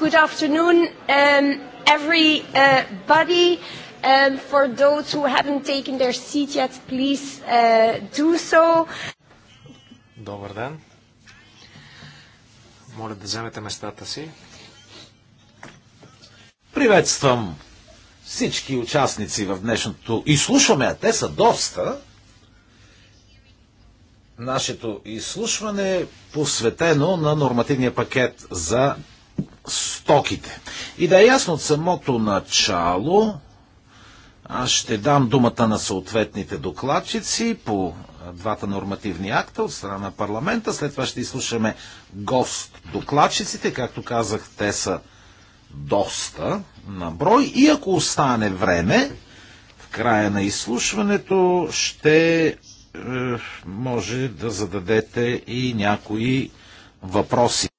Good afternoon, um, everybody. Uh, um, for those who haven't taken their seat yet, please uh, do so. Добър ден. Моля да вземете местата си. Приветствам всички участници в днешното изслушване, а те са доста. Нашето изслушване е посветено на нормативния пакет за стоките. И да е ясно от самото начало, аз ще дам думата на съответните докладчици по двата нормативни акта от страна на парламента. След това ще изслушаме гост докладчиците. Както казах, те са доста на брой. И ако остане време, в края на изслушването ще е, може да зададете и някои въпроси.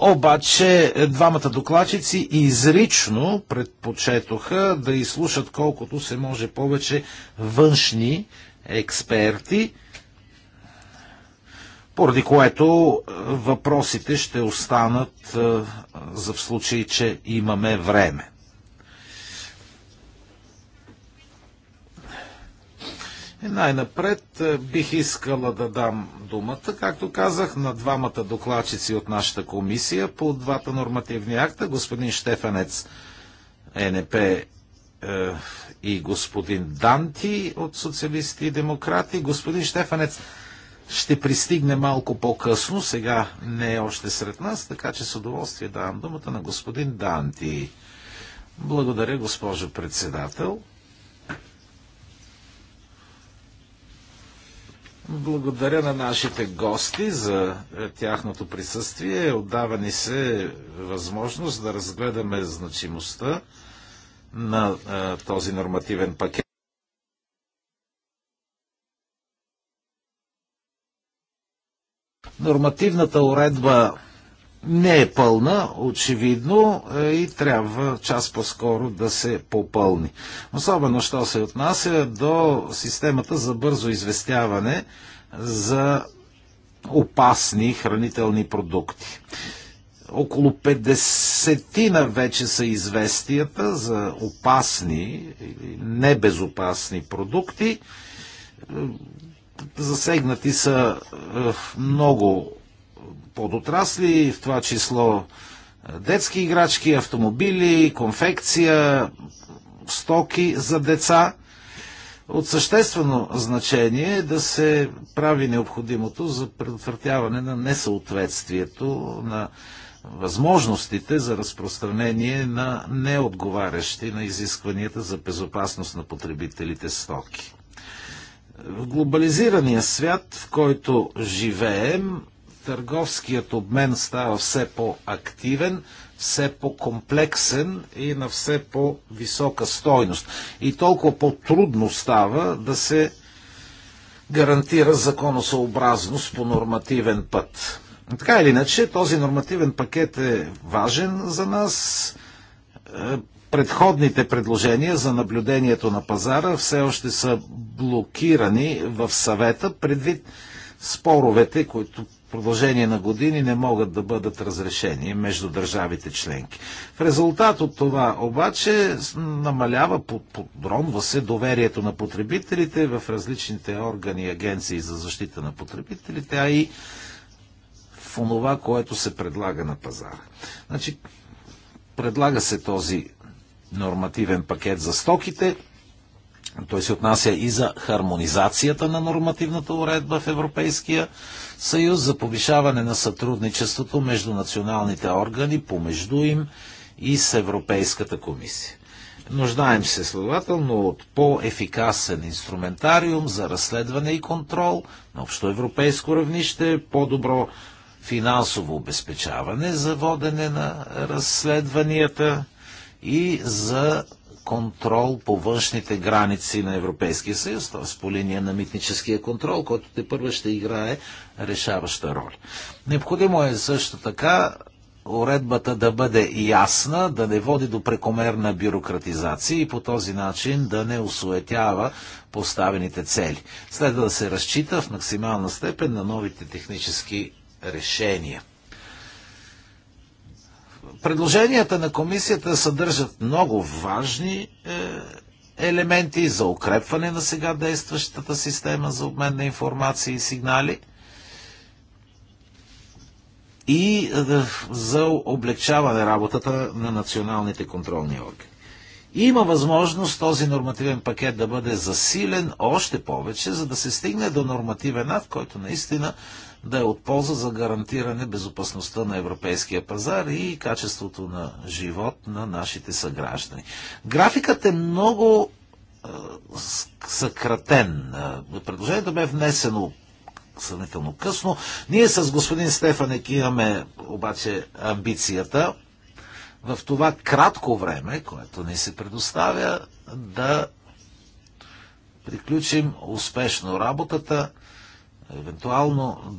Обаче е, двамата докладчици изрично предпочетоха да изслушат колкото се може повече външни експерти, поради което е, въпросите ще останат е, за в случай, че имаме време. Най-напред е, бих искала да дам думата, както казах, на двамата докладчици от нашата комисия по двата нормативни акта, господин Штефанец НП е, и господин Данти от Социалисти и Демократи. Господин Штефанец ще пристигне малко по-късно, сега не е още сред нас, така че с удоволствие давам думата на господин Данти. Благодаря, госпожо председател. Благодаря на нашите гости за е, тяхното присъствие. Отдава ни се възможност да разгледаме значимостта на е, този нормативен пакет. Нормативната уредба не е пълна, очевидно, е, и трябва час по-скоро да се попълни. Особено, що се отнася до системата за бързо известяване за опасни хранителни продукти. Около 50 на вече са известията за опасни или небезопасни продукти. Е, засегнати са е, много подотрасли, в това число е, детски играчки, автомобили, конфекция, стоки за деца. От съществено значение е да се прави необходимото за предотвратяване на несъответствието на възможностите за разпространение на неотговарящи на изискванията за безопасност на потребителите стоки. В глобализирания свят, в който живеем, търговският обмен става все по-активен, все по-комплексен и на все по-висока стойност. И толкова по-трудно става да се гарантира законосъобразност по нормативен път. Така или иначе, този нормативен пакет е важен за нас. Е, предходните предложения за наблюдението на пазара все още са блокирани в съвета предвид споровете, които продължение на години не могат да бъдат разрешени между държавите членки. В резултат от това обаче намалява, подронва се доверието на потребителите в различните органи и агенции за защита на потребителите, а и в онова, което се предлага на пазара. Значи, предлага се този нормативен пакет за стоките, той се отнася и за хармонизацията на нормативната уредба в Европейския съюз за повишаване на сътрудничеството между националните органи, помежду им и с Европейската комисия. Нуждаем се следователно от по-ефикасен инструментариум за разследване и контрол на общоевропейско равнище, по-добро финансово обезпечаване за водене на разследванията и за контрол по външните граници на Европейския съюз, т.е. по линия на митническия контрол, който те първо ще играе решаваща роля. Необходимо е също така уредбата да бъде ясна, да не води до прекомерна бюрократизация и по този начин да не осуетява поставените цели. Следва да се разчита в максимална степен на новите технически решения. Предложенията на комисията съдържат много важни е, елементи за укрепване на сега действащата система за обмен на информация и сигнали и е, за облегчаване работата на националните контролни органи. Има възможност този нормативен пакет да бъде засилен още повече, за да се стигне до нормативен акт, който наистина да е от полза за гарантиране безопасността на европейския пазар и качеството на живот на нашите съграждани. Графикът е много съкратен. Предложението бе внесено сравнително късно. Ние с господин Стефанек имаме обаче амбицията в това кратко време, което ни се предоставя, да приключим успешно работата, евентуално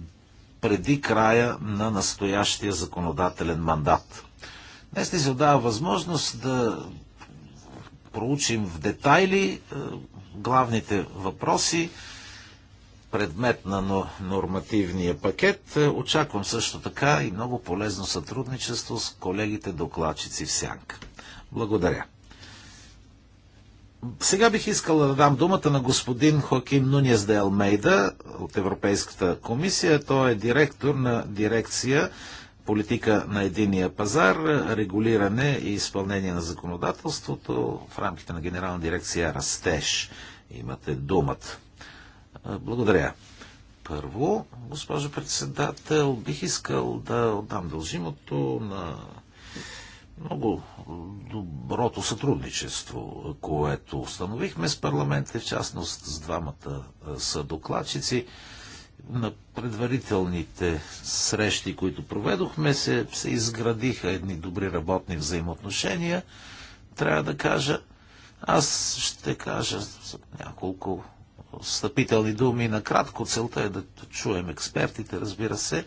преди края на настоящия законодателен мандат. Днес ни се дава възможност да проучим в детайли е, главните въпроси, предмет на нормативния пакет. Е, очаквам също така и много полезно сътрудничество с колегите докладчици в Сянка. Благодаря. Сега бих искала да дам думата на господин Хоакин Нунес де Алмейда от Европейската комисия. Той е директор на дирекция политика на единия пазар, регулиране и изпълнение на законодателството в рамките на Генерална дирекция Растеж. Имате думата. Благодаря. Първо, госпожо председател, бих искал да отдам дължимото на много доброто сътрудничество, което установихме с парламента, в частност с двамата съдокладчици. На предварителните срещи, които проведохме, се, се изградиха едни добри работни взаимоотношения. Трябва да кажа, аз ще кажа няколко встъпителни думи. Накратко целта е да чуем експертите, разбира се.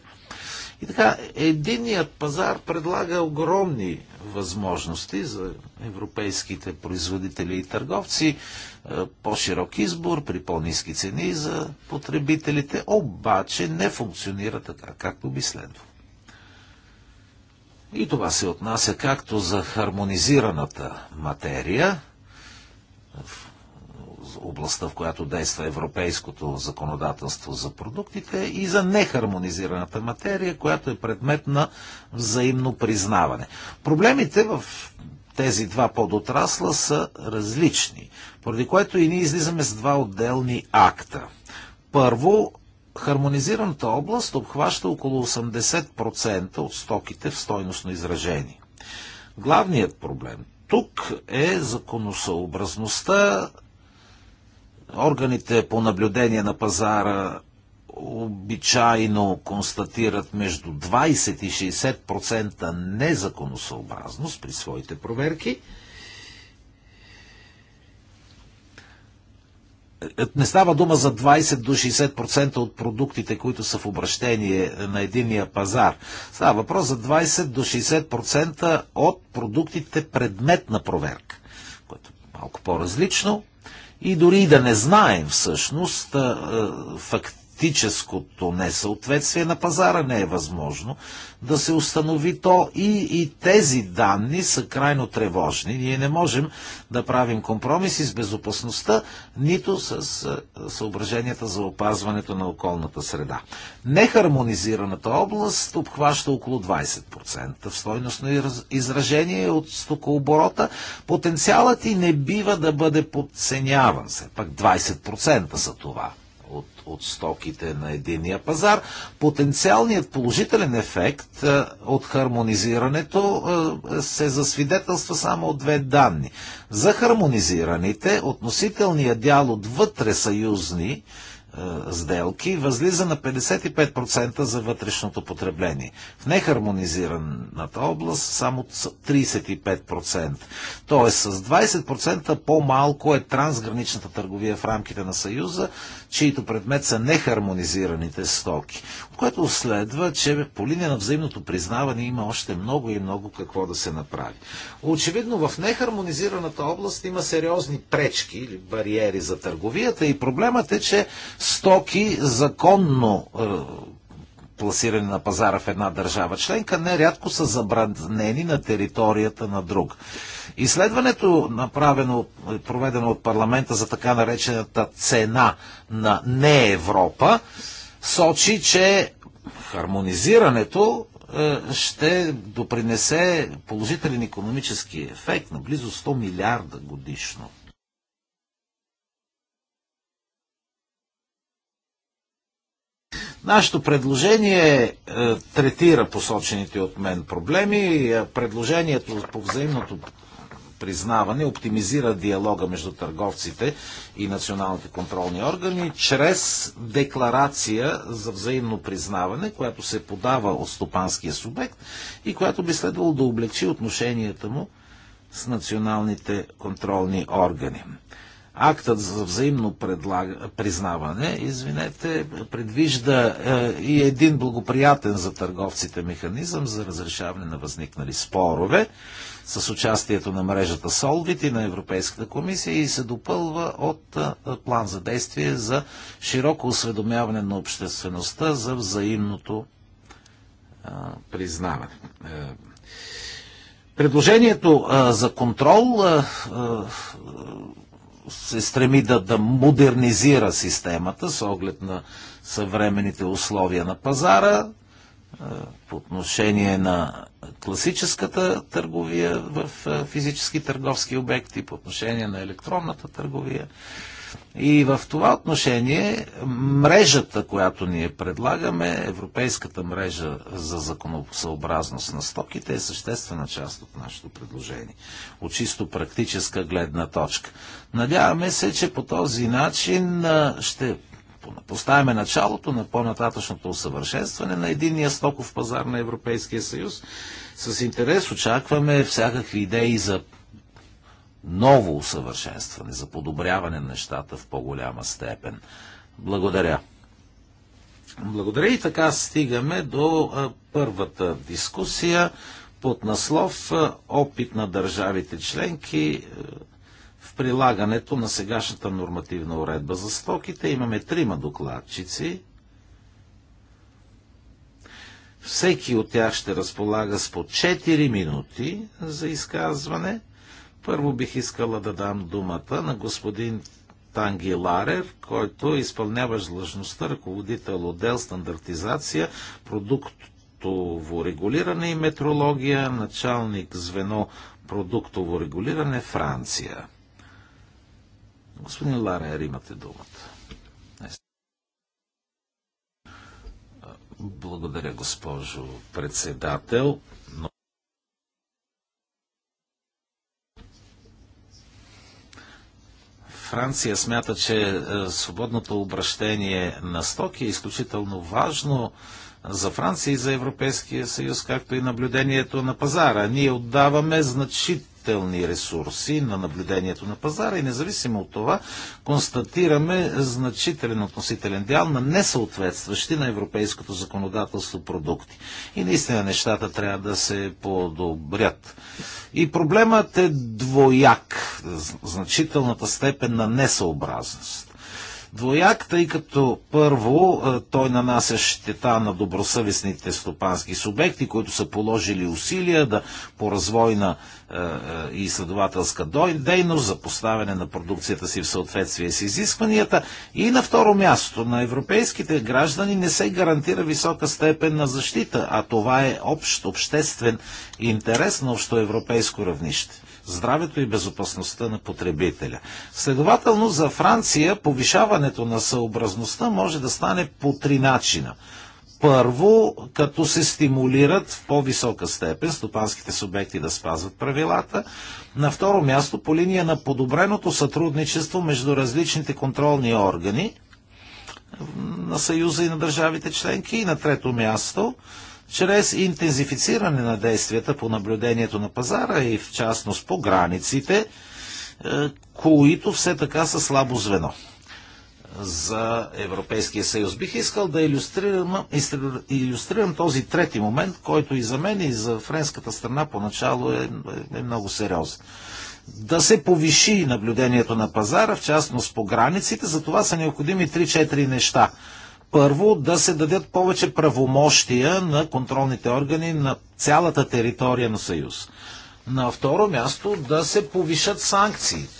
И така, единият пазар предлага огромни възможности за европейските производители и търговци, е, по-широк избор при по-низки цени за потребителите, обаче не функционира така, както би следвало. И това се отнася както за хармонизираната материя, в областта, в която действа европейското законодателство за продуктите и за нехармонизираната материя, която е предмет на взаимно признаване. Проблемите в тези два подотрасла са различни, поради което и ние излизаме с два отделни акта. Първо, хармонизираната област обхваща около 80% от стоките в стойностно изражение. Главният проблем тук е законосъобразността Органите по наблюдение на пазара обичайно констатират между 20 и 60% незаконосъобразност при своите проверки. Не става дума за 20 до 60% от продуктите, които са в обращение на единия пазар. Става въпрос за 20 до 60% от продуктите предмет на проверка, което е малко по-различно и дори и да не знаем всъщност факт фактическото несъответствие на пазара не е възможно да се установи то и, и тези данни са крайно тревожни. Ние не можем да правим компромиси с безопасността, нито с съображенията за опазването на околната среда. Нехармонизираната област обхваща около 20% в стойностно изражение от стокооборота. Потенциалът и не бива да бъде подценяван. Все пак 20% са това от, от стоките на единия пазар. Потенциалният положителен ефект е, от хармонизирането е, се засвидетелства само от две данни. За хармонизираните относителният дял от вътре съюзни е, сделки възлиза на 55% за вътрешното потребление. В нехармонизираната област само 35%. Тоест с 20% по-малко е трансграничната търговия в рамките на Съюза чието предмет са нехармонизираните стоки. От което следва, че по линия на взаимното признаване има още много и много какво да се направи. Очевидно в нехармонизираната област има сериозни пречки или бариери за търговията и проблемът е, че стоки законно е, пласиране на пазара в една държава членка, нерядко са забранени на територията на друг. Изследването, направено, проведено от парламента за така наречената цена на не Европа, сочи, че хармонизирането е, ще допринесе положителен економически ефект на близо 100 милиарда годишно. Нашето предложение е, третира посочените от мен проблеми. Е, предложението по взаимното признаване оптимизира диалога между търговците и националните контролни органи чрез декларация за взаимно признаване, която се подава от стопанския субект и която би следвало да облегчи отношенията му с националните контролни органи. Актът за взаимно предлага, признаване, извинете, предвижда е, и един благоприятен за търговците механизъм за разрешаване на възникнали спорове с участието на мрежата СОЛВИТ и на Европейската комисия и се допълва от е, план за действие за широко осведомяване на обществеността за взаимното е, признаване. Е, предложението а, е, за контрол а, е, а, се стреми да, да модернизира системата с оглед на съвременните условия на пазара, по отношение на класическата търговия в физически търговски обекти, по отношение на електронната търговия. И в това отношение мрежата, която ние предлагаме, Европейската мрежа за законосъобразност на стоките, е съществена част от нашето предложение. От чисто практическа гледна точка. Надяваме се, че по този начин ще поставяме началото на по-нататъчното усъвършенстване на единния стоков пазар на Европейския съюз. С интерес очакваме всякакви идеи за ново усъвършенстване, за подобряване на нещата в по-голяма степен. Благодаря. Благодаря и така стигаме до първата дискусия под наслов Опит на държавите членки в прилагането на сегашната нормативна уредба за стоките. Имаме трима докладчици. Всеки от тях ще разполага с по 4 минути за изказване – първо бих искала да дам думата на господин Танги Ларев, който е изпълняващ длъжността ръководител отдел стандартизация, продуктово регулиране и метрология, началник звено продуктово регулиране Франция. Господин Ларер, имате думата. Благодаря, госпожо председател. Франция смята, че е, свободното обращение на стоки е изключително важно е, за Франция и за Европейския съюз, както и наблюдението на пазара. Ние отдаваме значит, значителни ресурси на наблюдението на пазара и независимо от това констатираме значителен относителен дял на несъответстващи на европейското законодателство продукти. И наистина нещата трябва да се подобрят. И проблемът е двояк, значителната степен на несъобразност двояк, тъй като първо е, той нанася щета на добросъвестните стопански субекти, които са положили усилия да по развойна е, е, и изследователска дейност за поставяне на продукцията си в съответствие с изискванията и на второ място на европейските граждани не се гарантира висока степен на защита, а това е общ обществен интерес на общоевропейско равнище здравето и безопасността на потребителя. Следователно, за Франция повишаването на съобразността може да стане по три начина. Първо, като се стимулират в по-висока степен стопанските субекти да спазват правилата. На второ място, по линия на подобреното сътрудничество между различните контролни органи на Съюза и на държавите членки. И на трето място, чрез интензифициране на действията по наблюдението на пазара и в частност по границите, е, които все така са слабо звено за Европейския съюз. Бих искал да иллюстрирам, иллюстрирам този трети момент, който и за мен, и за френската страна поначало е, е, е много сериозен. Да се повиши наблюдението на пазара, в частност по границите, за това са необходими 3-4 неща – първо, да се дадат повече правомощия на контролните органи на цялата територия на Съюз. На второ място, да се повишат санкциите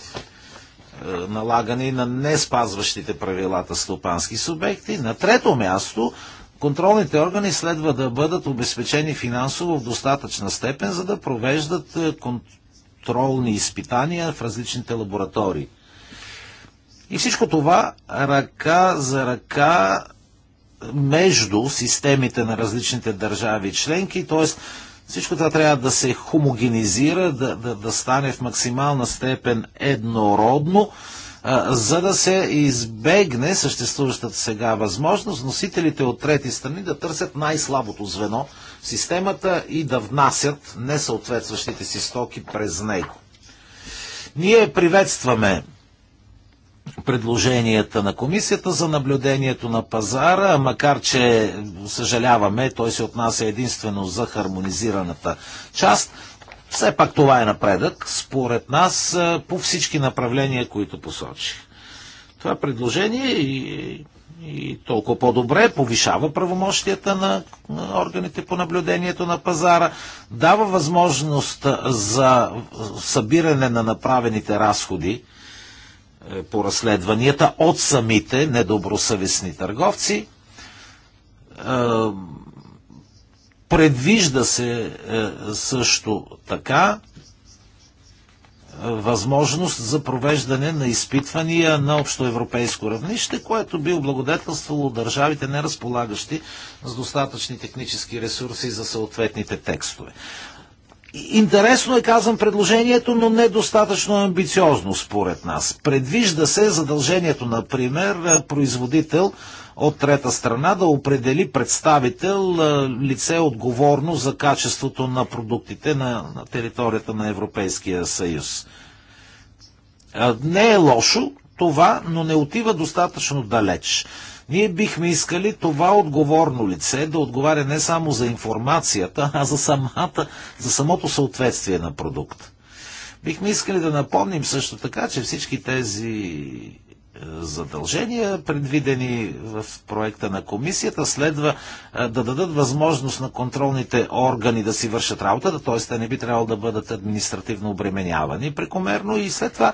налагани на не спазващите правилата стопански субекти. На трето място, контролните органи следва да бъдат обезпечени финансово в достатъчна степен, за да провеждат е, контролни изпитания в различните лаборатории. И всичко това ръка за ръка между системите на различните държави членки, т.е. всичко това трябва да се хомогенизира, да, да, да стане в максимална степен еднородно, а, за да се избегне съществуващата сега възможност носителите от трети страни да търсят най-слабото звено в системата и да внасят несъответстващите си стоки през него. Ние приветстваме предложенията на комисията за наблюдението на пазара, макар че съжаляваме, той се отнася единствено за хармонизираната част. Все пак това е напредък, според нас, по всички направления, които посочи. Това предложение и, и толкова по-добре повишава правомощията на органите по наблюдението на пазара, дава възможност за събиране на направените разходи, е, по разследванията от самите недобросъвестни търговци. Е, предвижда се е, също така възможност за провеждане на изпитвания на общоевропейско равнище, което би облагодетелствало държавите, не разполагащи с достатъчни технически ресурси за съответните текстове. Интересно е, казвам, предложението, но недостатъчно амбициозно, според нас. Предвижда се задължението, например, производител от трета страна да определи представител, лице отговорно за качеството на продуктите на, на територията на Европейския съюз. Не е лошо това, но не отива достатъчно далеч. Ние бихме искали това отговорно лице да отговаря не само за информацията, а за, самата, за самото съответствие на продукта. Бихме искали да напомним също така, че всички тези задължения, предвидени в проекта на комисията, следва да дадат възможност на контролните органи да си вършат работата, т.е. те не би трябвало да бъдат административно обременявани прекомерно и след това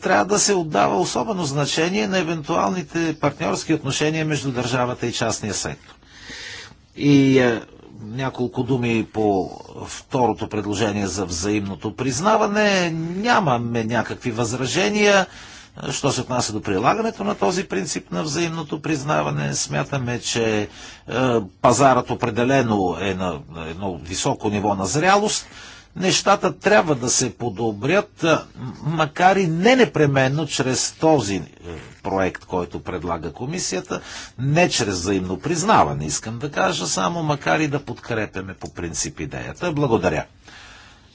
трябва да се отдава особено значение на евентуалните партньорски отношения между държавата и частния сектор. И няколко думи по второто предложение за взаимното признаване. Нямаме някакви възражения. Що се отнася до прилагането на този принцип на взаимното признаване, смятаме, че е, пазарът определено е на едно високо ниво на зрялост. Нещата трябва да се подобрят, е, макар и не непременно чрез този е, проект, който предлага комисията, не чрез взаимно признаване, искам да кажа, само макар и да подкрепяме по принцип идеята. Благодаря.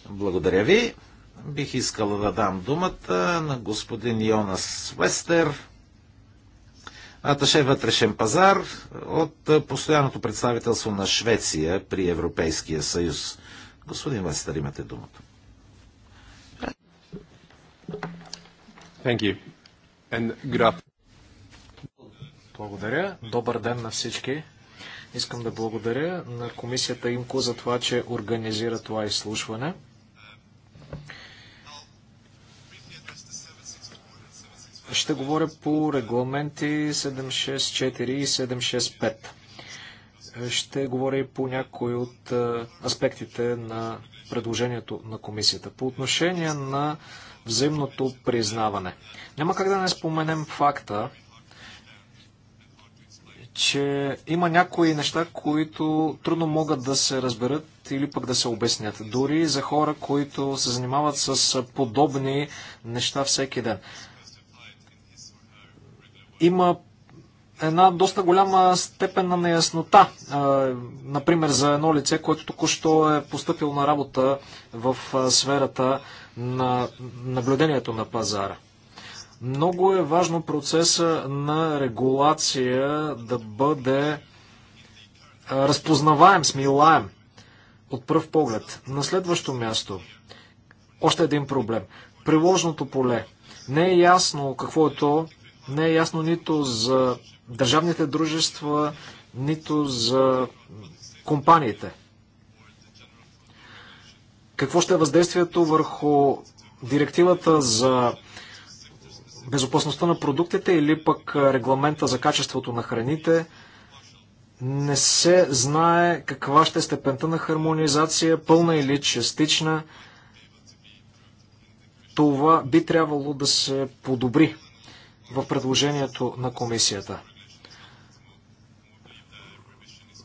Благодаря ви. Бих искала да дам думата на господин Йонас Вестер, Аташе вътрешен пазар от постоянното представителство на Швеция при Европейския съюз. Господин Вестер, имате думата. Thank you. And good Благодаря. Добър ден на всички. Искам да благодаря на комисията ИМКО за това, че организира това изслушване. Ще говоря по регламенти 764 и 765. Ще говоря и по някои от аспектите на предложението на комисията. По отношение на взаимното признаване. Няма как да не споменем факта, че има някои неща, които трудно могат да се разберат или пък да се обяснят. Дори за хора, които се занимават с подобни неща всеки ден има една доста голяма степен на неяснота. Например, за едно лице, което току-що е поступило на работа в сферата на наблюдението на пазара. Много е важно процеса на регулация да бъде разпознаваем, смилаем от пръв поглед. На следващо място, още един проблем. Приложното поле. Не е ясно какво е то, не е ясно нито за държавните дружества, нито за компаниите. Какво ще е въздействието върху директивата за безопасността на продуктите или пък регламента за качеството на храните? Не се знае каква ще е степента на хармонизация, пълна или частична. Това би трябвало да се подобри в предложението на комисията.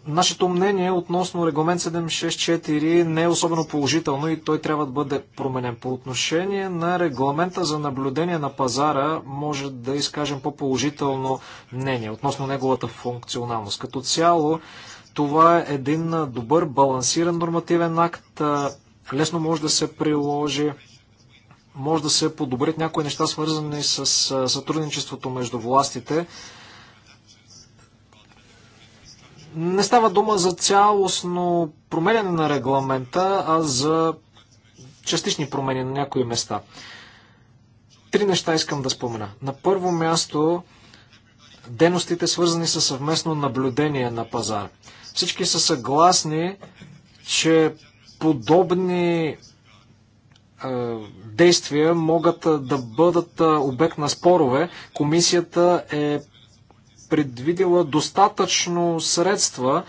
Нашето мнение относно регламент 764 не е особено положително и той трябва да бъде променен. По отношение на регламента за наблюдение на пазара може да изкажем по-положително мнение относно неговата функционалност. Като цяло това е един добър балансиран нормативен акт, лесно може да се приложи може да се подобрят някои неща, свързани с сътрудничеството между властите. Не става дума за цялостно променяне на регламента, а за частични промени на някои места. Три неща искам да спомена. На първо място, дейностите свързани с съвместно наблюдение на пазар. Всички са съгласни, че подобни действия могат да бъдат обект на спорове, комисията е предвидила достатъчно средства.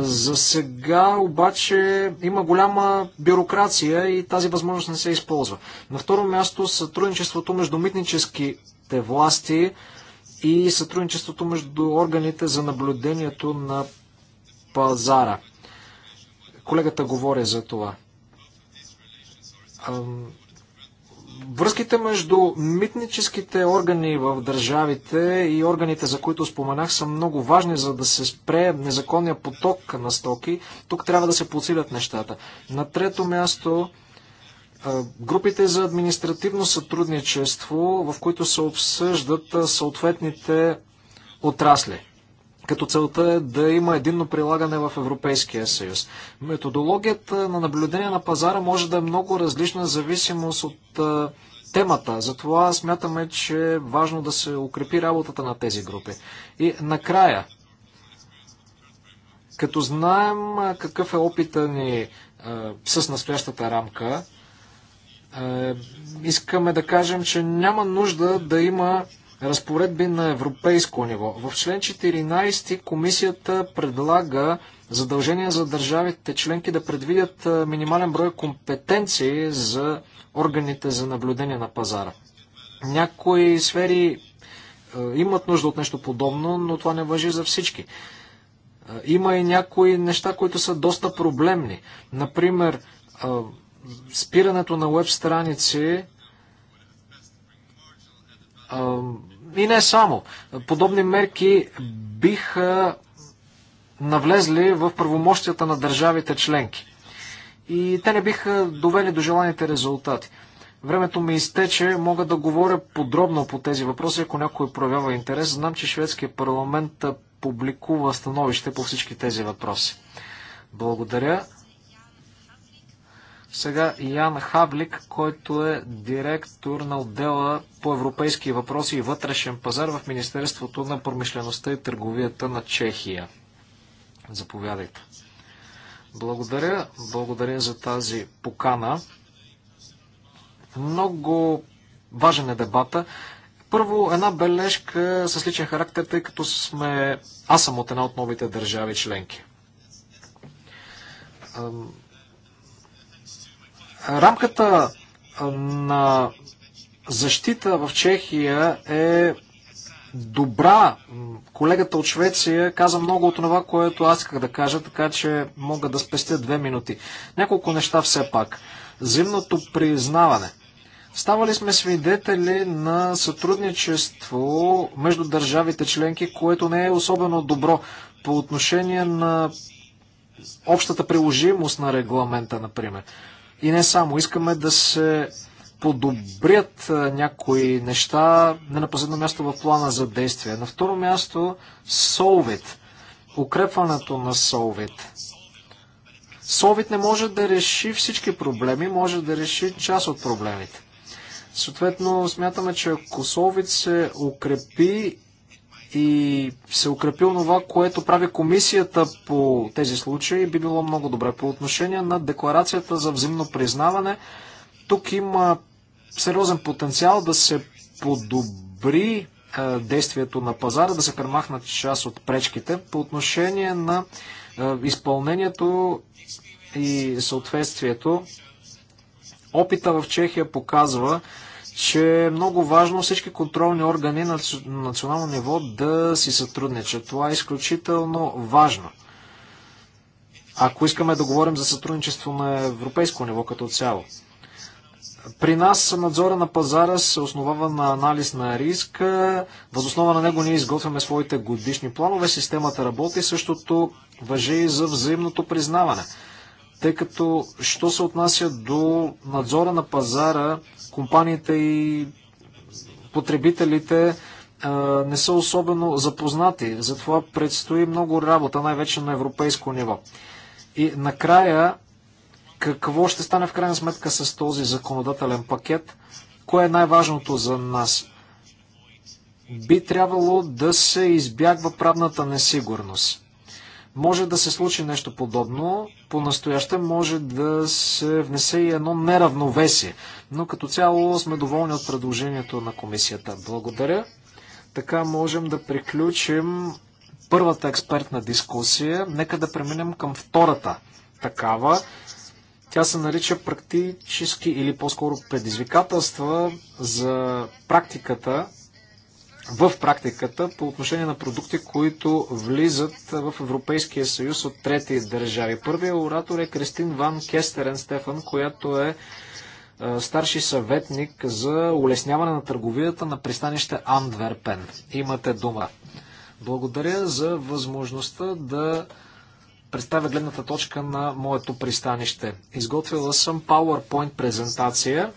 За сега обаче има голяма бюрокрация и тази възможност не се използва. На второ място сътрудничеството между митническите власти и сътрудничеството между органите за наблюдението на пазара. Колегата говори за това. Връзките между митническите органи в държавите и органите, за които споменах, са много важни, за да се спре незаконния поток на стоки. Тук трябва да се подсилят нещата. На трето място, групите за административно сътрудничество, в които се обсъждат съответните отрасли като целта е да има единно прилагане в Европейския съюз. Методологията на наблюдение на пазара може да е много различна в зависимост от темата. Затова смятаме, че е важно да се укрепи работата на тези групи. И накрая, като знаем какъв е опита ни а, с настоящата рамка, искаме да кажем, че няма нужда да има разпоредби на европейско ниво. В член 14 комисията предлага задължения за държавите членки да предвидят минимален брой компетенции за органите за наблюдение на пазара. Някои сфери имат нужда от нещо подобно, но това не въжи за всички. Има и някои неща, които са доста проблемни. Например, спирането на веб страници и не само. Подобни мерки биха навлезли в правомощията на държавите членки. И те не биха довели до желаните резултати. Времето ми изтече, мога да говоря подробно по тези въпроси, ако някой проявява интерес. Знам, че шведския парламент публикува становище по всички тези въпроси. Благодаря. Сега Ян Хаблик, който е директор на отдела по европейски въпроси и вътрешен пазар в Министерството на промишлеността и търговията на Чехия. Заповядайте. Благодаря. Благодаря за тази покана. Много важен е дебата. Първо, една бележка с личен характер, тъй като сме... аз съм от една от новите държави членки. Рамката на защита в Чехия е добра. Колегата от Швеция каза много от това, което аз исках да кажа, така че мога да спестя две минути. Няколко неща все пак. Зимното признаване. Ставали сме свидетели на сътрудничество между държавите членки, което не е особено добро по отношение на общата приложимост на регламента, например. И не само. Искаме да се подобрят някои неща не на последно място в плана за действие. На второ място Солвит. Укрепването на Солвит. Солвит не може да реши всички проблеми, може да реши част от проблемите. Съответно, смятаме, че ако Солвит се укрепи и се укрепил това, което прави комисията по тези случаи, би било много добре. По отношение на декларацията за взаимно признаване, тук има сериозен потенциал да се подобри действието на пазара, да се премахнат част от пречките. По отношение на изпълнението и съответствието, опита в Чехия показва, че е много важно всички контролни органи на национално ниво да си сътрудничат. Това е изключително важно. Ако искаме да говорим за сътрудничество на европейско ниво като цяло. При нас надзора на пазара се основава на анализ на риска. Възоснова на него ние изготвяме своите годишни планове. Системата работи. Същото въже и за взаимното признаване тъй като, що се отнася до надзора на пазара, компаниите и потребителите е, не са особено запознати. Затова предстои много работа, най-вече на европейско ниво. И накрая, какво ще стане в крайна сметка с този законодателен пакет? Кое е най-важното за нас? Би трябвало да се избягва правната несигурност. Може да се случи нещо подобно, по-настояще може да се внесе и едно неравновесие, но като цяло сме доволни от предложението на комисията. Благодаря. Така можем да приключим първата експертна дискусия. Нека да преминем към втората такава. Тя се нарича практически или по-скоро предизвикателства за практиката в практиката по отношение на продукти, които влизат в Европейския съюз от трети държави. Първият оратор е Кристин Ван Кестерен Стефан, която е, е старши съветник за улесняване на търговията на пристанище Андверпен. Имате дума. Благодаря за възможността да представя гледната точка на моето пристанище. Изготвила съм PowerPoint презентация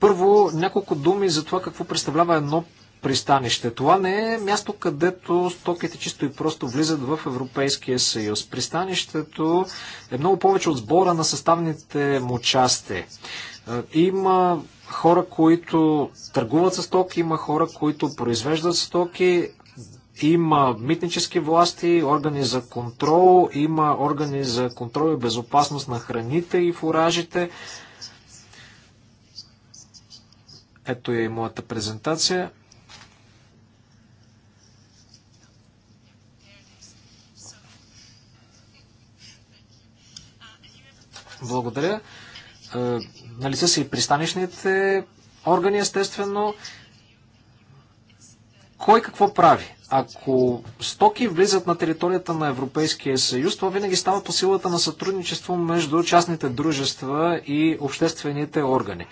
Първо, няколко думи за това какво представлява едно пристанище. Това не е място, където стоките чисто и просто влизат в Европейския съюз. Пристанището е много повече от сбора на съставните му части. Има хора, които търгуват с стоки, има хора, които произвеждат стоки, има митнически власти, органи за контрол, има органи за контрол и безопасност на храните и фуражите. Ето е и моята презентация. Благодаря. Е, нали са и пристанищните органи, естествено. Кой какво прави? Ако стоки влизат на територията на Европейския съюз, това винаги става по силата на сътрудничество между частните дружества и обществените органи.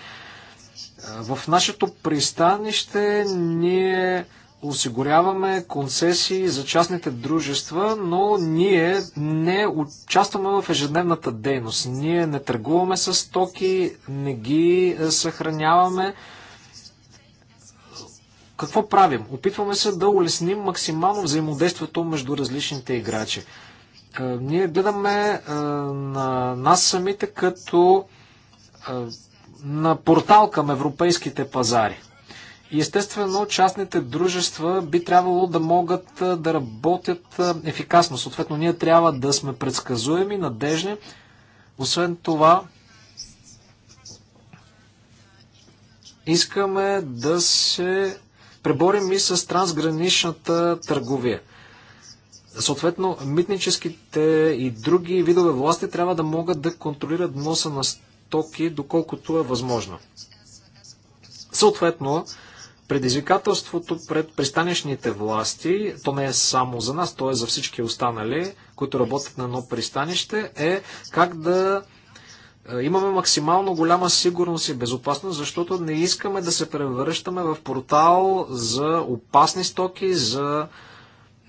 В нашето пристанище ние осигуряваме концесии за частните дружества, но ние не участваме в ежедневната дейност. Ние не търгуваме с стоки, не ги е, съхраняваме. Какво правим? Опитваме се да улесним максимално взаимодействието между различните играчи. Е, ние гледаме е, на нас самите като на портал към европейските пазари. И естествено, частните дружества би трябвало да могат да работят ефикасно. Съответно, ние трябва да сме предсказуеми, надежни. Освен това, искаме да се преборим и с трансграничната търговия. Съответно, митническите и други видове власти трябва да могат да контролират носа на стоки, доколкото е възможно. Съответно, предизвикателството пред пристанищните власти, то не е само за нас, то е за всички останали, които работят на едно пристанище, е как да е, имаме максимално голяма сигурност и безопасност, защото не искаме да се превръщаме в портал за опасни стоки, за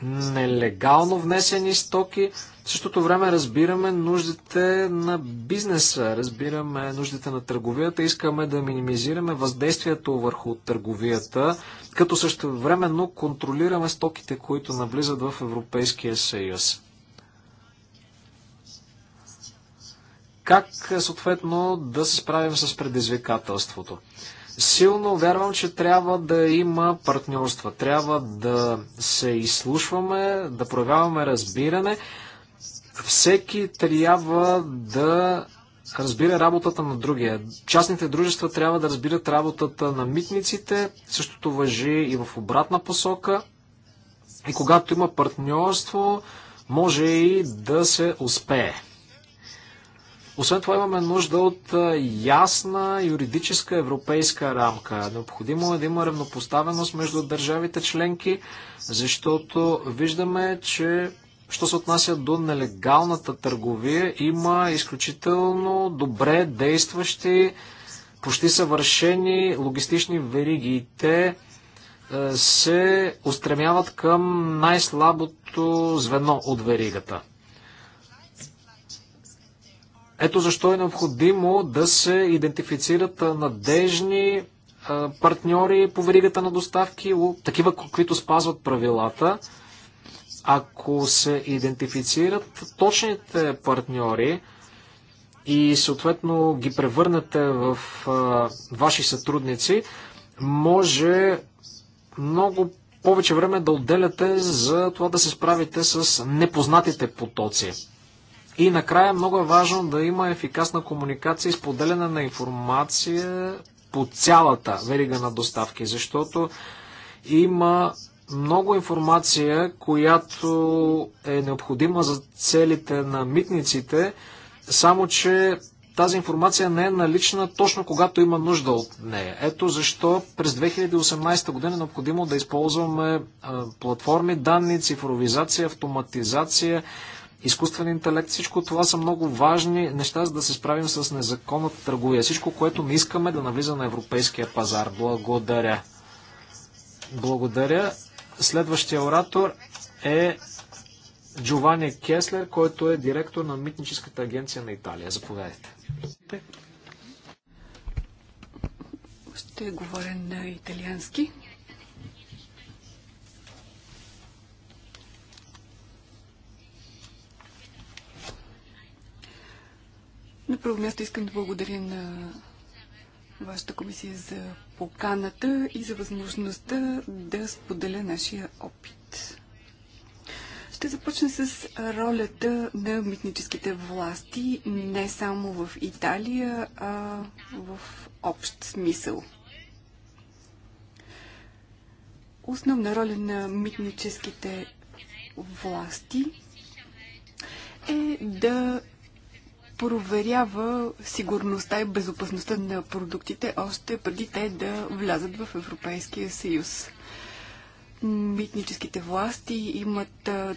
нелегално внесени стоки. В същото време разбираме нуждите на бизнеса, разбираме нуждите на търговията, искаме да минимизираме въздействието върху търговията, като същевременно контролираме стоките, които навлизат в Европейския съюз. Как съответно да се справим с предизвикателството? Силно вярвам, че трябва да има партньорства. Трябва да се изслушваме, да проявяваме разбиране, всеки трябва да разбира работата на другия. Частните дружества трябва да разбират работата на митниците, същото въжи и в обратна посока. И когато има партньорство, може и да се успее. Освен това имаме нужда от ясна юридическа европейска рамка. Необходимо е да има равнопоставеност между държавите членки, защото виждаме, че Що се отнася до нелегалната търговия, има изключително добре действащи, почти съвършени логистични вериги. И те е, се устремяват към най-слабото звено от веригата. Ето защо е необходимо да се идентифицират надежни е, партньори по веригата на доставки, такива, които спазват правилата. Ако се идентифицират точните партньори и съответно ги превърнете в а, ваши сътрудници, може много повече време да отделяте за това да се справите с непознатите потоци. И накрая много е важно да има ефикасна комуникация и споделяне на информация по цялата верига на доставки, защото има много информация, която е необходима за целите на митниците, само че тази информация не е налична точно когато има нужда от нея. Ето защо през 2018 година е необходимо да използваме платформи, данни, цифровизация, автоматизация, изкуствен интелект. Всичко това са много важни неща, за да се справим с незаконната търговия. Всичко, което не искаме да навлиза на европейския пазар. Благодаря. Благодаря. Следващия оратор е Джованни Кеслер, който е директор на Митническата агенция на Италия. Заповядайте. Ще говоря на италиански. На първо място искам да благодаря на вашата комисия за поканата и за възможността да споделя нашия опит. Ще започна с ролята на митническите власти не само в Италия, а в общ смисъл. Основна роля на митническите власти е да проверява сигурността и безопасността на продуктите още преди те да влязат в Европейския съюз. Митническите власти имат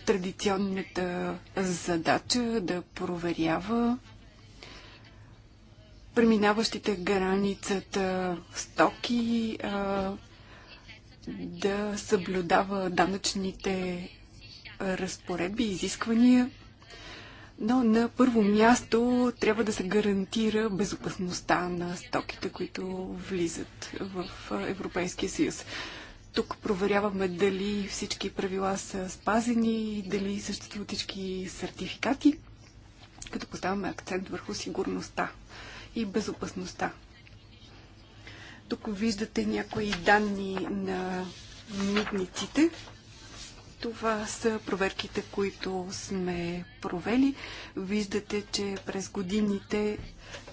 традиционната задача да проверява преминаващите границата стоки, да съблюдава данъчните разпоредби, изисквания но на първо място трябва да се гарантира безопасността на стоките, които влизат в Европейския съюз. Тук проверяваме дали всички правила са спазени, дали съществуват всички сертификати, като поставяме акцент върху сигурността и безопасността. Тук виждате някои данни на митниците. Това са проверките, които сме провели. Виждате, че през годините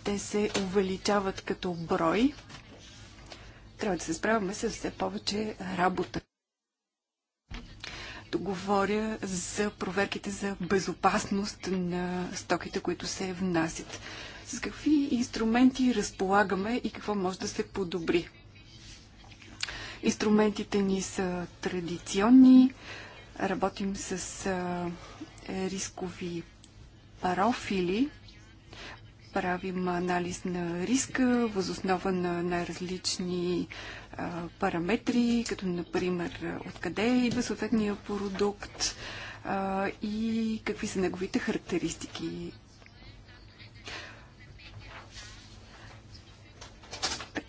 те се увеличават като брой. Трябва да се справяме с все повече работа. Говоря за проверките за безопасност на стоките, които се внасят. С какви инструменти разполагаме и какво може да се подобри? Инструментите ни са традиционни, Работим с рискови парофили, правим анализ на риска възоснова на най-различни параметри, като например откъде идва съответния продукт а, и какви са неговите характеристики.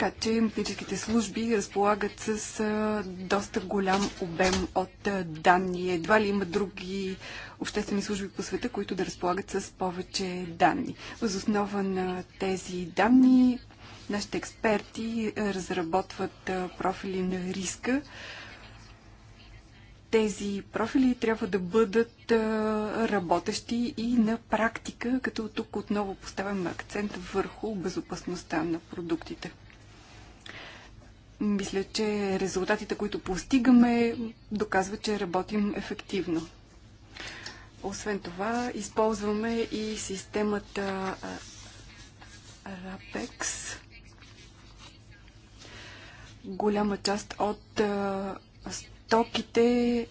Така че митническите служби разполагат с доста голям обем от данни. Едва ли има други обществени служби по света, които да разполагат с повече данни. Възоснова на тези данни нашите експерти разработват профили на риска. Тези профили трябва да бъдат работещи и на практика, като тук отново поставяме акцент върху безопасността на продуктите. Мисля, че резултатите, които постигаме, доказват, че работим ефективно. Освен това, използваме и системата RAPEX. Голяма част от стоките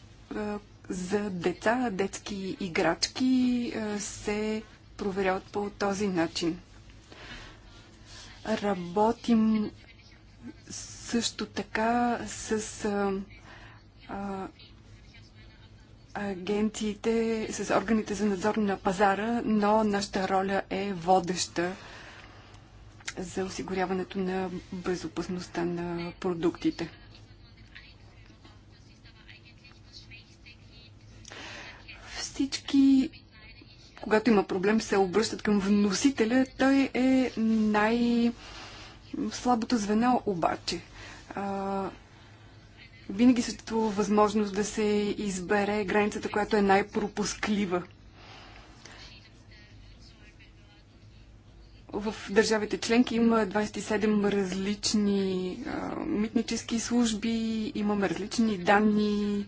за деца, детски играчки се проверяват по този начин. Работим също така с а, а, агенциите, с органите за надзор на пазара, но нашата роля е водеща за осигуряването на безопасността на продуктите. Всички, когато има проблем, се обръщат към вносителя. Той е най- Слабото звено обаче винаги съществува възможност да се избере границата, която е най-пропусклива. В държавите членки има 27 различни а, митнически служби, имаме различни данни,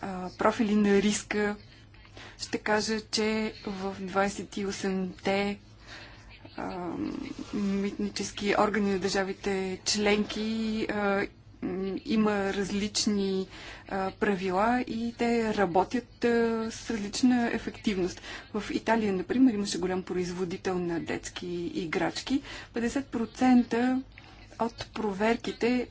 а, профили на риска. Ще кажа, че в 28-те митнически органи на държавите членки има различни правила и те работят с различна ефективност. В Италия, например, имаше голям производител на детски играчки. 50% от проверките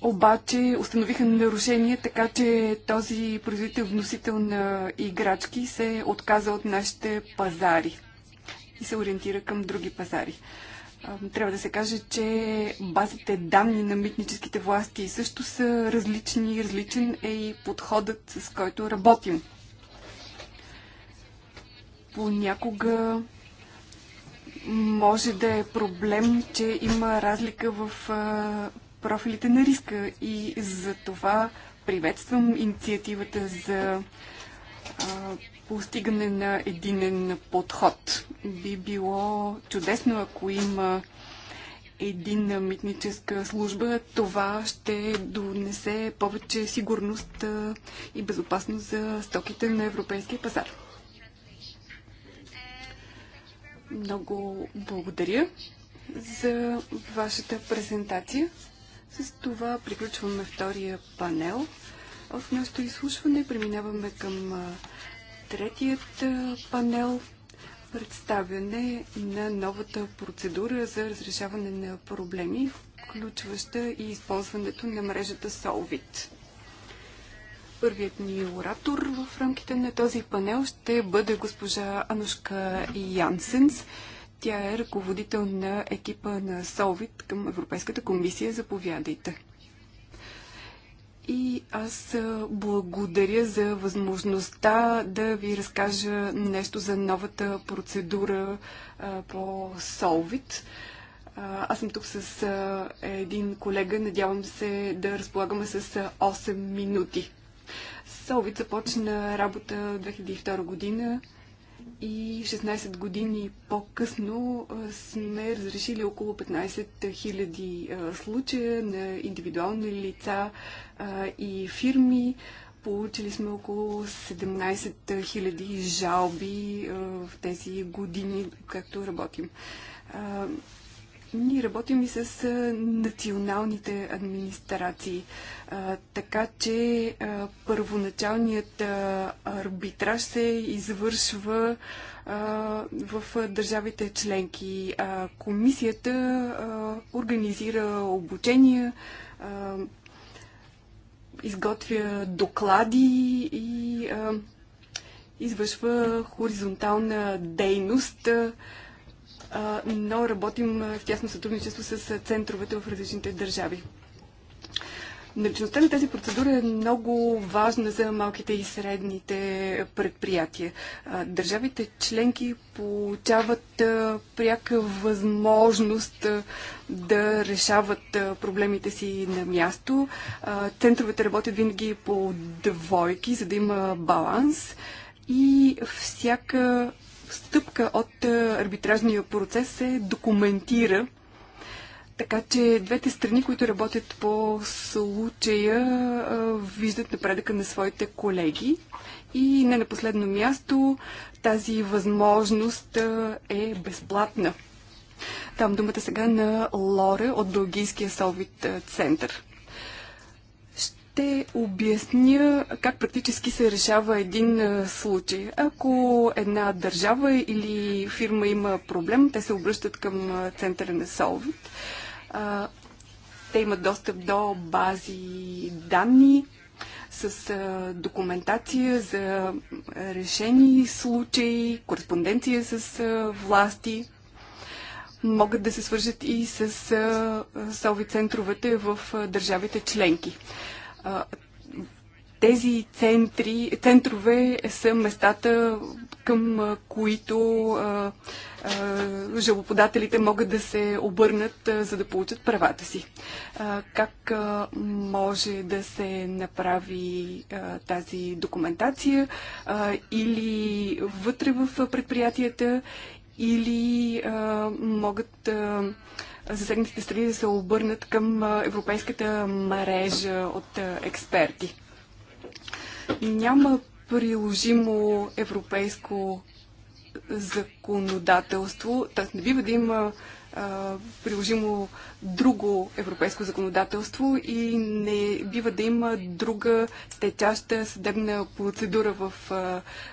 обаче установиха нарушение, така че този производител, вносител на играчки, се отказа от нашите пазари и се ориентира към други пазари. Трябва да се каже, че базите данни на митническите власти също са различни. Различен е и подходът, с който работим. Понякога може да е проблем, че има разлика в профилите на риска и за това приветствам инициативата за а, постигане на единен подход. Би било чудесно, ако има единна митническа служба, това ще донесе повече сигурност и безопасност за стоките на европейския пазар. Много благодаря за вашата презентация. С това приключваме втория панел. От нашето изслушване преминаваме към третият панел представяне на новата процедура за разрешаване на проблеми, включваща и използването на мрежата Solvit. Първият ни оратор в рамките на този панел ще бъде госпожа Анушка Янсенс, тя е ръководител на екипа на Солвит към Европейската комисия. Заповядайте. И аз благодаря за възможността да ви разкажа нещо за новата процедура а, по Solvit. аз съм тук с а, един колега. Надявам се да разполагаме с 8 минути. Solvit започна работа 2002 година и 16 години по-късно сме разрешили около 15 000 случая на индивидуални лица и фирми. Получили сме около 17 000 жалби в тези години, както работим. Ние работим и с националните администрации, така че първоначалният арбитраж се извършва в държавите членки. Комисията организира обучения, изготвя доклади и извършва хоризонтална дейност но работим в тясно сътрудничество с центровете в различните държави. Наличността на тази процедура е много важна за малките и средните предприятия. Държавите членки получават пряка възможност да решават проблемите си на място. Центровете работят винаги по двойки, за да има баланс и всяка стъпка от е, арбитражния процес се документира. Така че двете страни, които работят по случая, е, виждат напредъка на своите колеги. И не на последно място, тази възможност е, е безплатна. Там думата сега на Лоре от Белгийския Солвит център ще обясня как практически се решава един е, случай. Ако една държава или фирма има проблем, те се обръщат към е, центъра на Солвит. Те имат достъп до бази данни с е, документация за решени случаи, кореспонденция с власти, могат да се свържат и с СОВИ центровете в държавите членки тези центри, центрове са местата, към които жалоподателите могат да се обърнат, за да получат правата си. как може да се направи тази документация или вътре в предприятията, или могат засегнатите страни да се обърнат към европейската мрежа от експерти. Няма приложимо европейско законодателство, т.е. не бива да има приложимо друго европейско законодателство и не бива да има друга течаща съдебна процедура в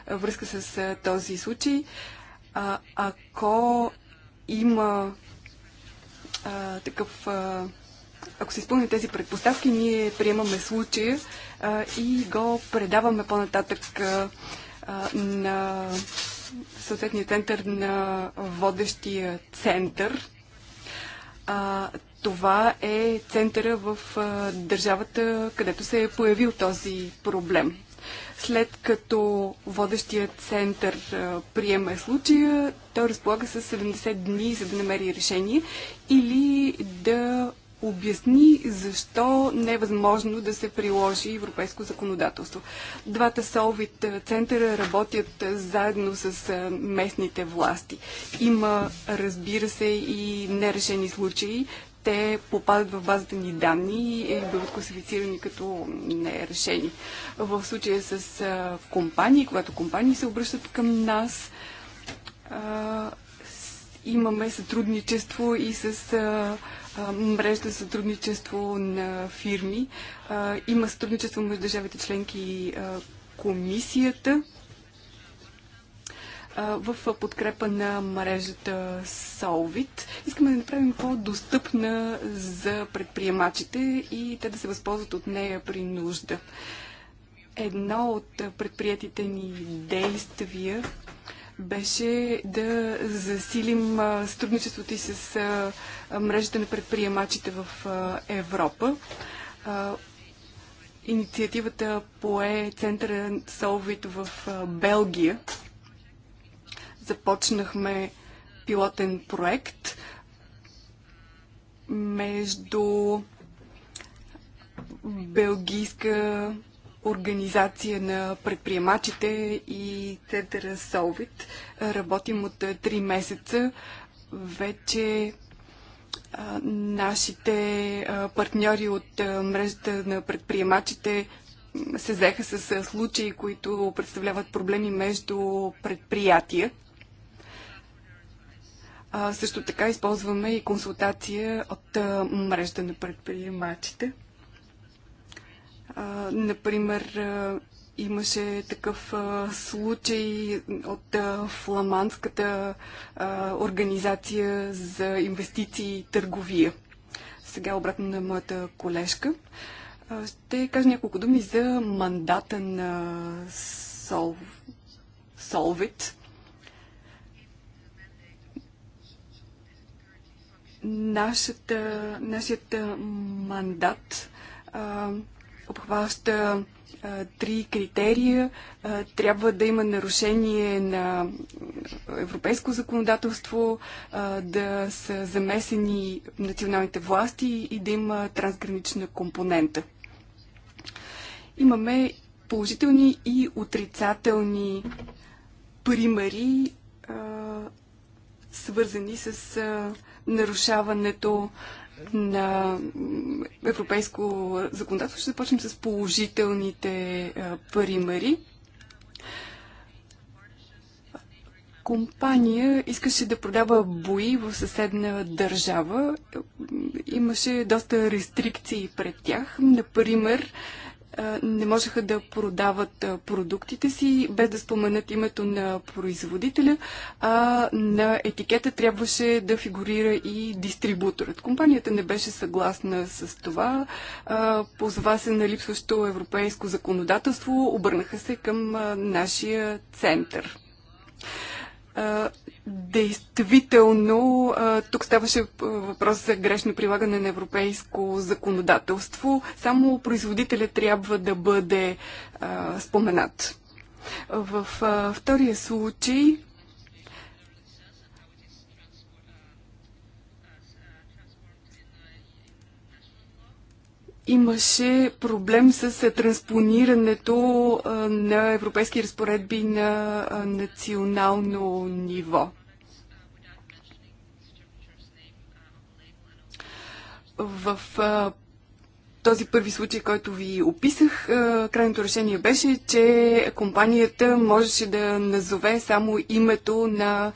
връзка с този случай. ако има а, такъв. А, ако се изпълни тези предпоставки, ние приемаме случая а, и го предаваме по-нататък а, на съответния център на водещия център. А, това е центъра в а, държавата, където се е появил този проблем. След като водещия център приема случая, той разполага с 70 дни, за да намери решение или да обясни защо не е възможно да се приложи европейско законодателство. Двата Солвит центъра работят заедно с местните власти. Има, разбира се, и нерешени случаи, те попадат в базата ни данни и е, биват класифицирани като нерешени. В случая с компании, когато компании се обръщат към нас, имаме сътрудничество и с а, мрежно сътрудничество на фирми. има сътрудничество между държавите членки и комисията в подкрепа на мрежата Solvit. Искаме да направим по-достъпна за предприемачите и те да се възползват от нея при нужда. Едно от предприятите ни действия беше да засилим сътрудничеството и с мрежата на предприемачите в Европа. Инициативата пое центъра Solvit в Белгия, Започнахме пилотен проект между Белгийска организация на предприемачите и Центъра Солвит. Работим от 3 месеца. Вече нашите партньори от мрежата на предприемачите се взеха с случаи, които представляват проблеми между предприятия. А, също така използваме и консултация от а, мрежда на предприемачите. А, например, а, имаше такъв а, случай от а, фламандската а, организация за инвестиции и търговия. Сега обратно на моята колежка. А, ще кажа няколко думи за мандата на Сол... Солвит. Нашата, нашият мандат а, обхваща а, три критерия. А, трябва да има нарушение на европейско законодателство, а, да са замесени националните власти и да има трансгранична компонента. Имаме положителни и отрицателни примери, а, свързани с а, нарушаването на европейско законодателство. Ще започнем с положителните примери. компания искаше да продава бои в съседна държава. Имаше доста рестрикции пред тях. Например, не можеха да продават продуктите си, без да споменат името на производителя, а на етикета трябваше да фигурира и дистрибуторът. Компанията не беше съгласна с това, позова се на липсващо европейско законодателство, обърнаха се към нашия център. Действително, тук ставаше въпрос за грешно прилагане на европейско законодателство. Само производителя трябва да бъде споменат. В втория случай имаше проблем с транспонирането на европейски разпоредби на национално ниво. В този първи случай, който ви описах, крайното решение беше, че компанията можеше да назове само името на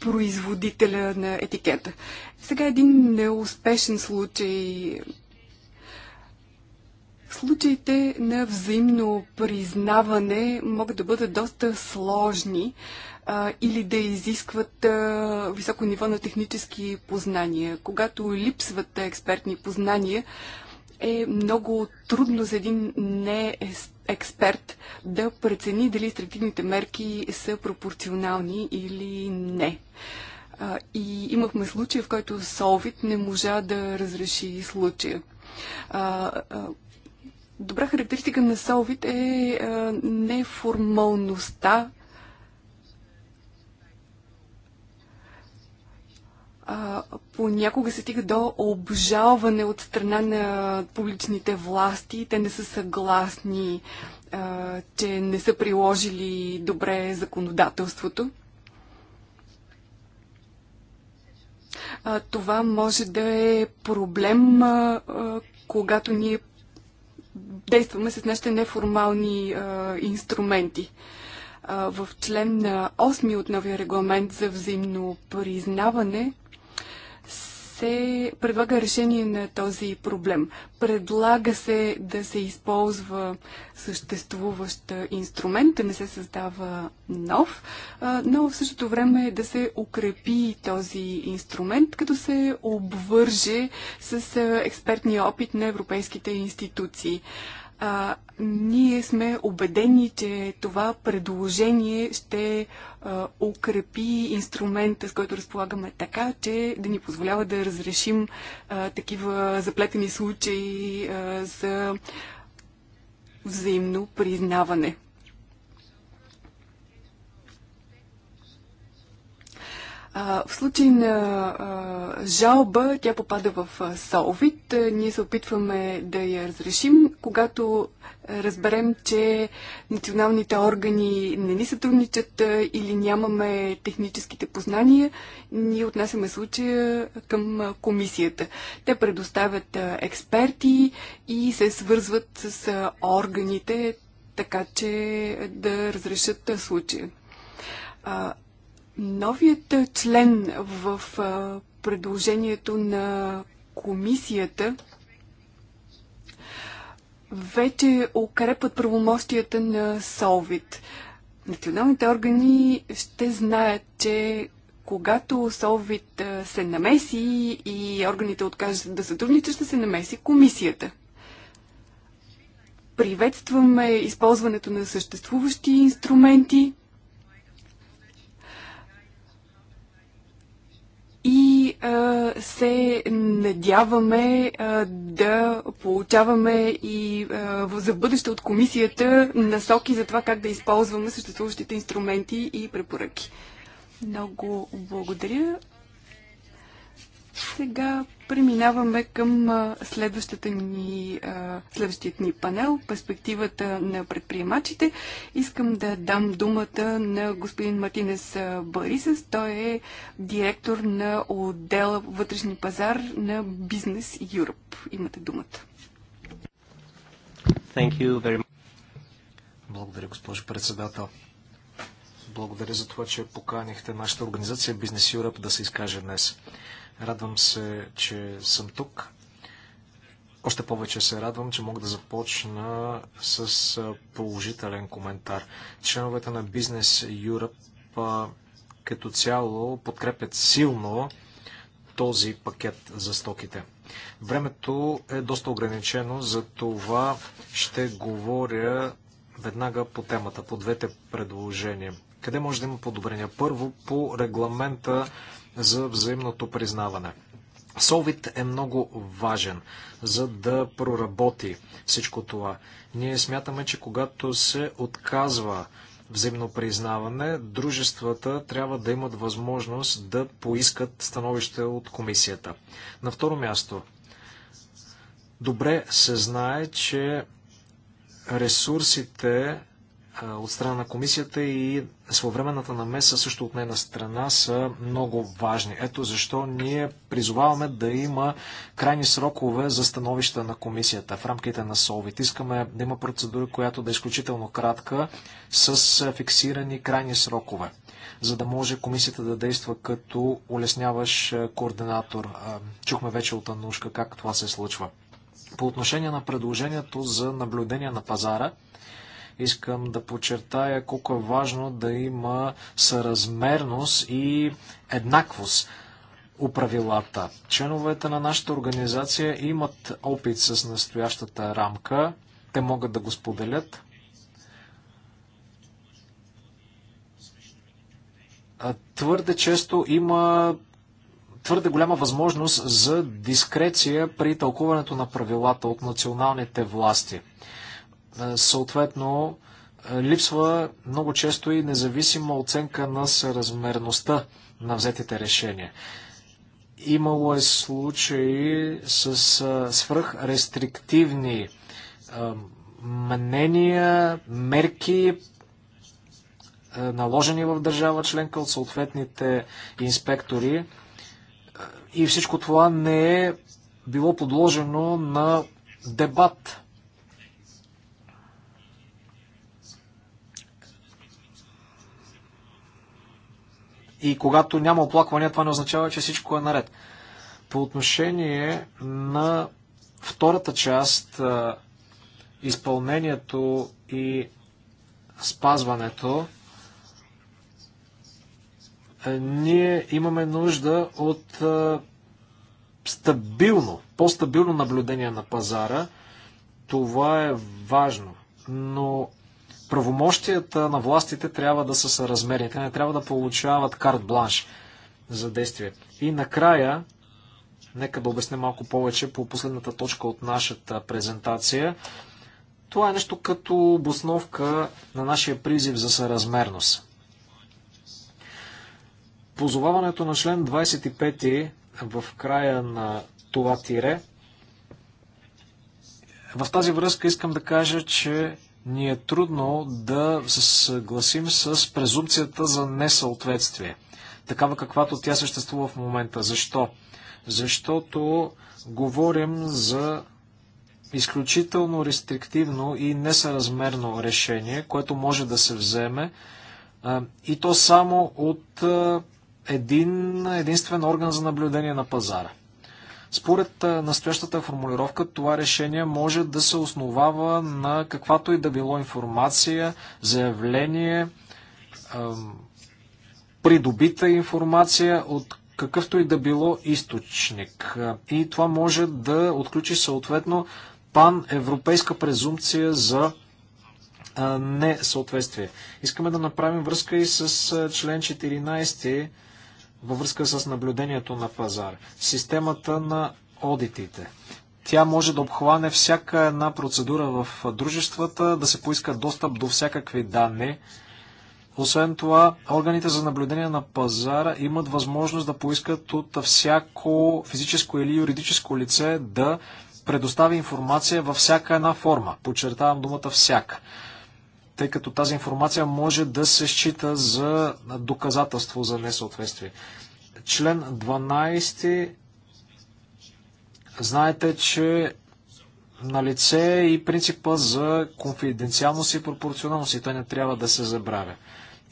производителя на етикета. Сега един неуспешен случай Случаите на взаимно признаване могат да бъдат доста сложни а, или да изискват а, високо ниво на технически познания. Когато липсват експертни познания, е много трудно за един не експерт да прецени дали стратегните мерки са пропорционални или не. А, и имахме случай, в който Солвит не можа да разреши случая. А, а, Добра характеристика на Солвит е, е неформалността. понякога се стига до обжалване от страна на публичните власти. Те не са съгласни, е, че не са приложили добре законодателството. това може да е проблем, е, когато ние действаме с нашите неформални а, инструменти. А, в член 8 от новия регламент за взаимно признаване се предлага решение на този проблем. Предлага се да се използва съществуващ инструмент, да не се създава нов, но в същото време да се укрепи този инструмент, като се обвърже с експертния опит на европейските институции. А, ние сме убедени, че това предложение ще а, укрепи инструмента, с който разполагаме така, че да ни позволява да разрешим а, такива заплетени случаи а, за взаимно признаване. А, в случай на а, жалба, тя попада в а, Солвит. А, ние се опитваме да я разрешим, когато разберем, че националните органи не ни сътрудничат а, или нямаме техническите познания, ние отнасяме случая към а, комисията. Те предоставят а, експерти и се свързват с а, органите, така че да разрешат а, случая. А, Новият член в предложението на комисията вече укрепват правомощията на Солвит. Националните органи ще знаят, че когато Солвит се намеси и органите откажат да сътрудничат, ще се намеси комисията. Приветстваме използването на съществуващи инструменти, се надяваме да получаваме и за бъдеще от комисията насоки за това как да използваме съществуващите инструменти и препоръки. Много благодаря. Сега преминаваме към следващата ни, следващият ни панел, перспективата на предприемачите. Искам да дам думата на господин Мартинес Борисес. Той е директор на отдела вътрешни пазар на Бизнес Юроп. Имате думата. Thank you very much. Благодаря, госпожо председател. Благодаря за това, че поканихте нашата организация Бизнес Юроп да се изкаже днес. Радвам се, че съм тук. Още повече се радвам, че мога да започна с положителен коментар. Членовете на Business Europe като цяло подкрепят силно този пакет за стоките. Времето е доста ограничено, за това ще говоря веднага по темата, по двете предложения. Къде може да има подобрения? Първо по регламента за взаимното признаване. Солвит е много важен, за да проработи всичко това. Ние смятаме, че когато се отказва взаимно признаване, дружествата трябва да имат възможност да поискат становище от комисията. На второ място, добре се знае, че ресурсите от страна на комисията и своевременната намеса също от нейна страна са много важни. Ето защо ние призоваваме да има крайни срокове за становища на комисията в рамките на СОВИТ. Искаме да има процедура, която да е изключително кратка, с фиксирани крайни срокове, за да може комисията да действа като улесняваш координатор. Чухме вече от Анушка как това се случва. По отношение на предложението за наблюдение на пазара, Искам да подчертая колко е важно да има съразмерност и еднаквост у правилата. Членовете на нашата организация имат опит с настоящата рамка. Те могат да го споделят. Твърде често има твърде голяма възможност за дискреция при тълкуването на правилата от националните власти. Е, съответно, е, липсва много често и независима оценка на съразмерността на взетите решения. Имало е случаи с е, свръхрестриктивни мнения, мерки, наложени в държава членка от съответните инспектори. И всичко това не е било подложено на дебат И когато няма оплаквания, това не означава, че всичко е наред. По отношение на втората част, изпълнението и спазването, ние имаме нужда от стабилно, по-стабилно наблюдение на пазара. Това е важно. Но правомощията на властите трябва да са съразмерни. Те не трябва да получават карт бланш за действие. И накрая, нека да обясня малко повече по последната точка от нашата презентация. Това е нещо като обосновка на нашия призив за съразмерност. Позоваването на член 25 в края на това тире. В тази връзка искам да кажа, че ни е трудно да се съгласим с презумпцията за несъответствие, такава каквато тя съществува в момента. Защо? Защото говорим за изключително рестриктивно и несъразмерно решение, което може да се вземе и то само от един единствен орган за наблюдение на пазара. Според настоящата формулировка, това решение може да се основава на каквато и да било информация, заявление, придобита информация от какъвто и да било източник. И това може да отключи съответно пан-европейска презумпция за несъответствие. Искаме да направим връзка и с член 14 във връзка с наблюдението на пазар. Системата на одитите. Тя може да обхване всяка една процедура в дружествата, да се поиска достъп до всякакви данни. Освен това, органите за наблюдение на пазара имат възможност да поискат от всяко физическо или юридическо лице да предостави информация във всяка една форма. Подчертавам думата всяка тъй като тази информация може да се счита за доказателство за несъответствие. Член 12. Знаете, че на лице е и принципа за конфиденциалност и пропорционалност и той не трябва да се забравя.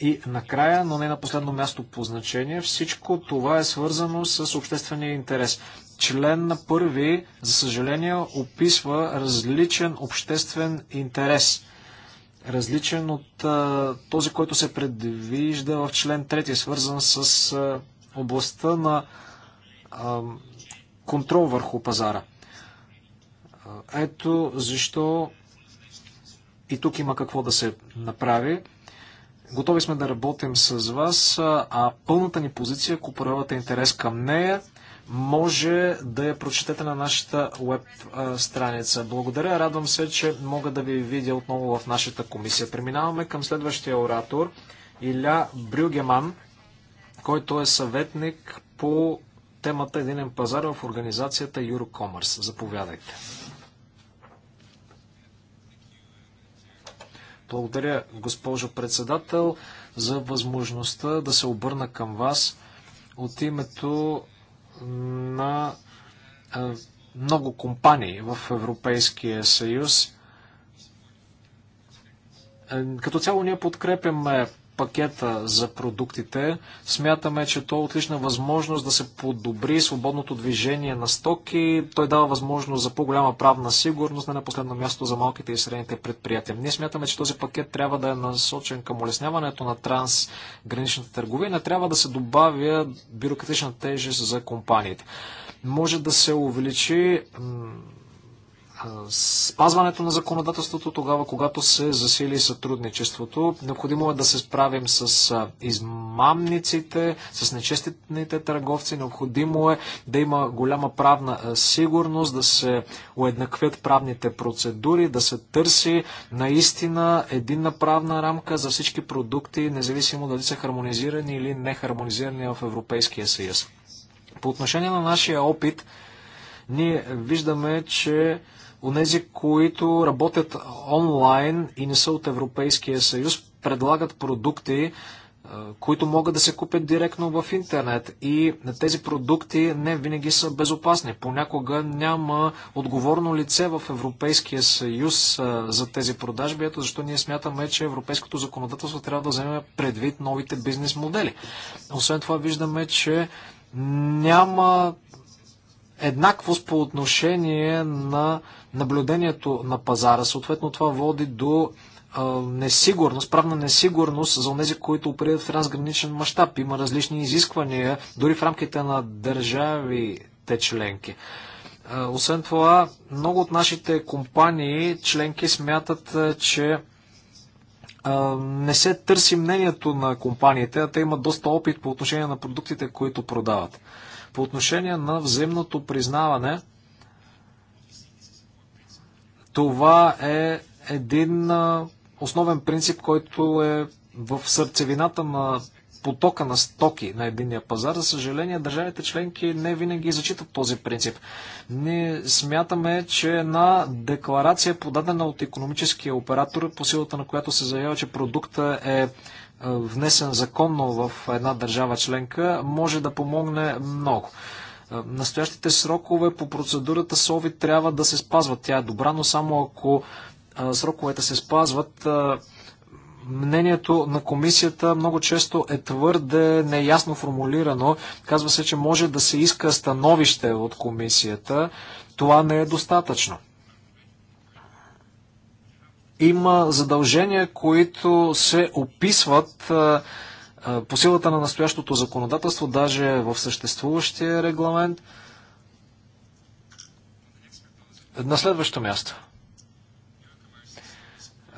И накрая, но не на последно място по значение, всичко това е свързано с обществения интерес. Член на първи, за съжаление, описва различен обществен интерес – различен от а, този, който се предвижда в член 3, свързан с а, областта на а, контрол върху пазара. Ето защо и тук има какво да се направи. Готови сме да работим с вас, а пълната ни позиция, ако интерес към нея, може да я прочетете на нашата веб страница. Благодаря, радвам се, че мога да ви видя отново в нашата комисия. Преминаваме към следващия оратор, Иля Брюгеман, който е съветник по темата Единен пазар в организацията Eurocommerce. Заповядайте. Благодаря, госпожо председател, за възможността да се обърна към вас от името на много компании в Европейския съюз. Е, като цяло ние подкрепяме пакета за продуктите. Смятаме, че то е отлична възможност да се подобри свободното движение на стоки. Той дава възможност за по-голяма правна сигурност, не на последно място за малките и средните предприятия. Ние смятаме, че този пакет трябва да е насочен към улесняването на трансграничната търговия, не трябва да се добавя бюрократична тежест за компаниите. Може да се увеличи спазването на законодателството тогава, когато се засили сътрудничеството. Необходимо е да се справим с измамниците, с нечестните търговци. Необходимо е да има голяма правна сигурност, да се уеднаквят правните процедури, да се търси наистина единна правна рамка за всички продукти, независимо дали са хармонизирани или не хармонизирани в Европейския съюз. По отношение на нашия опит, ние виждаме, че Онези, които работят онлайн и не са от Европейския съюз, предлагат продукти, които могат да се купят директно в интернет. И тези продукти не винаги са безопасни. Понякога няма отговорно лице в Европейския съюз за тези продажби. Ето защо ние смятаме, че европейското законодателство трябва да вземе предвид новите бизнес модели. Освен това виждаме, че няма еднаквост по отношение на наблюдението на пазара. Съответно това води до несигурност, правна несигурност за тези, които оперират в трансграничен мащаб. Има различни изисквания, дори в рамките на държавите членки. Освен това, много от нашите компании членки смятат, че не се търси мнението на компаниите, а те имат доста опит по отношение на продуктите, които продават. По отношение на взаимното признаване, това е един основен принцип, който е в сърцевината на потока на стоки на единния пазар. За съжаление, държавите членки не винаги зачитат този принцип. Ние смятаме, че една декларация, подадена от економическия оператор, по силата на която се заявява, че продукта е, е внесен законно в една държава членка, може да помогне много. Е, настоящите срокове по процедурата СОВИ трябва да се спазват. Тя е добра, но само ако е, сроковете се спазват, е, мнението на комисията много често е твърде неясно формулирано. Казва се, че може да се иска становище от комисията. Това не е достатъчно. Има задължения, които се описват по силата на настоящото законодателство, даже в съществуващия регламент. На следващо място.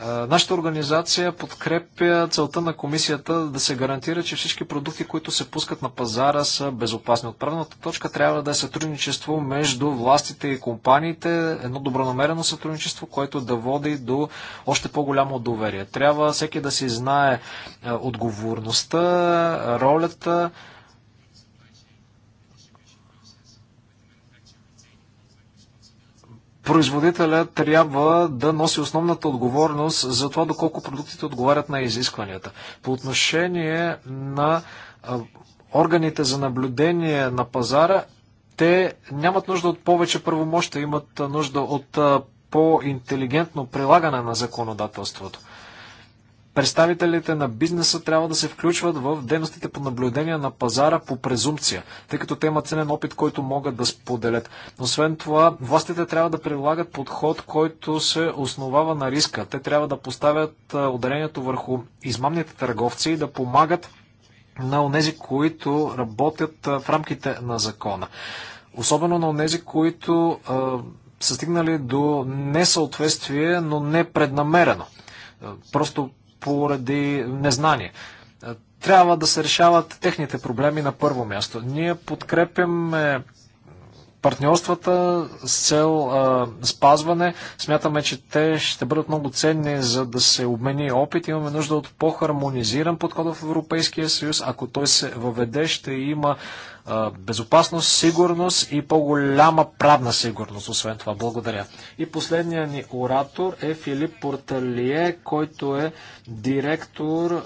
Нашата организация подкрепя целта на комисията да се гарантира, че всички продукти, които се пускат на пазара са безопасни. Отправната точка трябва да е сътрудничество между властите и компаниите, едно добронамерено сътрудничество, което да води до още по-голямо доверие. Трябва всеки да си знае отговорността, ролята, производителя трябва да носи основната отговорност за това доколко продуктите отговарят на изискванията. По отношение на органите за наблюдение на пазара, те нямат нужда от повече първомощ, имат нужда от по-интелигентно прилагане на законодателството. Представителите на бизнеса трябва да се включват в дейностите по наблюдение на пазара по презумпция, тъй като те имат ценен опит, който могат да споделят. Освен това, властите трябва да прилагат подход, който се основава на риска. Те трябва да поставят ударението върху измамните търговци и да помагат на онези, които работят в рамките на закона. Особено на онези, които са стигнали до несъответствие, но не преднамерено. Просто поради незнание. Трябва да се решават техните проблеми на първо място. Ние подкрепяме партньорствата с цел а, спазване. Смятаме, че те ще бъдат много ценни, за да се обмени опит. Имаме нужда от по-хармонизиран подход в Европейския съюз. Ако той се въведе, ще има а, безопасност, сигурност и по-голяма правна сигурност. Освен това, благодаря. И последният ни оратор е Филип Порталие, който е директор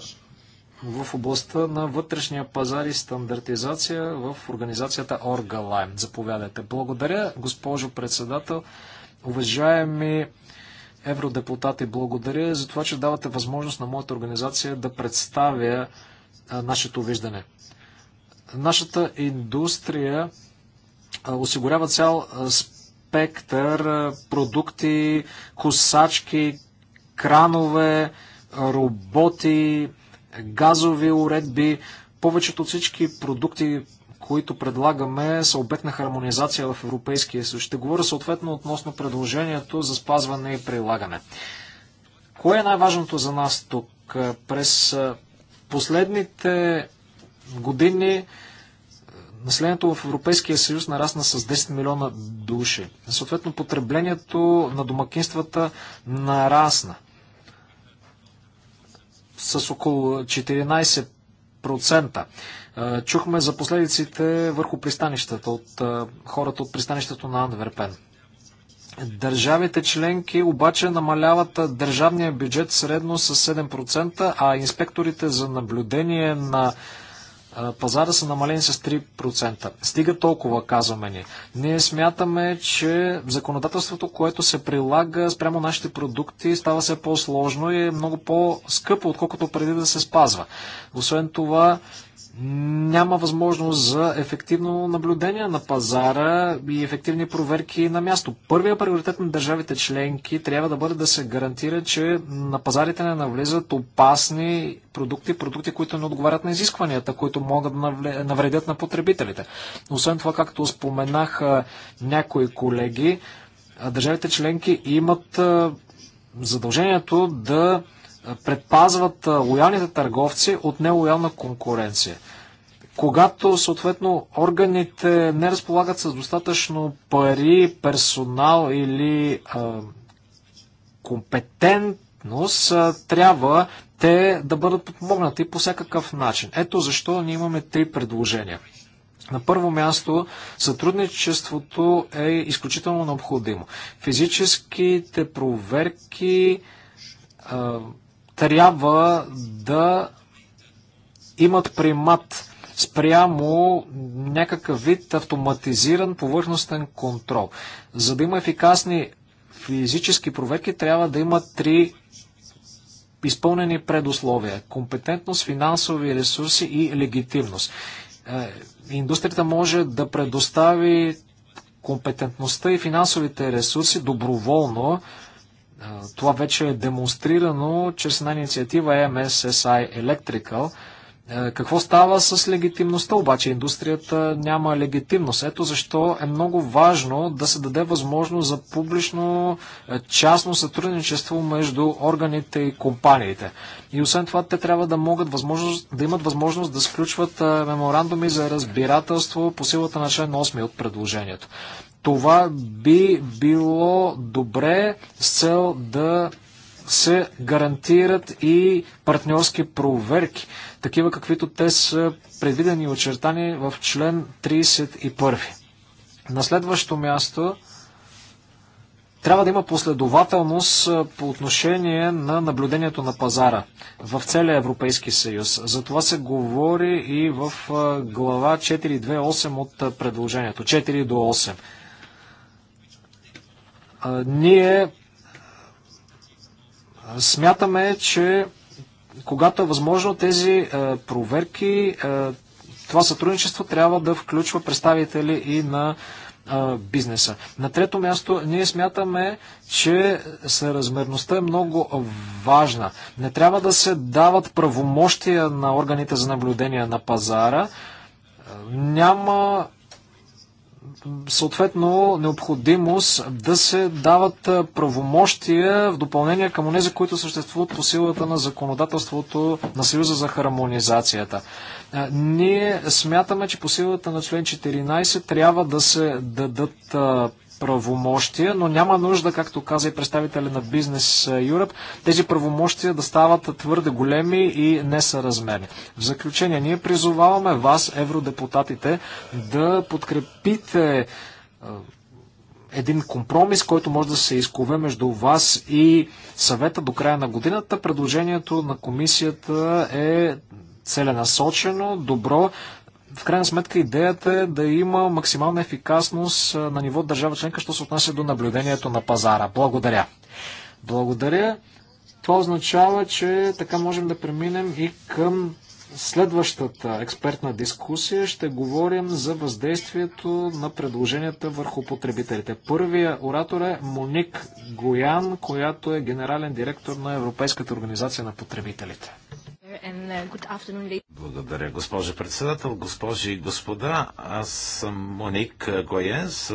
в областта на вътрешния пазар и стандартизация в организацията Оргалайм. Заповядайте. Благодаря, госпожо председател. Уважаеми евродепутати, благодаря за това, че давате възможност на моята организация да представя нашето виждане. Нашата индустрия осигурява цял спектър продукти, косачки, кранове, роботи, газови уредби. Повечето от всички продукти, които предлагаме, са обект на хармонизация в Европейския съюз. Ще говоря съответно относно предложението за спазване и прилагане. Кое е най-важното за нас тук? През последните години населението в Европейския съюз нарасна с 10 милиона души. Съответно, потреблението на домакинствата нарасна с около 14%. Чухме за последиците върху пристанищата от хората от пристанището на Андверпен. Държавите членки обаче намаляват държавния бюджет средно с 7%, а инспекторите за наблюдение на пазара са намалени с 3%. Стига толкова, казваме ни. Ние смятаме, че законодателството, което се прилага спрямо нашите продукти, става все по-сложно и е много по-скъпо, отколкото преди да се спазва. Освен това, няма възможност за ефективно наблюдение на пазара и ефективни проверки на място. Първия приоритет на държавите членки трябва да бъде да се гарантира, че на пазарите не навлизат опасни продукти, продукти, които не отговарят на изискванията, които могат да навредят на потребителите. Освен това, както споменах някои колеги, държавите членки имат задължението да предпазват лоялните търговци от нелоялна конкуренция. Когато съответно органите не разполагат с достатъчно пари, персонал или а, компетентност, а, трябва те да бъдат подпомогнати по всякакъв начин. Ето защо ние имаме три предложения. На първо място, сътрудничеството е изключително необходимо. Физическите проверки а, трябва да имат примат спрямо някакъв вид автоматизиран повърхностен контрол. За да има ефикасни физически проверки, трябва да има три изпълнени предусловия. Компетентност, финансови ресурси и легитимност. Е, индустрията може да предостави компетентността и финансовите ресурси доброволно, това вече е демонстрирано чрез една инициатива MSSI Electrical. Какво става с легитимността? Обаче индустрията няма легитимност. Ето защо е много важно да се даде възможност за публично-частно сътрудничество между органите и компаниите. И освен това, те трябва да могат възможност, да имат възможност да сключват меморандуми за разбирателство по силата на член 8 от предложението. Това би било добре с цел да се гарантират и партньорски проверки, такива каквито те са предвидени и очертани в член 31. На следващо място трябва да има последователност по отношение на наблюдението на пазара в целия Европейски съюз. За това се говори и в глава 4.2.8 от предложението. 4 до 8. Ние смятаме, че когато е възможно тези проверки, това сътрудничество трябва да включва представители и на бизнеса. На трето място, ние смятаме, че съразмерността е много важна. Не трябва да се дават правомощия на органите за наблюдение на пазара. Няма съответно необходимост да се дават правомощия в допълнение към тези, които съществуват по силата на законодателството на Съюза за хармонизацията. Ние смятаме, че по силата на член 14 трябва да се дадат правомощия, но няма нужда, както каза и представителя на Бизнес Europe, тези правомощия да стават твърде големи и несъразмерни. В заключение, ние призоваваме вас, евродепутатите, да подкрепите един компромис, който може да се изкове между вас и съвета до края на годината. Предложението на комисията е целенасочено, добро в крайна сметка идеята е да има максимална ефикасност на ниво държава членка, що се отнася до наблюдението на пазара. Благодаря. Благодаря. Това означава, че така можем да преминем и към следващата експертна дискусия. Ще говорим за въздействието на предложенията върху потребителите. Първия оратор е Моник Гоян, която е генерален директор на Европейската организация на потребителите. Uh, Благодаря, госпожо председател. Госпожи и господа, аз съм Моник Гоенс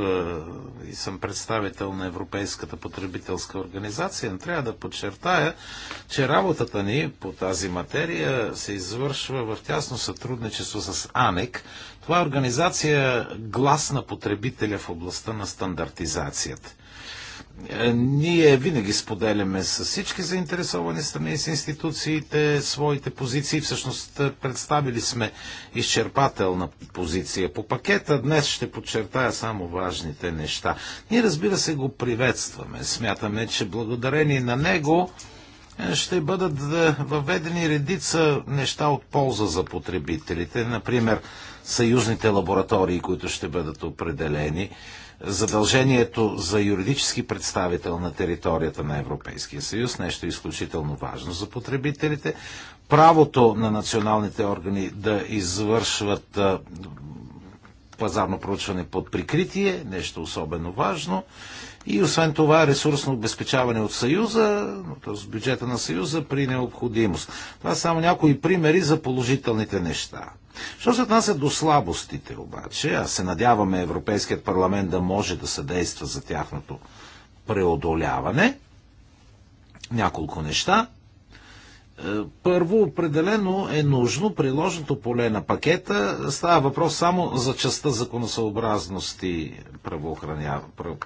и съм представител на Европейската потребителска организация. Трябва да подчертая, че работата ни по тази материя се извършва в тясно сътрудничество с АНЕК. Това е организация глас на потребителя в областта на стандартизацията. Е, ние винаги споделяме с всички заинтересовани страни с институциите своите позиции. Всъщност е, представили сме изчерпателна позиция по пакета. Днес ще подчертая само важните неща. Ние разбира се го приветстваме. Смятаме, че благодарение на него е, ще бъдат въведени редица неща от полза за потребителите. Например, съюзните лаборатории, които ще бъдат определени задължението за юридически представител на територията на Европейския съюз, нещо изключително важно за потребителите, правото на националните органи да извършват пазарно проучване под прикритие, нещо особено важно, и освен това ресурсно обезпечаване от Съюза, т.е. бюджета на Съюза при необходимост. Това са само някои примери за положителните неща. Що се отнася до слабостите обаче, а се надяваме Европейският парламент да може да съдейства за тяхното преодоляване, няколко неща. Първо, определено е нужно приложното поле на пакета. Става въпрос само за частта законосъобразност и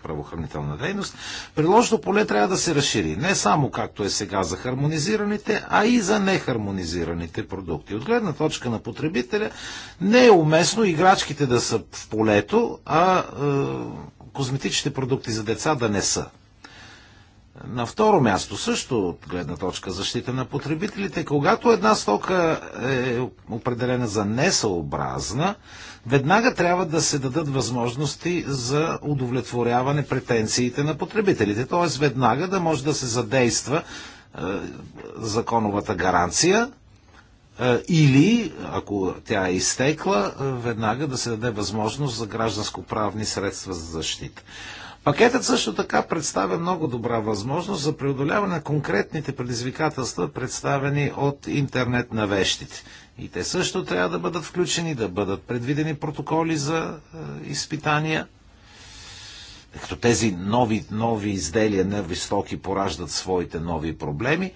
правоохранителна дейност. Приложното поле трябва да се разшири. Не само както е сега за хармонизираните, а и за нехармонизираните продукти. От гледна точка на потребителя не е уместно играчките да са в полето, а е, козметичните продукти за деца да не са. На второ място, също от гледна точка защита на потребителите, когато една стока е определена за несъобразна, веднага трябва да се дадат възможности за удовлетворяване претенциите на потребителите. Т.е. веднага да може да се задейства е, законовата гаранция е, или, ако тя е изтекла, е, веднага да се даде възможност за гражданско-правни средства за защита. Пакетът също така представя много добра възможност за преодоляване на конкретните предизвикателства, представени от интернет на вещите. И те също трябва да бъдат включени, да бъдат предвидени протоколи за е, изпитания. Като тези нови, нови изделия на високи пораждат своите нови проблеми,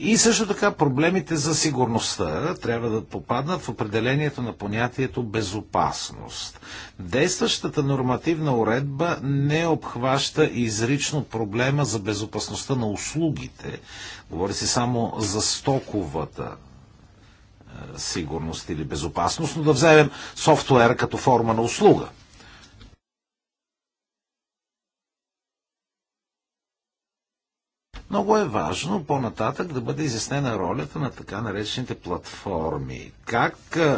и също така проблемите за сигурността трябва да попаднат в определението на понятието безопасност. Действащата нормативна уредба не обхваща изрично проблема за безопасността на услугите. Говори се само за стоковата е, сигурност или безопасност, но да вземем софтуер като форма на услуга. Много е важно по-нататък да бъде изяснена ролята на така наречените платформи. Как е,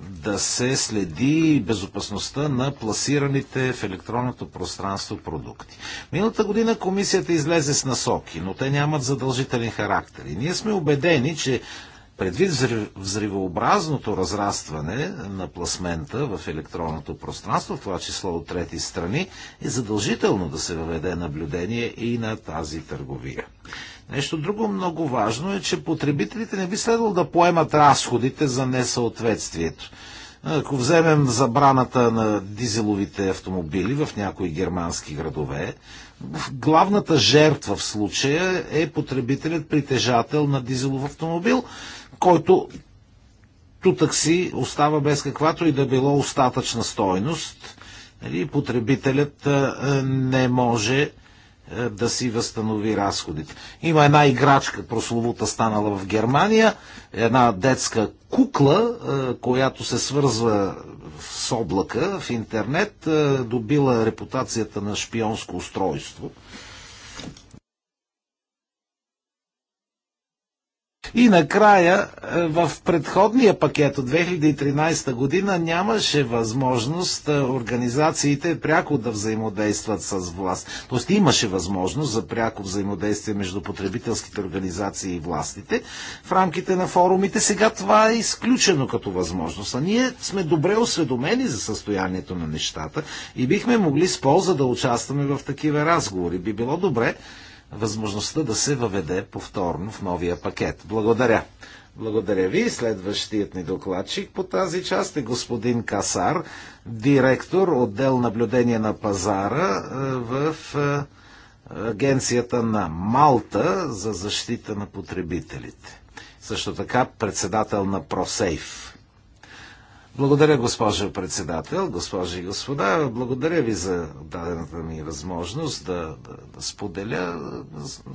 да се следи безопасността на пласираните в електронното пространство продукти. Миналата година комисията излезе с насоки, но те нямат задължителен характер. И ние сме убедени, че Предвид взривообразното разрастване на пласмента в електронното пространство, в това число от трети страни, е задължително да се въведе наблюдение и на тази търговия. Нещо друго много важно е, че потребителите не би следвало да поемат разходите за несъответствието. Ако вземем забраната на дизеловите автомобили в някои германски градове, главната жертва в случая е потребителят притежател на дизелов автомобил, който тутък си остава без каквато и да било остатъчна стойност. Нали, потребителят не може да си възстанови разходите. Има една играчка прословута станала в Германия, една детска кукла, която се свързва с облака в интернет, добила репутацията на шпионско устройство – И накрая, е, в предходния пакет от 2013 година нямаше възможност е, организациите пряко да взаимодействат с власт. Тоест имаше възможност за пряко взаимодействие между потребителските организации и властите в рамките на форумите. Сега това е изключено като възможност. А ние сме добре осведомени за състоянието на нещата и бихме могли с полза да участваме в такива разговори. Би било добре възможността да се въведе повторно в новия пакет. Благодаря. Благодаря ви. Следващият ни докладчик по тази част е господин Касар, директор отдел наблюдение на пазара е, в е, агенцията на Малта за защита на потребителите. Също така председател на ProSafe. Благодаря, госпожо председател, госпожи и господа. Благодаря ви за дадената ми възможност да, да, да споделя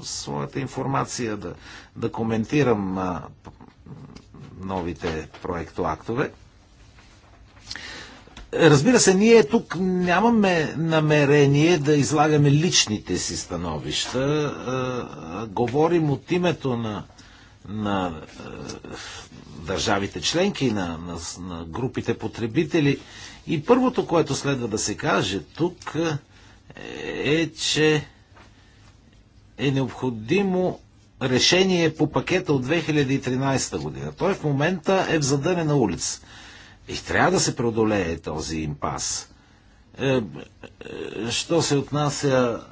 своята информация, да, да коментирам а, новите проектоактове. Разбира се, ние тук нямаме намерение да излагаме личните си становища. А, а, говорим от името на, на държавите членки, на, на, на групите потребители. И първото, което следва да се каже тук е, е че е необходимо решение по пакета от 2013 година. Той в момента е в задънена улица. И трябва да се преодолее този импас. Е, е, що се отнася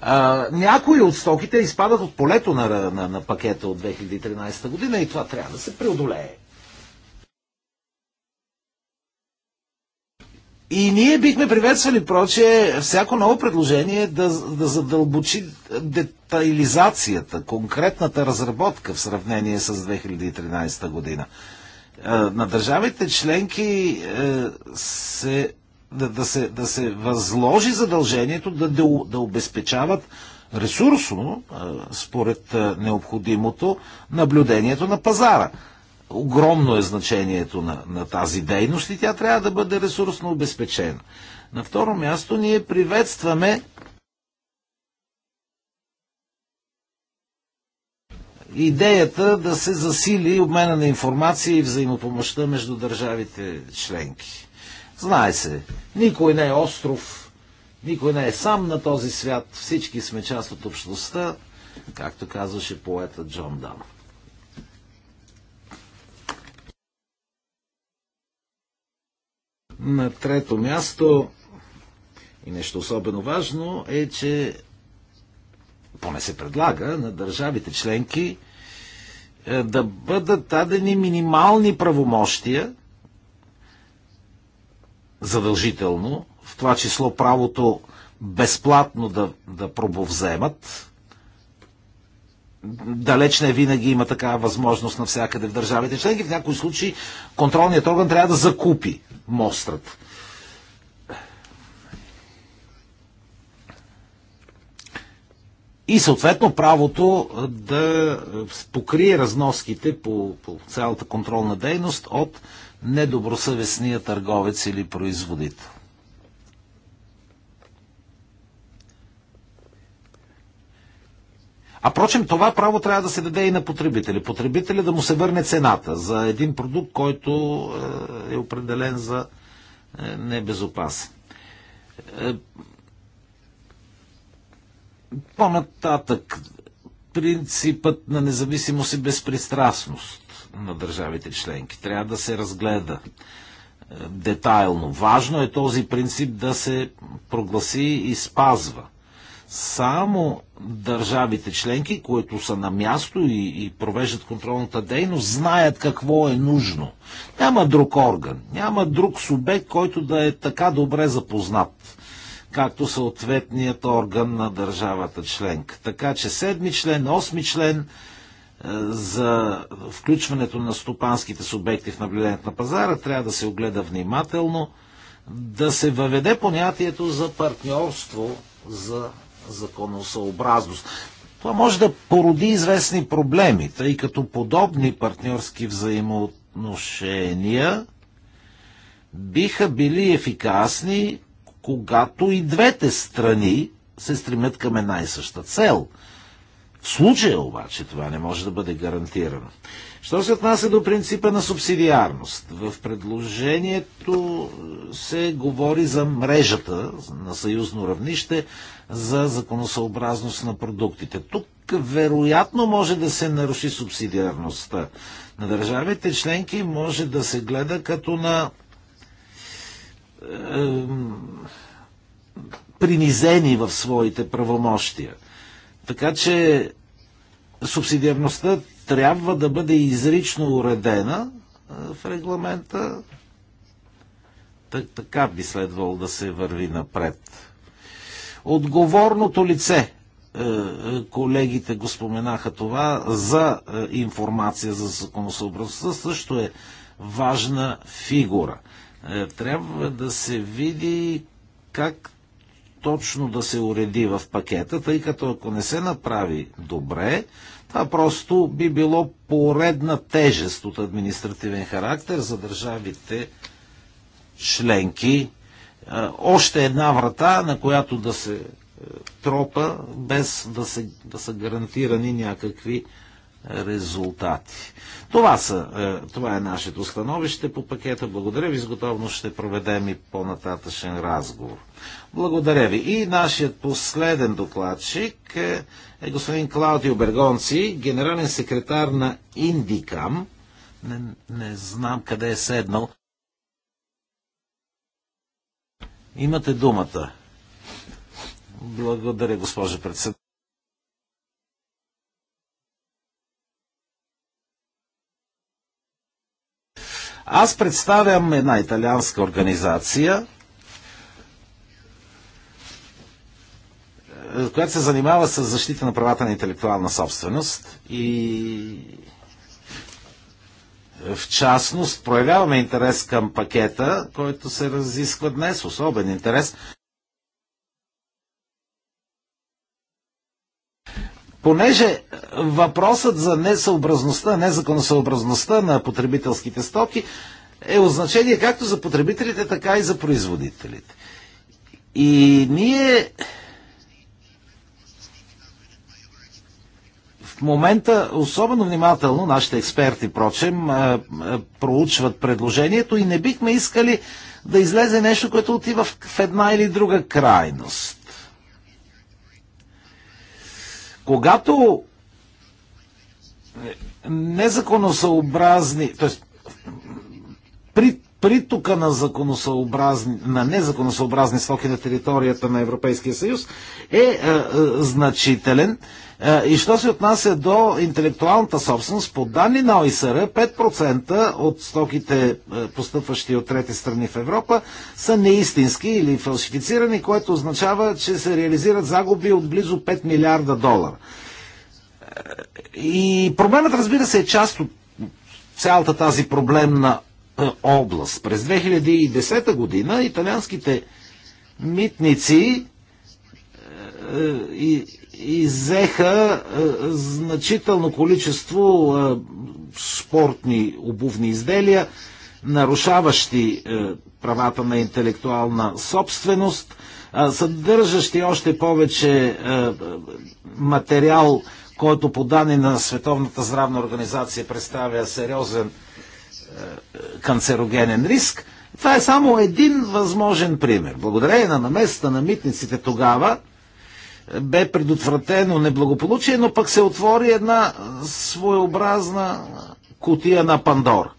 А, някои от стоките изпадат от полето на, на, на пакета от 2013 година и това трябва да се преодолее. И ние бихме приветствали, проче, всяко ново предложение да, да задълбочи детайлизацията, конкретната разработка в сравнение с 2013 година. Е, на държавите членки е, се да, да, се, да се възложи задължението да, да, да обезпечават ресурсно, според необходимото, наблюдението на пазара. Огромно е значението на, на тази дейност и тя трябва да бъде ресурсно обезпечена. На второ място ние приветстваме идеята да се засили обмена на информация и взаимопомощта между държавите членки. Знае се, никой не е остров, никой не е сам на този свят, всички сме част от общността, както казваше поета Джон Дан. На трето място и нещо особено важно е, че поне се предлага на държавите членки е, да бъдат дадени минимални правомощия задължително, в това число правото безплатно да, да пробовземат. Далеч не винаги има такава възможност навсякъде в държавите членки. В някои случаи контролният орган трябва да закупи мострът. И съответно правото да покрие разноските по, по цялата контролна дейност от недобросъвестния търговец или производител. А прочим, това право трябва да се даде и на потребители. Потребителя да му се върне цената за един продукт, който е, е определен за е, небезопасен. Е, по-нататък, принципът на независимост и безпристрастност на държавите членки. Трябва да се разгледа е, детайлно. Важно е този принцип да се прогласи и спазва. Само държавите членки, които са на място и, и провеждат контролната дейност, знаят какво е нужно. Няма друг орган, няма друг субект, който да е така добре запознат както съответният орган на държавата членка. Така че седми член, осми член е, за включването на стопанските субекти в наблюдението на пазара трябва да се огледа внимателно, да се въведе понятието за партньорство за законосъобразност. Това може да породи известни проблеми, тъй като подобни партньорски взаимоотношения биха били ефикасни, когато и двете страни се стремят към една и съща цел – случая обаче това не може да бъде гарантирано. Що се отнася до принципа на субсидиарност? В предложението е, се говори за мрежата на съюзно равнище за законосъобразност на продуктите. Тук вероятно може да се наруши субсидиарността на държавите членки, може да се гледа като на е, принизени в своите правомощия. Така че субсидиарността трябва да бъде изрично уредена в регламента. Так, така би следвало да се върви напред. Отговорното лице, е, е, колегите го споменаха това, за е, информация за законосъобразността също е важна фигура. Трябва да се види как точно да се уреди в пакета, тъй като ако не се направи добре, това просто би било поредна тежест от административен характер за държавите членки. Е, още една врата, на която да се е, тропа, без да са, да са гарантирани някакви резултати. Това, са, е, това е нашето становище по пакета. Благодаря ви. С готовност ще проведем и по-нататъчен разговор. Благодаря ви. И нашият последен докладчик е, е господин Клаудио Бергонци, генерален секретар на Индикам. Не, не знам къде е седнал. Имате думата. Благодаря, госпожа председател. Аз представям една италианска организация, е, която се занимава с защита на правата на интелектуална собственост и е, в частност проявяваме интерес към пакета, който се разисква днес, особен интерес. понеже въпросът за несъобразността, незаконосъобразността на потребителските стоки е означение както за потребителите, така и за производителите. И ние в момента особено внимателно, нашите експерти, прочем, е, е, проучват предложението и не бихме искали да излезе нещо, което отива в една или друга крайност. Когато незаконосъобразни, т.е. при притока на, законосъобразни, на незаконосъобразни стоки на територията на Европейския съюз е, е, е значителен. Е, и що се отнася до интелектуалната собственост, по данни на ОИСР, 5% от стоките, е, постъпващи от трети страни в Европа, са неистински или фалшифицирани, което означава, че се реализират загуби от близо 5 милиарда долара. Е, и проблемът, разбира се, е част от цялата тази проблемна област. През 2010 година италианските митници изеха е, значително количество е, спортни обувни изделия, нарушаващи е, правата на интелектуална собственост, съдържащи още повече материал, който по данни на Световната здравна организация представя сериозен канцерогенен риск. Това е само един възможен пример. Благодарение на наместа на митниците тогава, бе предотвратено неблагополучие, но пък се отвори една своеобразна кутия на Пандора.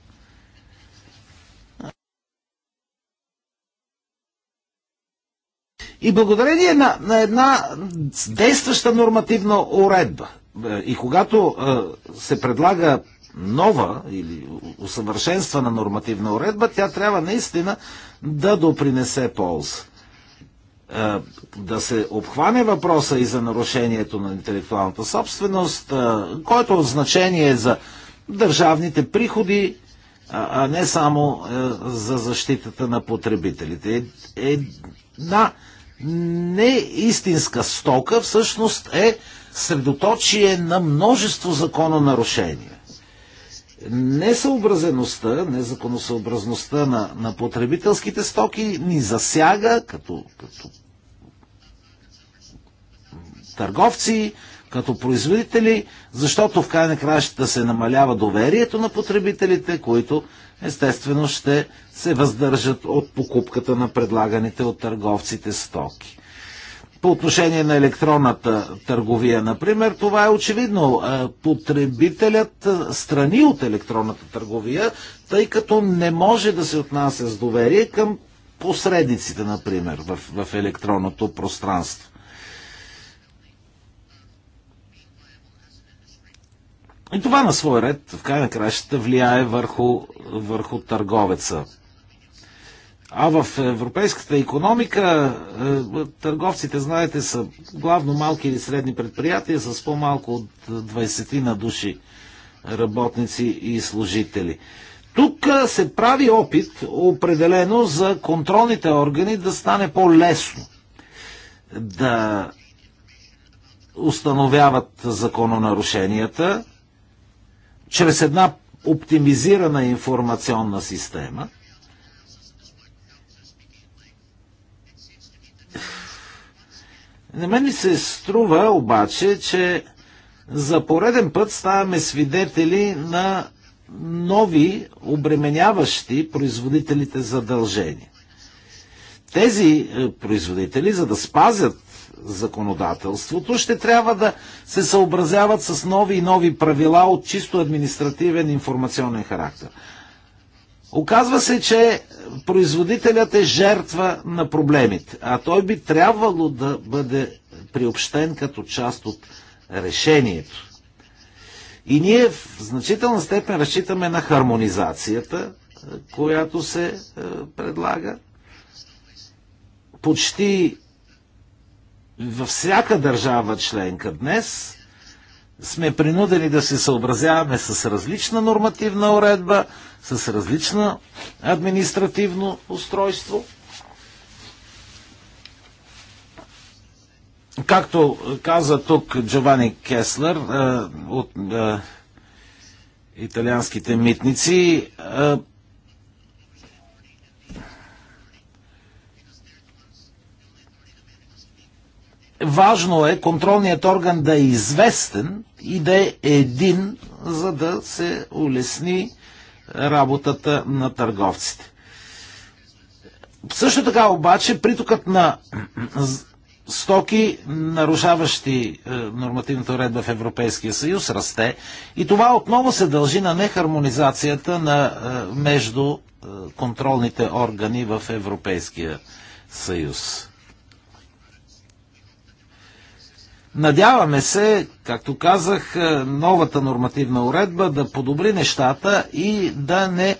И благодарение на, на една действаща нормативна уредба, е, и когато е, се предлага нова или усъвършенствана нормативна уредба, тя трябва наистина да допринесе полза. Е, да се обхване въпроса и за нарушението на интелектуалната собственост, е, който е от значение е за държавните приходи, а не само за защитата на потребителите. Една неистинска стока всъщност е средоточие на множество закононарушения несъобразеността, незаконосъобразността на, на потребителските стоки ни засяга като, като търговци, като производители, защото в край на кращата се намалява доверието на потребителите, които естествено ще се въздържат от покупката на предлаганите от търговците стоки. По отношение на електронната търговия, например, това е очевидно. Потребителят страни от електронната търговия, тъй като не може да се отнася с доверие към посредниците, например, в, в електронното пространство. И това на свой ред, в край на кращата, влияе върху, върху търговеца. А в европейската економика е, търговците, знаете, са главно малки или средни предприятия с по-малко от 20 на души работници и служители. Тук е, се прави опит определено за контролните органи да стане по-лесно да установяват закононарушенията чрез една оптимизирана информационна система – На мен ми се струва обаче, че за пореден път ставаме свидетели на нови обременяващи производителите задължения. Тези е, производители, за да спазят законодателството, ще трябва да се съобразяват с нови и нови правила от чисто административен информационен характер. Оказва се, че производителят е жертва на проблемите, а той би трябвало да бъде приобщен като част от решението. И ние в значителна степен разчитаме на хармонизацията, е, която се е, предлага. Почти във всяка държава членка днес сме принудени да се съобразяваме с различна нормативна уредба, с различна административно устройство. Както каза тук Джовани Кеслер е, от е, италианските митници, е, важно е контролният орган да е известен и да е един, за да се улесни работата на търговците. Също така обаче притокът на стоки, нарушаващи е, нормативната уредба в Европейския съюз, расте. И това отново се дължи на нехармонизацията на, е, между е, контролните органи в Европейския съюз. Надяваме се, както казах, е, новата нормативна уредба да подобри нещата и да не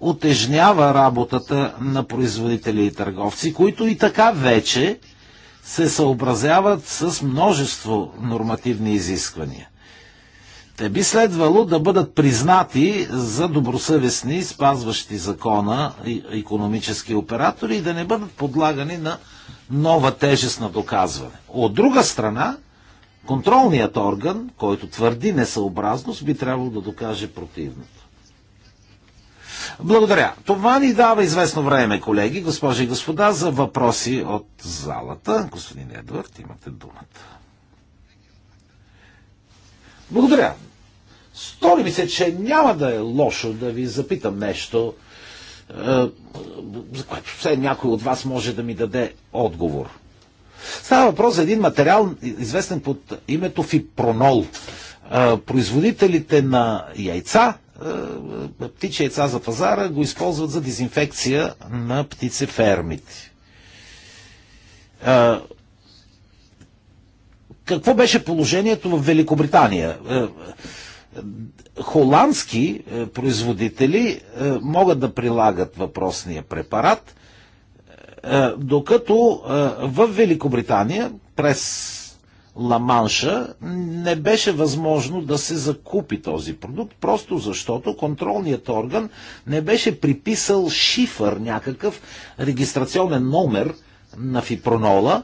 отежнява работата на производители и търговци, които и така вече се съобразяват с множество нормативни изисквания. Те би следвало да бъдат признати за добросъвестни, спазващи закона економически оператори и да не бъдат подлагани на нова тежест на доказване. От друга страна, Контролният орган, който твърди несъобразност, би трябвало да докаже противното. Благодаря. Това ни дава известно време, колеги, госпожи и господа, за въпроси от залата. Господин Едвард, имате думата. Благодаря. Стори ми се, че няма да е лошо да ви запитам нещо, е, за което все някой от вас може да ми даде отговор. Става въпрос за един материал, известен под името фипронол. Производителите на яйца, птичи яйца за пазара, го използват за дезинфекция на птицефермите. Какво беше положението в Великобритания? холандски производители могат да прилагат въпросния препарат е, докато е, в Великобритания през Ламанша не беше възможно да се закупи този продукт, просто защото контролният орган не беше приписал шифър, някакъв регистрационен номер на фипронола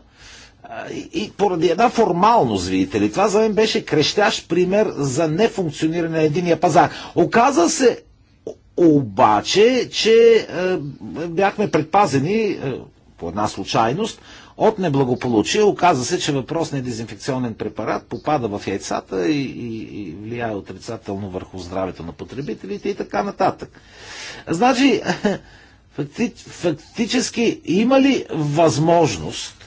е, и поради една формалност, видите ли, това за мен беше крещящ пример за нефункциониране на единия пазар. Оказа се обаче, че е, бяхме предпазени е, по една случайност от неблагополучие. Оказа се, че въпросният дезинфекционен препарат попада в яйцата и, и, и влияе отрицателно върху здравето на потребителите и така нататък. Значи, факти, фактически има ли възможност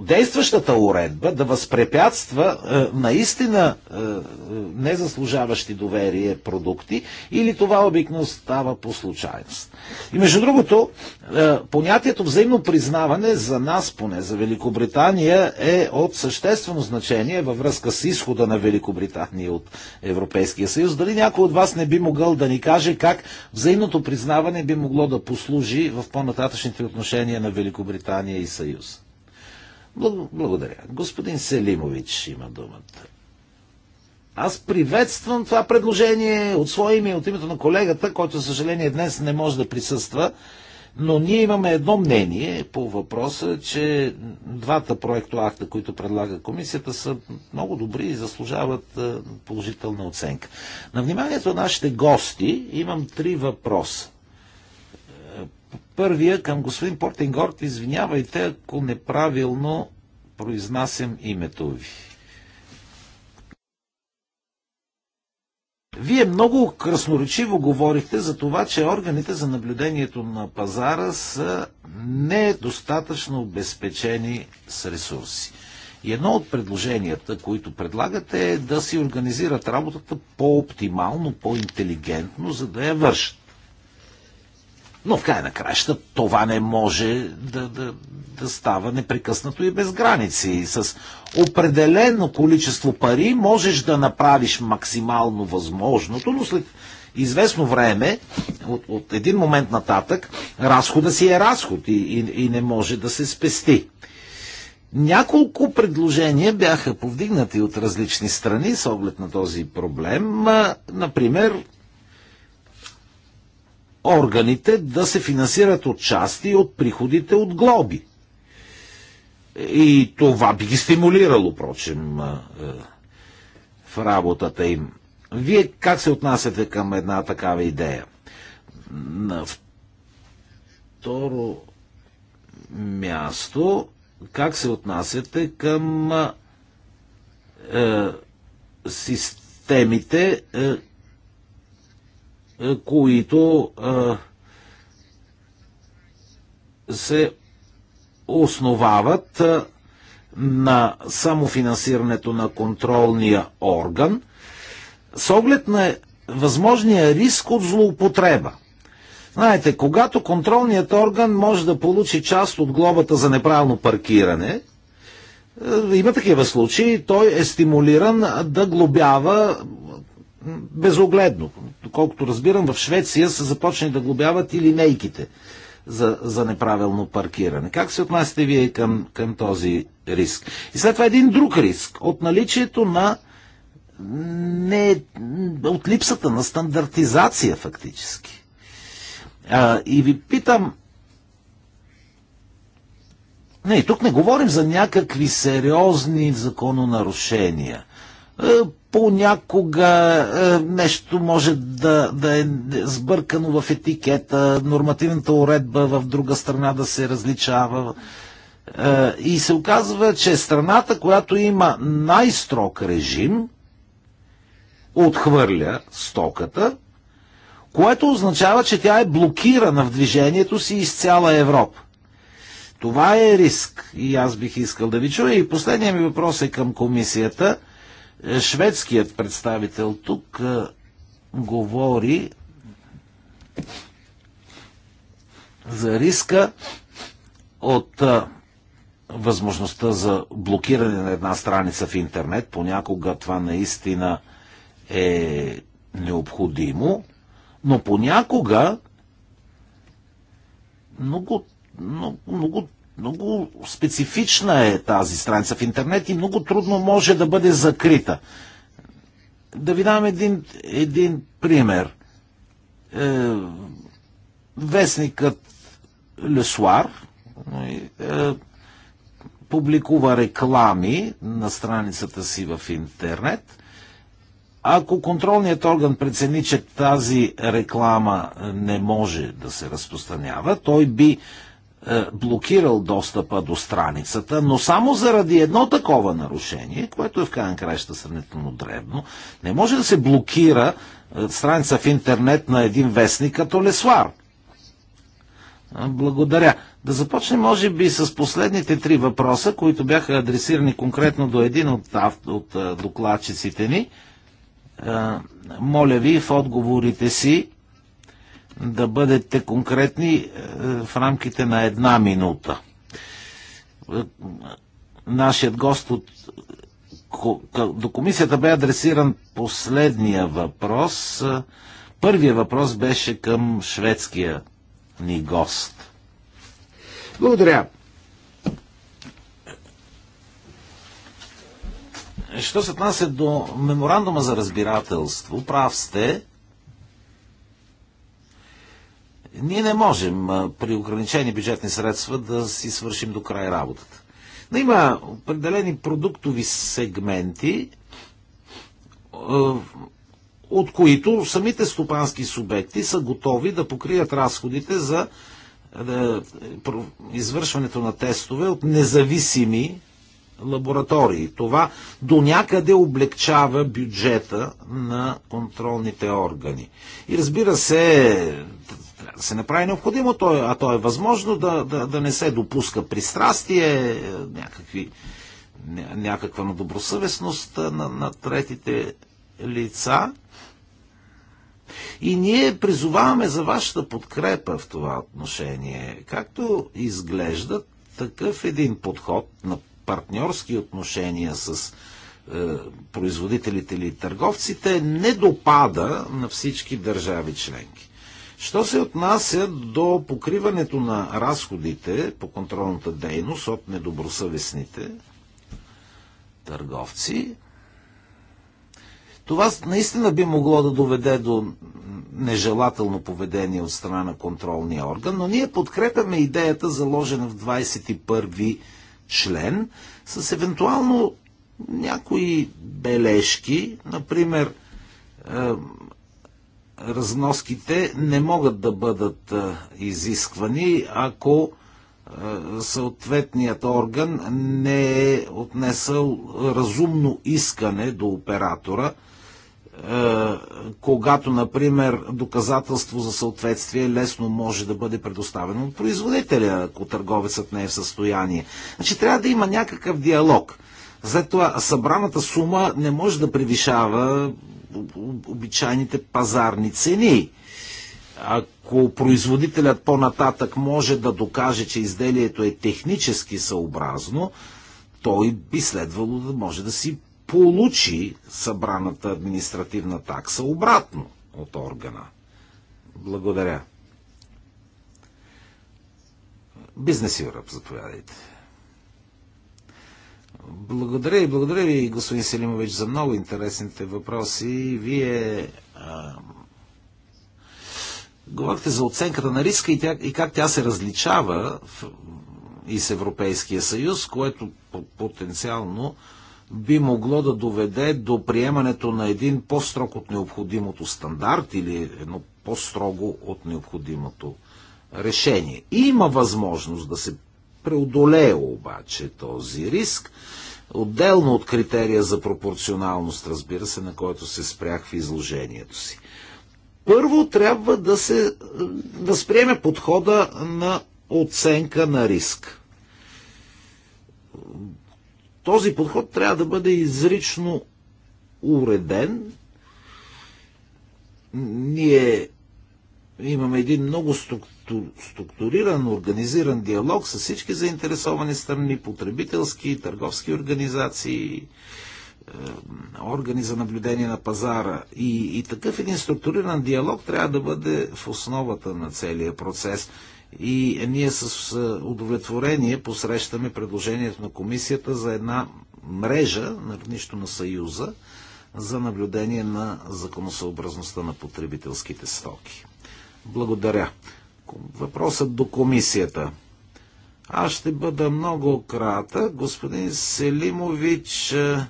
действащата уредба да възпрепятства наистина незаслужаващи доверие продукти или това обикновено става по случайност. И между другото, понятието взаимно признаване за нас, поне за Великобритания, е от съществено значение във връзка с изхода на Великобритания от Европейския съюз. Дали някой от вас не би могъл да ни каже как взаимното признаване би могло да послужи в по-нататъчните отношения на Великобритания и Съюз? Благодаря. Господин Селимович има думата. Аз приветствам това предложение от свое име и от името на колегата, който, за съжаление, днес не може да присъства, но ние имаме едно мнение по въпроса, че двата проектоакта, които предлага комисията, са много добри и заслужават е, положителна оценка. На вниманието на нашите гости имам три въпроса. Първия към господин Портингорт, извинявайте, ако неправилно произнасям името ви. Вие много красноречиво говорихте за това, че органите за наблюдението на пазара са недостатъчно обезпечени с ресурси. И едно от предложенията, които предлагате е да си организират работата по-оптимално, по-интелигентно, за да я вършат. Но в край на краща това не може да, да, да става непрекъснато и без граници. И с определено количество пари можеш да направиш максимално възможното, но след известно време, от, от един момент нататък, разхода си е разход и, и, и не може да се спести. Няколко предложения бяха повдигнати от различни страни с оглед на този проблем. Например, органите да се финансират от части от приходите от глоби. И това би ги стимулирало, прочим, в работата им. Вие как се отнасяте към една такава идея? На второ място, как се отнасяте към е, системите, е, е, които е, се основават е, на самофинансирането на контролния орган с оглед на възможния риск от злоупотреба. Знаете, когато контролният орган може да получи част от глобата за неправилно паркиране, има такива случаи, той е стимулиран да глобява безогледно. Доколкото разбирам, в Швеция са започнали да глобяват и линейките за, за неправилно паркиране. Как се отнасяте вие към, към този риск? И след това един друг риск от наличието на не, от липсата на стандартизация фактически. А, и ви питам, не, тук не говорим за някакви сериозни закононарушения. Е, понякога е, нещо може да, да е сбъркано в етикета, нормативната уредба в друга страна да се различава. Е, и се оказва, че страната, която има най-строг режим, отхвърля стоката, което означава, че тя е блокирана в движението си из цяла Европа. Това е риск и аз бих искал да ви чуя. И последният ми въпрос е към комисията – Шведският представител тук говори за риска от възможността за блокиране на една страница в интернет. Понякога това наистина е необходимо, но понякога много, много, много много специфична е тази страница в интернет и много трудно може да бъде закрита. Да ви дам един, един пример. Е, вестникът Лесуар е, публикува реклами на страницата си в интернет. Ако контролният орган прецени, че тази реклама не може да се разпространява, той би е, блокирал достъпа до страницата, но само заради едно такова нарушение, което е в крайна краища е сравнително древно, не може да се блокира е, страница в интернет на един вестник като Лесуар. Благодаря. Да започнем, може би, с последните три въпроса, които бяха адресирани конкретно до един от, от докладчиците ни. Моля ви в отговорите си да бъдете конкретни е, в рамките на една минута. Е, нашият гост от до комисията бе адресиран последния въпрос. Е, първия въпрос беше към шведския ни гост. Благодаря. Що се отнася до меморандума за разбирателство, прав сте, ние не можем при ограничени бюджетни средства да си свършим до край работата. Но има определени продуктови сегменти, от които самите стопански субекти са готови да покрият разходите за извършването на тестове от независими лаборатории. Това до някъде облегчава бюджета на контролните органи. И разбира се, да се направи необходимо, е- а то е възможно да, да, да не се допуска пристрастие, е, някакви, някаква добросъвестност на, на третите лица. И ние призоваваме за вашата подкрепа в това отношение. Както изглежда такъв един подход на партньорски отношения с е, производителите или търговците не допада на всички държави членки. Що се отнася до покриването на разходите по контролната дейност от недобросъвестните търговци, това наистина би могло да доведе до нежелателно поведение от страна на контролния орган, но ние подкрепяме идеята, заложена в 21 член, с евентуално някои бележки, например, е, разноските не могат да бъдат изисквани, ако съответният орган не е отнесъл разумно искане до оператора, когато, например, доказателство за съответствие лесно може да бъде предоставено от производителя, ако търговецът не е в състояние. Значи трябва да има някакъв диалог. След това събраната сума не може да превишава обичайните пазарни цени. Ако производителят по-нататък може да докаже, че изделието е технически съобразно, той би следвало да може да си получи събраната административна такса обратно от органа. Благодаря. Бизнес Юръп, заповядайте. Благодаря и благодаря ви, господин Селимович, за много интересните въпроси. Вие а, говорихте за оценката на риска и, тя, и как тя се различава в, и с Европейския съюз, което потенциално би могло да доведе до приемането на един по-строг от необходимото стандарт или едно по-строго от необходимото решение. Има възможност да се преодолее обаче този риск. Отделно от критерия за пропорционалност, разбира се, на който се спрях в изложението си. Първо трябва да се възприеме да подхода на оценка на риск. Този подход трябва да бъде изрично уреден. Ние имаме един много структур структуриран, организиран диалог с всички заинтересовани страни, потребителски, търговски организации, е, органи за наблюдение на пазара. И, и такъв един структуриран диалог трябва да бъде в основата на целия процес. И ние с е, удовлетворение посрещаме предложението на комисията за една мрежа на равнището на Съюза за наблюдение на законосъобразността на потребителските стоки. Благодаря. Въпросът до комисията. Аз ще бъда много крата. Господин Селимович, е,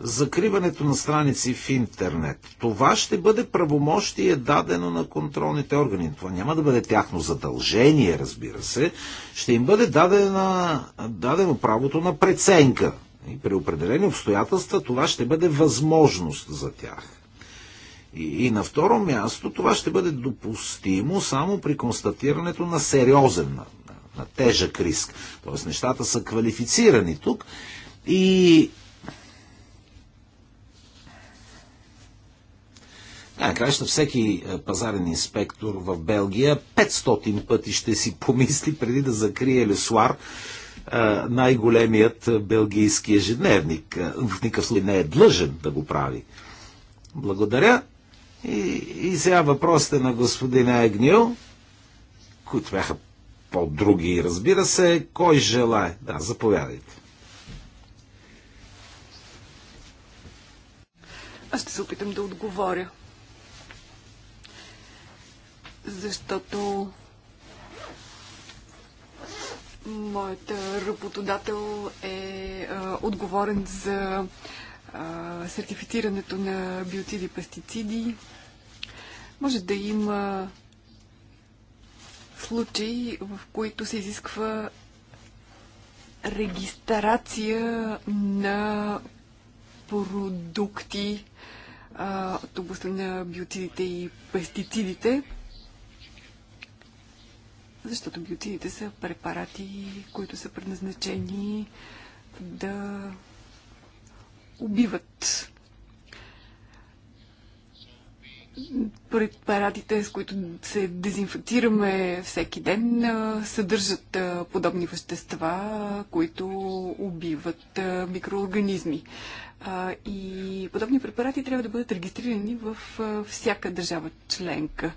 закриването на страници в интернет. Това ще бъде правомощие дадено на контролните органи. Това няма да бъде тяхно задължение, разбира се. Ще им бъде дадено, дадено правото на преценка. И при определени обстоятелства това ще бъде възможност за тях. И, на второ място това ще бъде допустимо само при констатирането на сериозен, на, на, тежък риск. Тоест нещата са квалифицирани тук и Край краща всеки е, пазарен инспектор в Белгия 500 пъти ще си помисли преди да закрие Лесуар е, най-големият е, белгийски ежедневник. В никакъв случай не е длъжен да го прави. Благодаря. И, и сега въпросите на господина Агнил, които бяха по-други, разбира се. Кой желая? Да, заповядайте. Аз ще се опитам да отговоря. Защото моят работодател е а, отговорен за сертифицирането на биоциди и пестициди. Може да има случаи, в които се изисква регистрация на продукти а, от областта на биоцидите и пестицидите, защото биоцидите са препарати, които са предназначени да убиват. Препаратите, парадите, с които се дезинфектираме всеки ден, съдържат подобни вещества, които убиват микроорганизми. И подобни препарати трябва да бъдат регистрирани в всяка държава членка.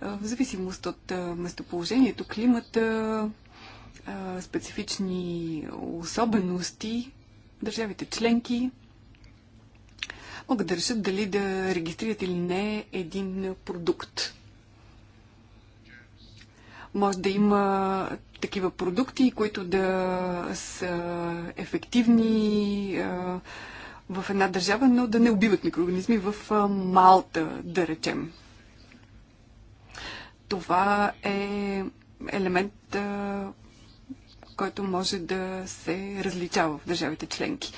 В зависимост от местоположението, климата, специфични особености, държавите членки могат да решат дали да регистрират или не един продукт. Може да има такива продукти, които да са ефективни в една държава, но да не убиват микроорганизми в Малта, да речем. Това е елемент който може да се различава в държавите членки.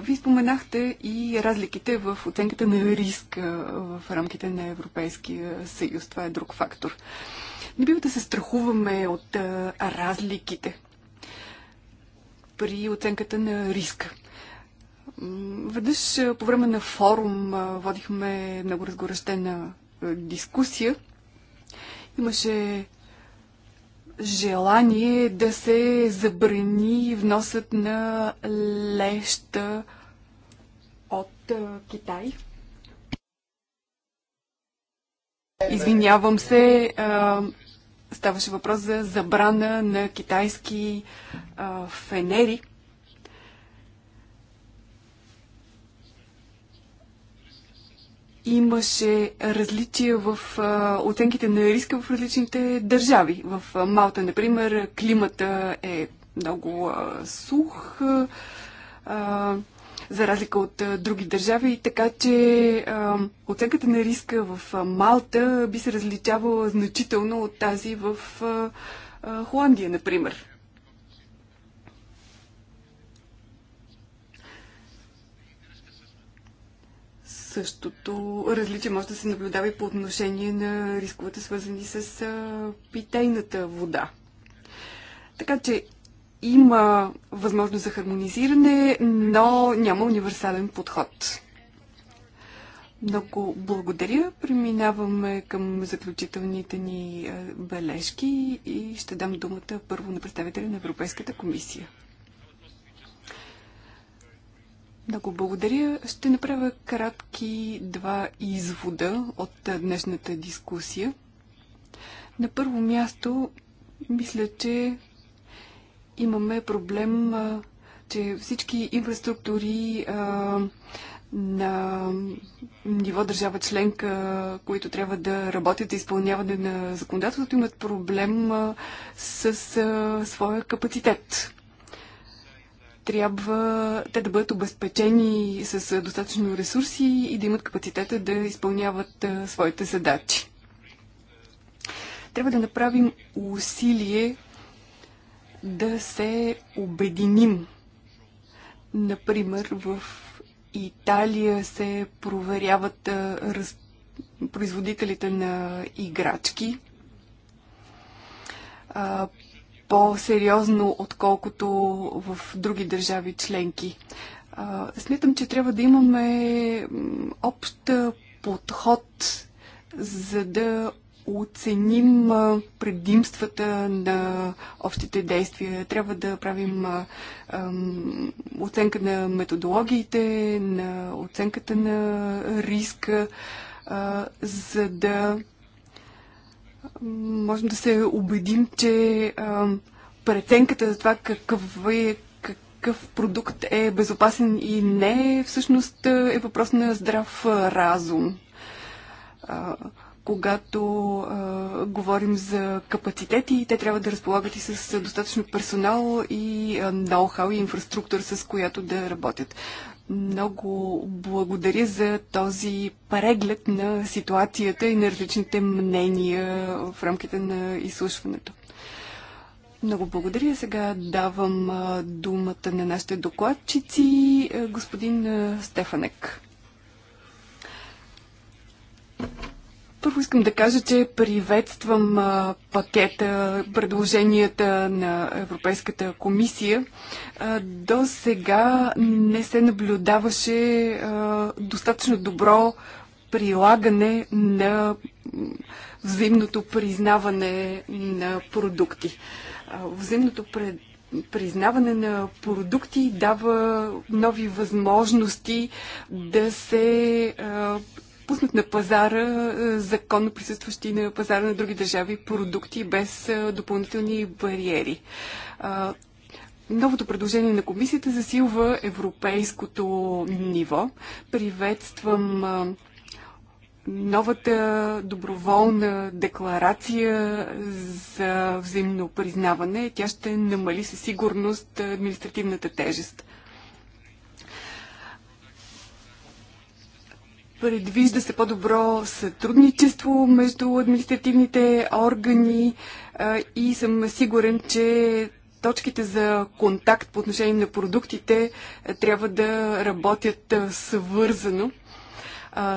Вие споменахте и разликите в оценката на риск в рамките на Европейския съюз. Това е друг фактор. Не бива да се страхуваме от разликите при оценката на риска. Веднъж по време на форум водихме много разгорещена дискусия. Имаше желание да се забрани вносът на леща от Китай. Извинявам се, ставаше въпрос за забрана на китайски фенери имаше различия в оценките на риска в различните държави. В Малта, например, климата е много сух, за разлика от други държави, така че оценката на риска в Малта би се различавала значително от тази в Холандия, например. Същото различие може да се наблюдава и по отношение на рисковете, свързани с питейната вода. Така че има възможност за хармонизиране, но няма универсален подход. Много благодаря. Преминаваме към заключителните ни бележки и ще дам думата първо на представителя на Европейската комисия. Много благодаря. Ще направя кратки два извода от днешната дискусия. На първо място, мисля, че имаме проблем, че всички инфраструктури а, на ниво държава членка, които трябва да работят за изпълняване на законодателството, имат проблем с а, своя капацитет трябва те да бъдат обезпечени с достатъчно ресурси и да имат капацитета да изпълняват своите задачи. Трябва да направим усилие да се обединим. Например, в Италия се проверяват раз... производителите на играчки по-сериозно, отколкото в други държави членки. Смятам, че трябва да имаме общ подход, за да оценим предимствата на общите действия. Трябва да правим оценка на методологиите, на оценката на риска, за да можем да се убедим, че а, преценката за това какъв е, какъв продукт е безопасен и не, всъщност е въпрос на здрав разум. А, когато а, говорим за капацитети, те трябва да разполагат и с достатъчно персонал и ноу-хау и инфраструктура, с която да работят. Много благодаря за този преглед на ситуацията и на различните мнения в рамките на изслушването. Много благодаря. Сега давам думата на нашите докладчици, господин Стефанек. Първо искам да кажа, че приветствам а, пакета, предложенията на Европейската комисия. А, до сега не се наблюдаваше а, достатъчно добро прилагане на взаимното признаване на продукти. Взаимното пред признаване на продукти дава нови възможности да се а, пуснат на пазара е, законно присъстващи на пазара на други държави продукти без е, допълнителни бариери. Новото предложение на комисията засилва европейското ниво. Приветствам е, новата доброволна декларация за взаимно признаване. Тя ще намали със сигурност административната тежест. Предвижда се по-добро сътрудничество между административните органи и съм сигурен, че точките за контакт по отношение на продуктите трябва да работят свързано.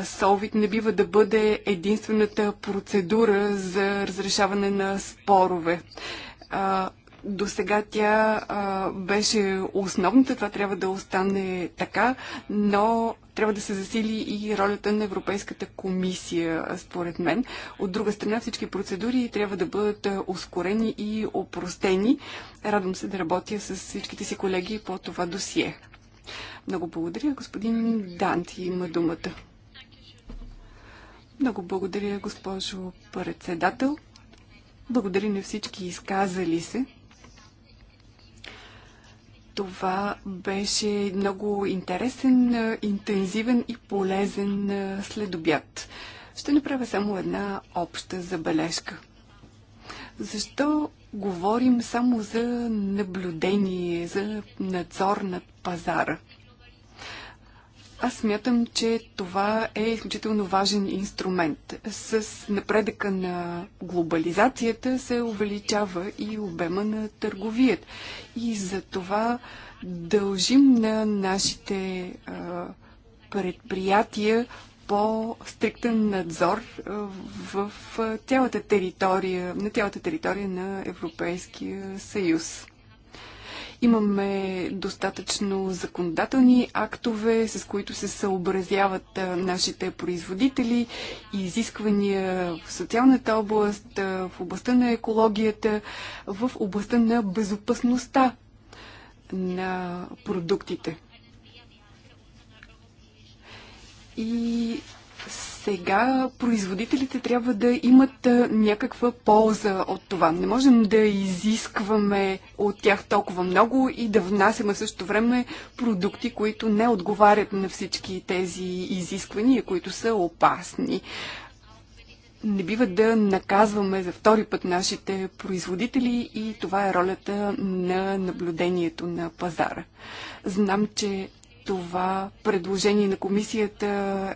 Солвит не бива да бъде единствената процедура за разрешаване на спорове. До сега тя а, беше основната, това трябва да остане така, но трябва да се засили и ролята на Европейската комисия, според мен. От друга страна, всички процедури трябва да бъдат ускорени и опростени. Радвам се да работя с всичките си колеги по това досие. Много благодаря. Господин Данти има думата. Много благодаря, госпожо председател. Благодаря на всички изказали се. Това беше много интересен, интензивен и полезен следобят. Ще направя само една обща забележка. Защо говорим само за наблюдение, за надзор над пазара? Аз смятам, че това е изключително важен инструмент. С напредъка на глобализацията се увеличава и обема на търговият. И за това дължим на нашите а, предприятия по-стриктен надзор в цялата територия, на цялата територия на Европейския съюз. Имаме достатъчно законодателни актове, с които се съобразяват нашите производители, изисквания в социалната област, в областта на екологията, в областта на безопасността на продуктите. И сега производителите трябва да имат някаква полза от това. Не можем да изискваме от тях толкова много и да внасяме също време продукти, които не отговарят на всички тези изисквания, които са опасни. Не бива да наказваме за втори път нашите производители и това е ролята на наблюдението на пазара. Знам, че това предложение на комисията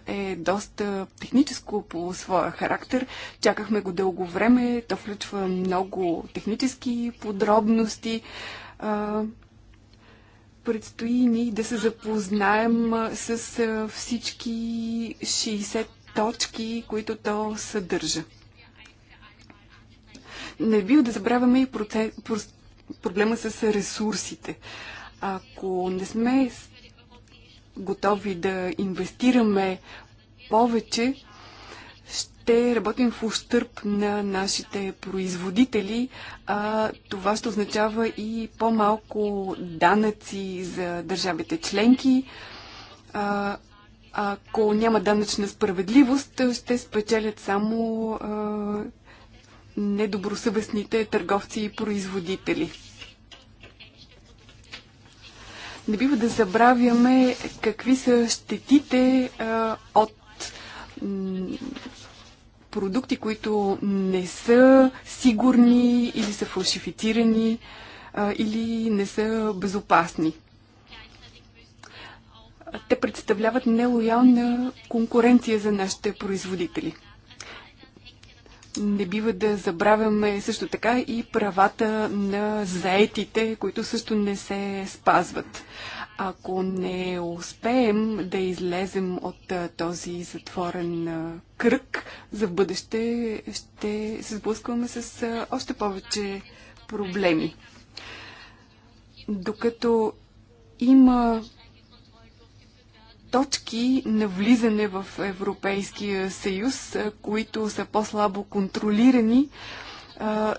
е доста техническо по своя характер. Чакахме го дълго време. То включва много технически подробности. Предстои ни да се запознаем с всички 60 точки, които то съдържа. Не би да забравяме и проблема с ресурсите. Ако не сме готови да инвестираме повече, ще работим в ущърп на нашите производители, а това ще означава и по-малко данъци за държавите членки. А, ако няма данъчна справедливост, ще спечелят само а, недобросъвестните търговци и производители. Не бива да забравяме какви са щетите а, от продукти, които не са сигурни или са фалшифицирани а, или не са безопасни. Те представляват нелоялна конкуренция за нашите производители. Не бива да забравяме също така и правата на заетите, които също не се спазват. Ако не успеем да излезем от този затворен кръг, за бъдеще ще се сблъскваме с още повече проблеми. Докато има точки на влизане в Европейския съюз, които са по-слабо контролирани,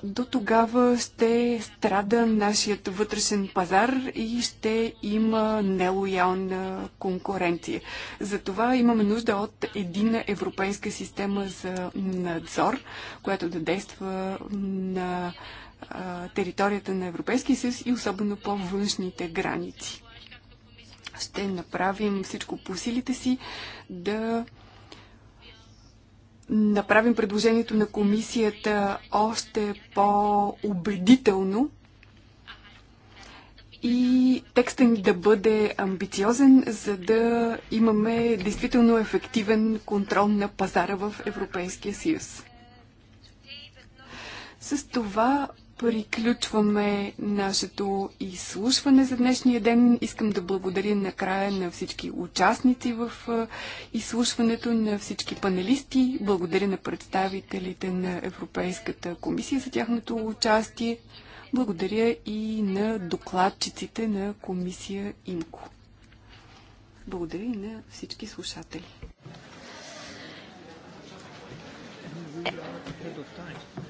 до тогава ще страда нашият вътрешен пазар и ще има нелоялна конкуренция. Затова имаме нужда от една европейска система за надзор, която да действа на територията на Европейския съюз и особено по външните граници. Ще направим всичко по силите си да направим предложението на комисията още по-убедително и текста ни да бъде амбициозен, за да имаме действително ефективен контрол на пазара в Европейския съюз. С това Приключваме нашето изслушване за днешния ден. Искам да благодаря накрая на всички участници в изслушването, на всички панелисти. Благодаря на представителите на Европейската комисия за тяхното участие. Благодаря и на докладчиците на комисия ИМКО. Благодаря и на всички слушатели. Е,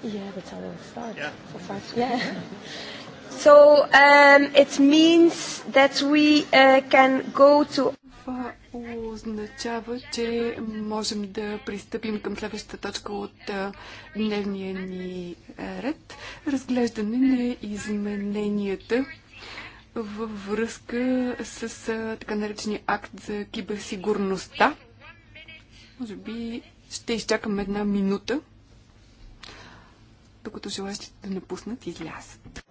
Yeah, that's how it starts. Yeah. For five yeah. So um, it means that we uh, can go to... Това означава, че можем да пристъпим към следващата точка от дневния ни ред. Разглеждане на измененията във връзка с така наречения акт за киберсигурността. Може би ще изчакам една минута докато желащите да напуснат излязат.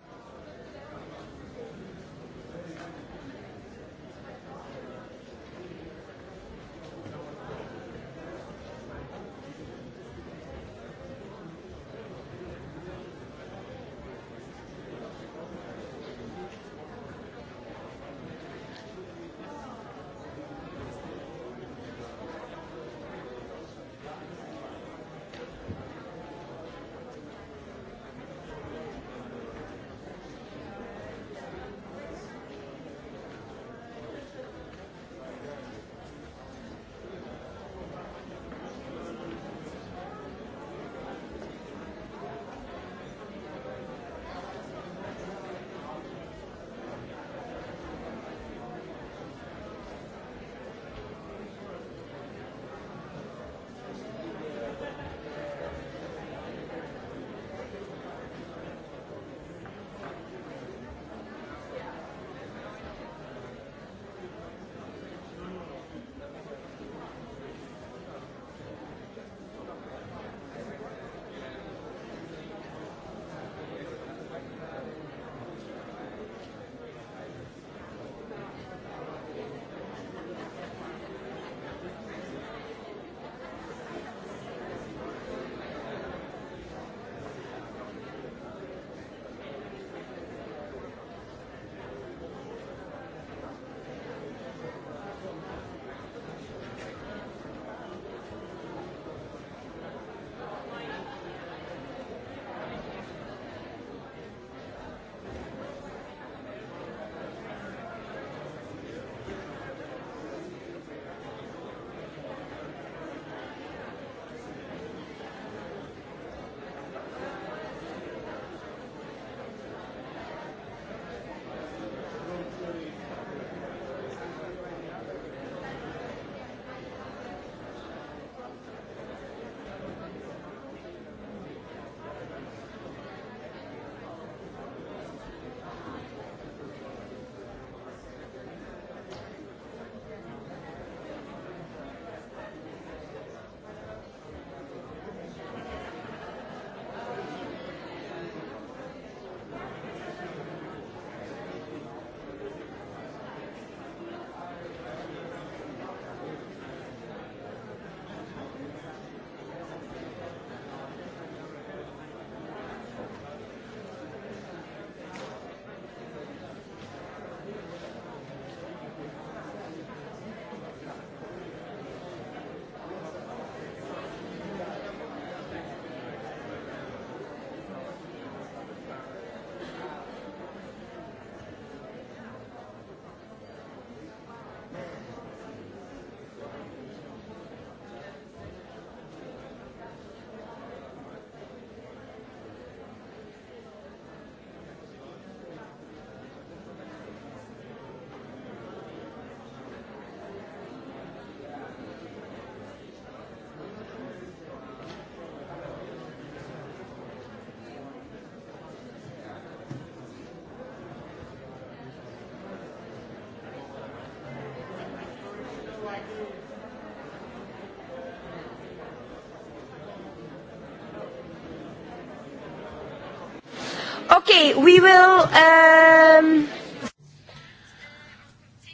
Okay, we will, um...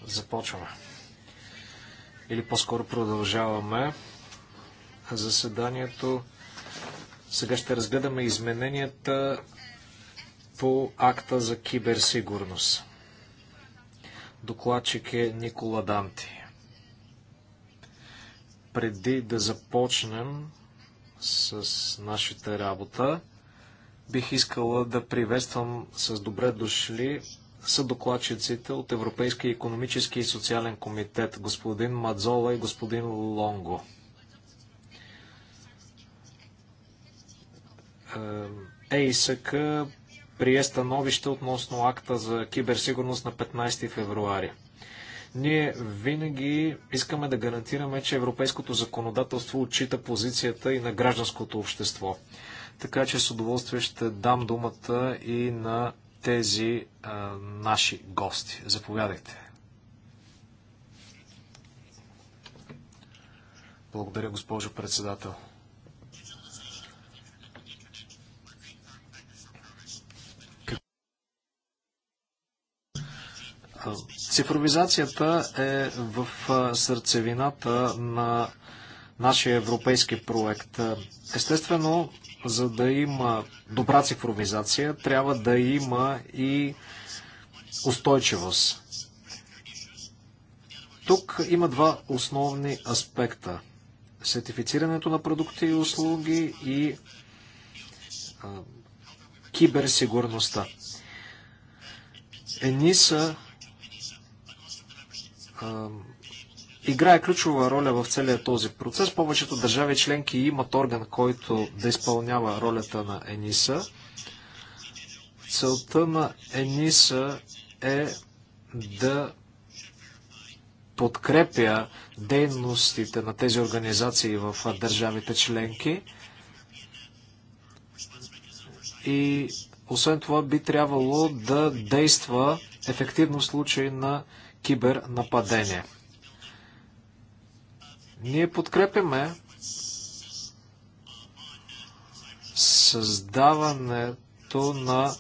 Започваме. Или по-скоро продължаваме заседанието. Сега ще разгледаме измененията по акта за киберсигурност. Докладчик е Никола Данти преди да започнем с нашата работа, бих искала да приветствам с добре дошли съдокладчиците от Европейския економически и социален комитет, господин Мадзола и господин Лонго. Е, ЕИСК прие становище относно акта за киберсигурност на 15 февруари. Ние винаги искаме да гарантираме, че европейското законодателство отчита позицията и на гражданското общество. Така че с удоволствие ще дам думата и на тези а, наши гости. Заповядайте. Благодаря, госпожо председател. Цифровизацията е в сърцевината на нашия европейски проект. Естествено, за да има добра цифровизация, трябва да има и устойчивост. Тук има два основни аспекта. Сертифицирането на продукти и услуги и киберсигурността. Едни са играе ключова роля в целия този процес. Повечето държави членки имат орган, който да изпълнява ролята на ЕНИСА. Целта на ЕНИСА е да подкрепя дейностите на тези организации в държавите членки. И освен това би трябвало да действа ефективно в случай на кибернападение. Ние подкрепяме създаването на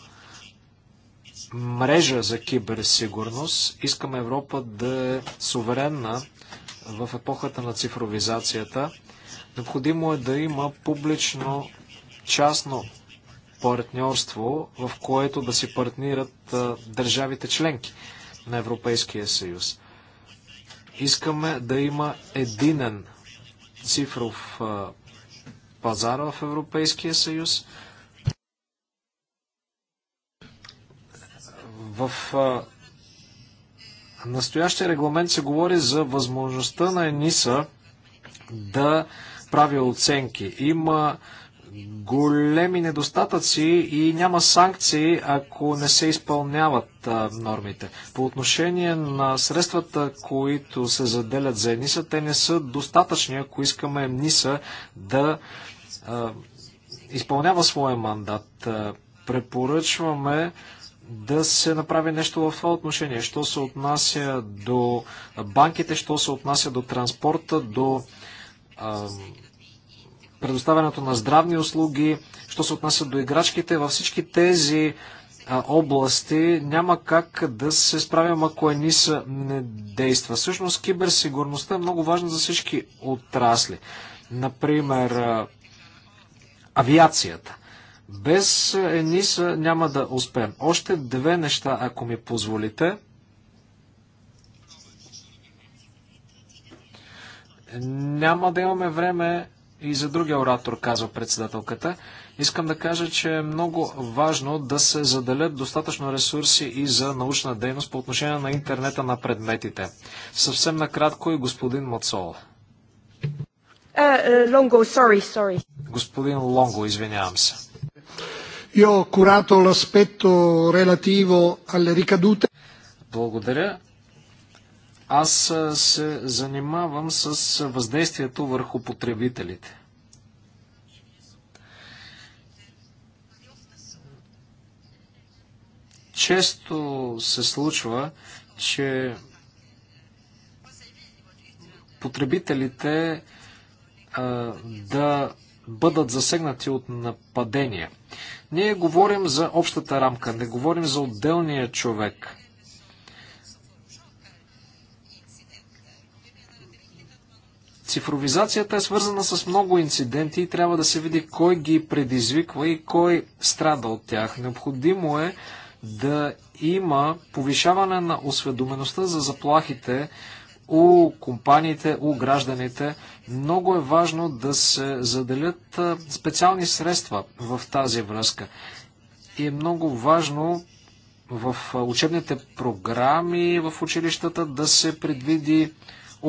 мрежа за киберсигурност. Искаме Европа да е суверенна в епохата на цифровизацията. Необходимо е да има публично-частно партньорство, в което да си партнират държавите членки на Европейския съюз. Искаме да има единен цифров пазар в Европейския съюз. В настоящия регламент се говори за възможността на ЕНИСА да прави оценки. Има големи недостатъци и няма санкции, ако не се изпълняват а, нормите. По отношение на средствата, които се заделят за ЕНИСА, те не са достатъчни, ако искаме ЕНИСА да а, изпълнява своя мандат. Препоръчваме да се направи нещо в това отношение. Що се отнася до банките, що се отнася до транспорта, до а, предоставянето на здравни услуги, що се отнася до играчките, във всички тези области няма как да се справим, ако ЕНИСА не действа. Всъщност киберсигурността е много важна за всички отрасли. Например, авиацията. Без ЕНИСА няма да успеем. Още две неща, ако ми позволите. Няма да имаме време и за другия оратор, казва председателката. Искам да кажа, че е много важно да се заделят достатъчно ресурси и за научна дейност по отношение на интернета на предметите. Съвсем накратко и господин Мацол. Uh, sorry, sorry. Господин Лонго, извинявам се. Io ho curato l'aspetto relativo alle ricadute. Благодаря. Аз се занимавам с въздействието върху потребителите. Често се случва, че потребителите а, да бъдат засегнати от нападения. Ние говорим за общата рамка, не говорим за отделния човек. Цифровизацията е свързана с много инциденти и трябва да се види кой ги предизвиква и кой страда от тях. Необходимо е да има повишаване на осведомеността за заплахите у компаниите, у гражданите. Много е важно да се заделят специални средства в тази връзка. И е много важно в учебните програми в училищата да се предвиди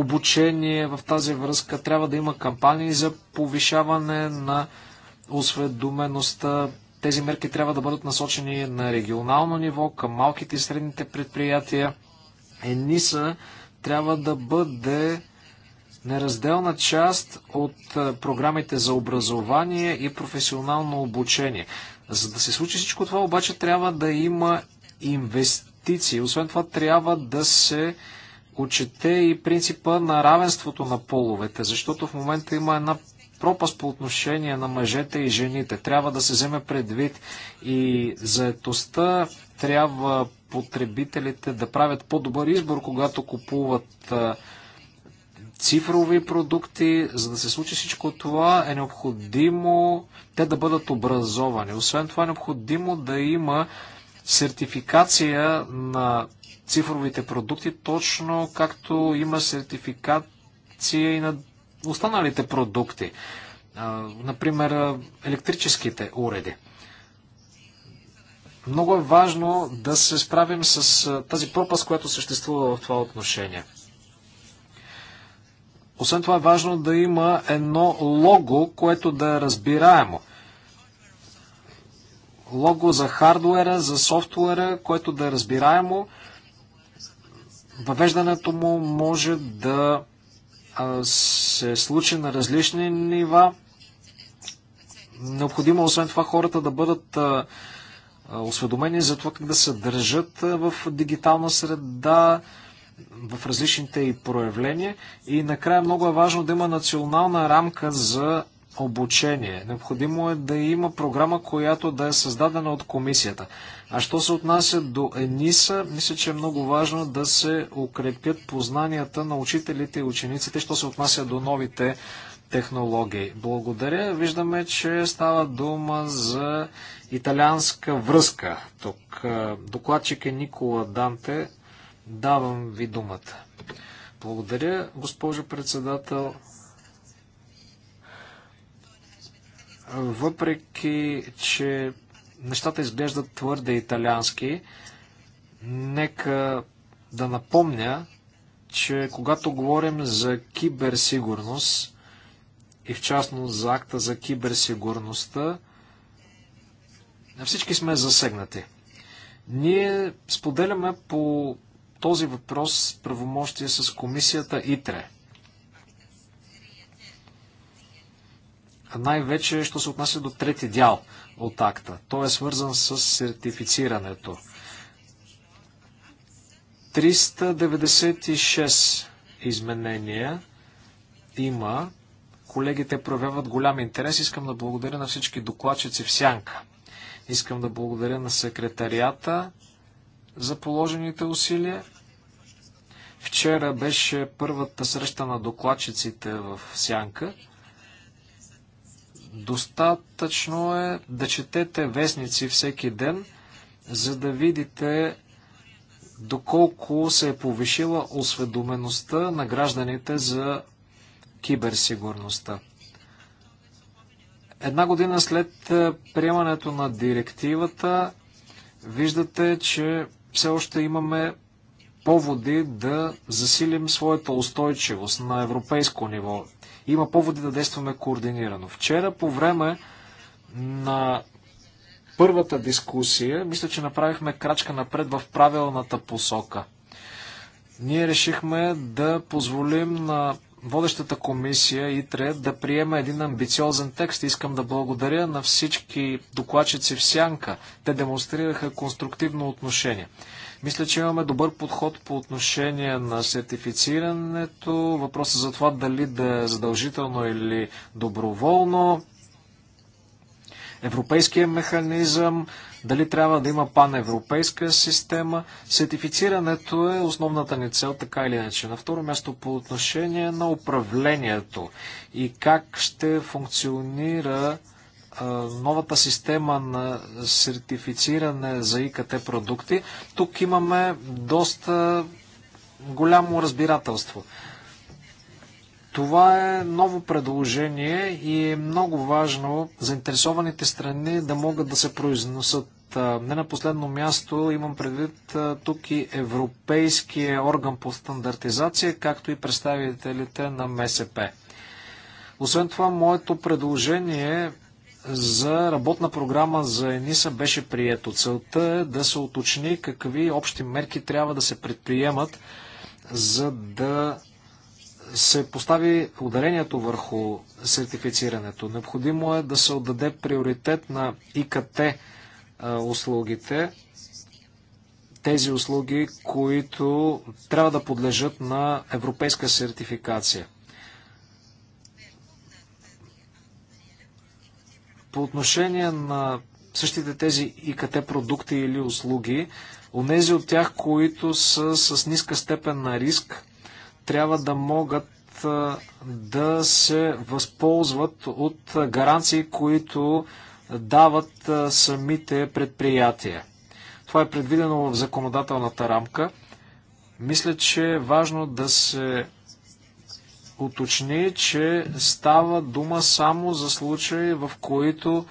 обучение в тази връзка. Трябва да има кампании за повишаване на осведомеността. Тези мерки трябва да бъдат насочени на регионално ниво, към малките и средните предприятия. ЕНИСА трябва да бъде неразделна част от програмите за образование и професионално обучение. За да се случи всичко това, обаче трябва да има инвестиции. Освен това, трябва да се отчете и принципа на равенството на половете, защото в момента има една пропаст по отношение на мъжете и жените. Трябва да се вземе предвид и заетостта, трябва потребителите да правят по-добър избор, когато купуват цифрови продукти. За да се случи всичко това е необходимо те да бъдат образовани. Освен това е необходимо да има сертификация на цифровите продукти, точно както има сертификация и на останалите продукти, например електрическите уреди. Много е важно да се справим с тази пропаст, която съществува в това отношение. Освен това е важно да има едно лого, което да е разбираемо. Лого за хардуера, за софтуера, което да е разбираемо. Въвеждането му може да се случи на различни нива. Необходимо е, освен това хората да бъдат осведомени за това как да се държат в дигитална среда, в различните и проявления. И накрая много е важно да има национална рамка за обучение. Необходимо е да има програма, която да е създадена от комисията. А що се отнася до ЕНИСА, мисля, че е много важно да се укрепят познанията на учителите и учениците, що се отнася до новите технологии. Благодаря. Виждаме, че става дума за италианска връзка. Тук докладчик е Никола Данте. Давам ви думата. Благодаря, госпожо председател. Въпреки, че нещата изглеждат твърде италиански, нека да напомня, че когато говорим за киберсигурност и в частност за акта за киберсигурността, всички сме засегнати. Ние споделяме по този въпрос правомощие с комисията ИТРЕ. най-вече, що се отнася до трети дял от акта. Той е свързан с сертифицирането. 396 изменения има. Колегите проявяват голям интерес. Искам да благодаря на всички докладчици в Сянка. Искам да благодаря на секретарията за положените усилия. Вчера беше първата среща на докладчиците в Сянка – Достатъчно е да четете вестници всеки ден, за да видите доколко се е повишила осведомеността на гражданите за киберсигурността. Една година след е, приемането на директивата, виждате, че все още имаме поводи да засилим своята устойчивост на европейско ниво. Има поводи да действаме координирано. Вчера по време на първата дискусия, мисля, че направихме крачка напред в правилната посока. Ние решихме да позволим на водещата комисия ИТРЕ да приема един амбициозен текст. Искам да благодаря на всички докладчици в Сянка. Те демонстрираха конструктивно отношение. Мисля, че имаме добър подход по отношение на сертифицирането. Въпросът е за това дали да е задължително или доброволно. Европейския механизъм, дали трябва да има паневропейска система. Сертифицирането е основната ни цел, така или иначе. На второ място по отношение на управлението и как ще функционира новата система на сертифициране за ИКТ продукти, тук имаме доста голямо разбирателство. Това е ново предложение и е много важно заинтересованите страни да могат да се произнесат. Не на последно място имам предвид тук и Европейския орган по стандартизация, както и представителите на МСП. Освен това, моето предложение е за работна програма за ЕНИСА беше прието. Целта е да се уточни какви общи мерки трябва да се предприемат, за да се постави ударението върху сертифицирането. Необходимо е да се отдаде приоритет на ИКТ услугите, тези услуги, които трябва да подлежат на европейска сертификация. По отношение на същите тези ИКТ продукти или услуги, онези от тях, които са с ниска степен на риск, трябва да могат да се възползват от гаранции, които дават самите предприятия. Това е предвидено в законодателната рамка. Мисля, че е важно да се уточни, че става дума само за случаи, в които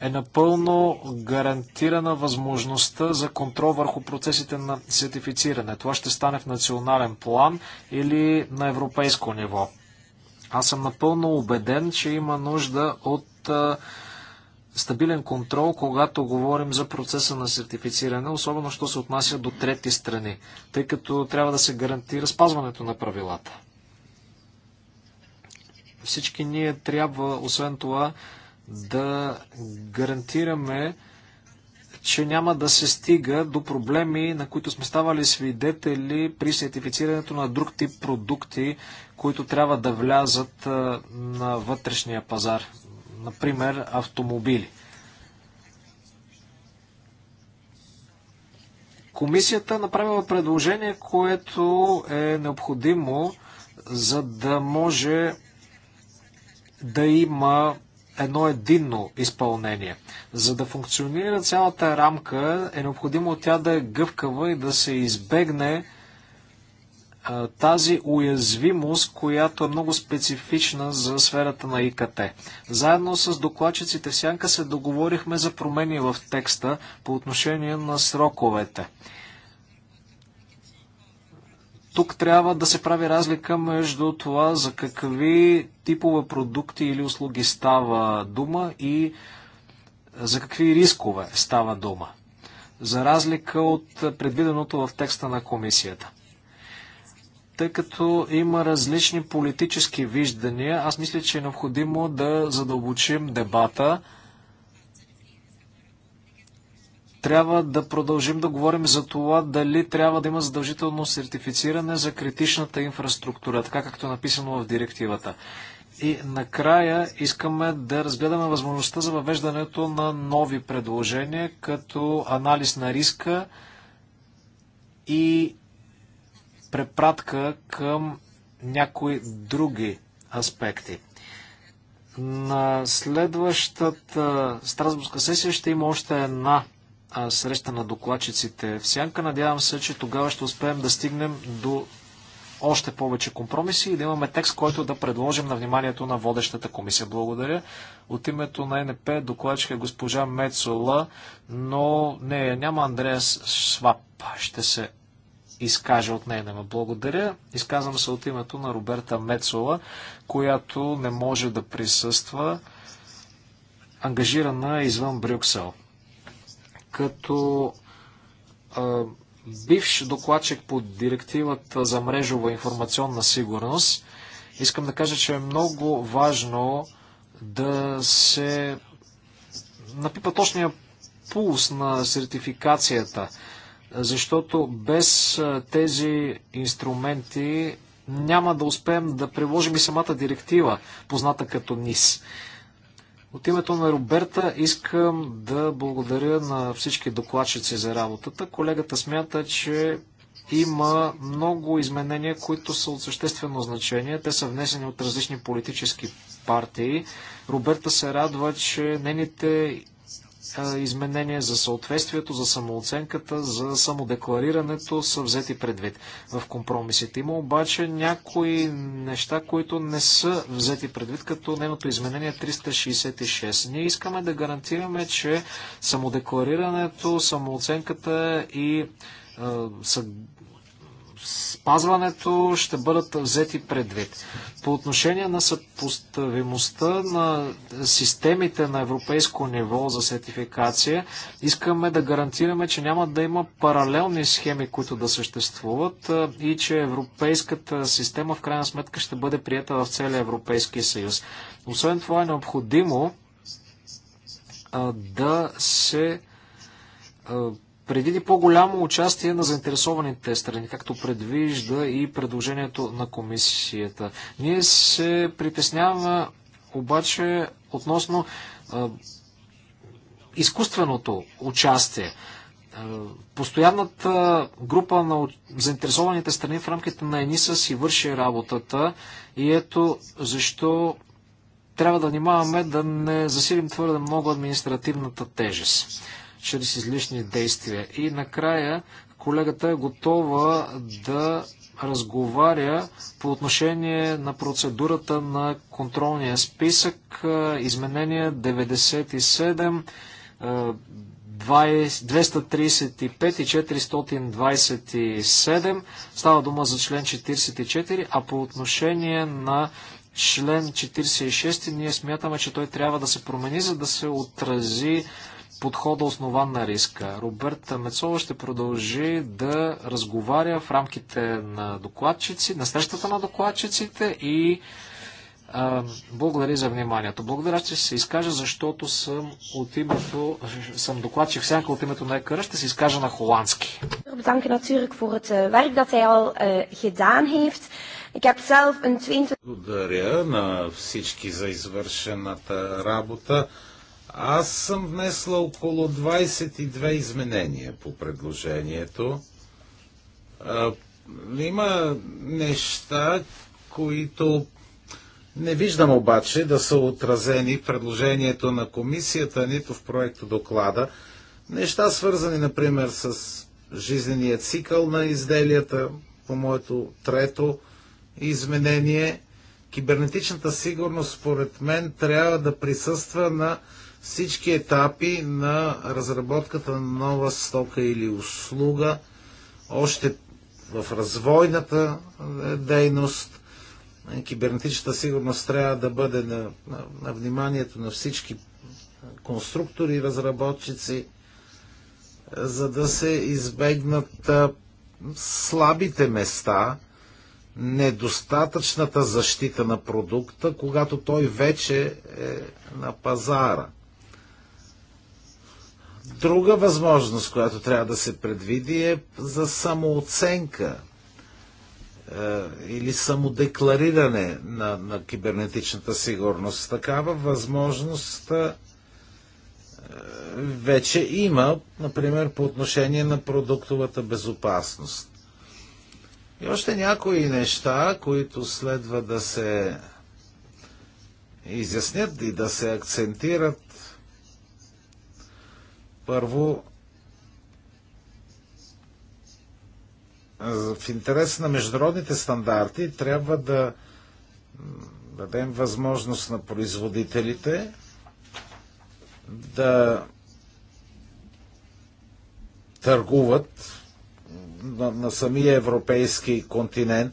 е напълно гарантирана възможността за контрол върху процесите на сертифициране. Това ще стане в национален план или на европейско ниво. Аз съм напълно убеден, че има нужда от стабилен контрол, когато говорим за процеса на сертифициране, особено що се отнася до трети страни, тъй като трябва да се гарантира спазването на правилата. Всички ние трябва, освен това, да гарантираме, че няма да се стига до проблеми, на които сме ставали свидетели при сертифицирането на друг тип продукти, които трябва да влязат на вътрешния пазар. Например, автомобили. Комисията направила предложение, което е необходимо, за да може да има едно единно изпълнение. За да функционира цялата рамка, е необходимо тя да е гъвкава и да се избегне а, тази уязвимост, която е много специфична за сферата на ИКТ. Заедно с докладчиците в Сянка се договорихме за промени в текста по отношение на сроковете. Тук трябва да се прави разлика между това за какви типове продукти или услуги става дума и за какви рискове става дума. За разлика от предвиденото в текста на комисията тъй като има различни политически виждания, аз мисля, че е необходимо да задълбочим дебата трябва да продължим да говорим за това дали трябва да има задължително сертифициране за критичната инфраструктура, така както е написано в директивата. И накрая искаме да разгледаме възможността за въвеждането на нови предложения, като анализ на риска и препратка към някои други аспекти. На следващата Страсбургска сесия ще има още една среща на докладчиците в Сянка. Надявам се, че тогава ще успеем да стигнем до още повече компромиси и да имаме текст, който да предложим на вниманието на водещата комисия. Благодаря. От името на НП докладчика е госпожа Мецола, но не, няма Андреас Шваб. Ще се изкаже от нея. Благодаря. Изказвам се от името на Роберта Мецола, която не може да присъства ангажирана извън Брюксел. Като а, бивш докладчик по директивата за мрежова информационна сигурност, искам да кажа, че е много важно да се напипа точния пулс на сертификацията, защото без тези инструменти няма да успеем да приложим и самата директива, позната като НИС. От името на Роберта искам да благодаря на всички докладчици за работата. Колегата смята, че има много изменения, които са от съществено значение. Те са внесени от различни политически партии. Роберта се радва, че нените изменения за съответствието, за самооценката, за самодекларирането са взети предвид в компромисите. Има обаче някои неща, които не са взети предвид, като нейното изменение 366. Ние искаме да гарантираме, че самодекларирането, самооценката и спазването ще бъдат взети предвид. По отношение на съпоставимостта на системите на европейско ниво за сертификация, искаме да гарантираме, че няма да има паралелни схеми, които да съществуват и че европейската система в крайна сметка ще бъде прията в целия Европейски съюз. Освен това е необходимо да се предвиди по-голямо участие на заинтересованите страни, както предвижда и предложението на комисията. Ние се притесняваме обаче относно а, изкуственото участие. постоянната група на заинтересованите страни в рамките на ЕНИСА си върши работата и ето защо трябва да внимаваме да не засилим твърде много административната тежест чрез излишни действия. И накрая колегата е готова да разговаря по отношение на процедурата на контролния списък, изменение 97, 235 и 427. Става дума за член 44, а по отношение на член 46 ние смятаме, че той трябва да се промени, за да се отрази подхода основан на риска. Роберт Мецова ще продължи да разговаря в рамките на докладчици, на срещата на докладчиците и а, благодаря за вниманието. Благодаря, че се изкажа, защото съм от името, съм докладчик всяка от името на ЕКР, ще се изкажа на холандски. Eh, eh, благодаря на всички за извършената работа. Аз съм внесла около 22 изменения по предложението. А, има неща, които не виждам обаче да са отразени в предложението на комисията, нито в проекта доклада. Неща свързани, например, с жизнения цикъл на изделията, по моето трето изменение. Кибернетичната сигурност, според мен, трябва да присъства на всички етапи на разработката на нова стока или услуга, още в развойната е, дейност. Кибернетичната сигурност трябва да бъде на, на, на вниманието на всички е, конструктори и разработчици, е, за да се избегнат слабите места, недостатъчната защита на продукта, когато той вече е на пазара. Друга възможност, която трябва да се предвиди е за самооценка е, или самодеклариране на, на кибернетичната сигурност. Такава възможност е, вече има, например, по отношение на продуктовата безопасност. И още някои неща, които следва да се изяснят и да се акцентират първо, в интерес на международните стандарти трябва да дадем възможност на производителите да търгуват на, на самия европейски континент,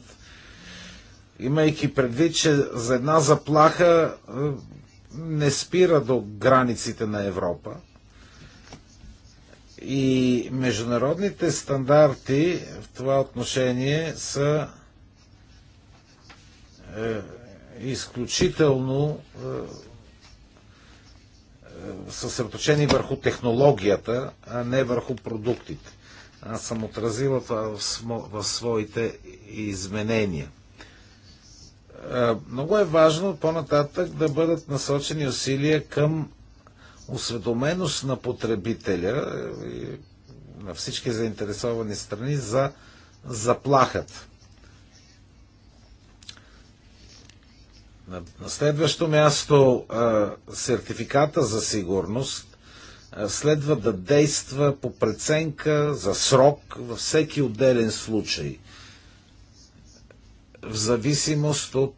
имайки предвид, че за една заплаха не спира до границите на Европа и международните стандарти в това отношение са е, изключително е, е, съсредоточени върху технологията, а не върху продуктите. Аз съм отразила това в, в своите изменения. Е, много е важно по-нататък да бъдат насочени усилия към осведоменост на потребителя и на всички заинтересовани страни за заплахата. На следващо място, сертификата за сигурност следва да действа по преценка за срок във всеки отделен случай, в зависимост от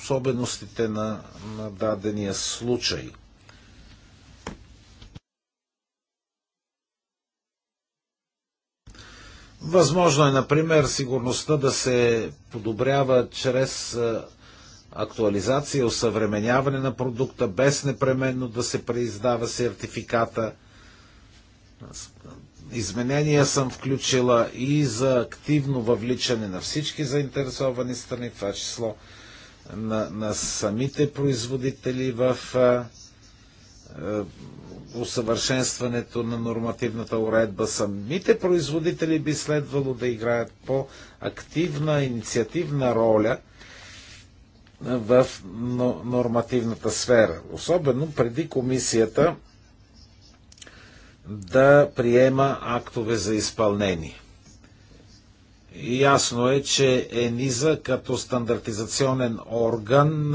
особеностите на, на дадения случай. Възможно е, например, сигурността да се подобрява чрез актуализация, осъвременяване на продукта, без непременно да се преиздава сертификата. Изменения съм включила и за активно въвличане на всички заинтересовани страни, това число на, на самите производители в а, е, усъвършенстването на нормативната уредба. Самите производители би следвало да играят по-активна инициативна роля в нормативната сфера. Особено преди комисията да приема актове за изпълнение. Ясно е, че ЕНИЗА като стандартизационен орган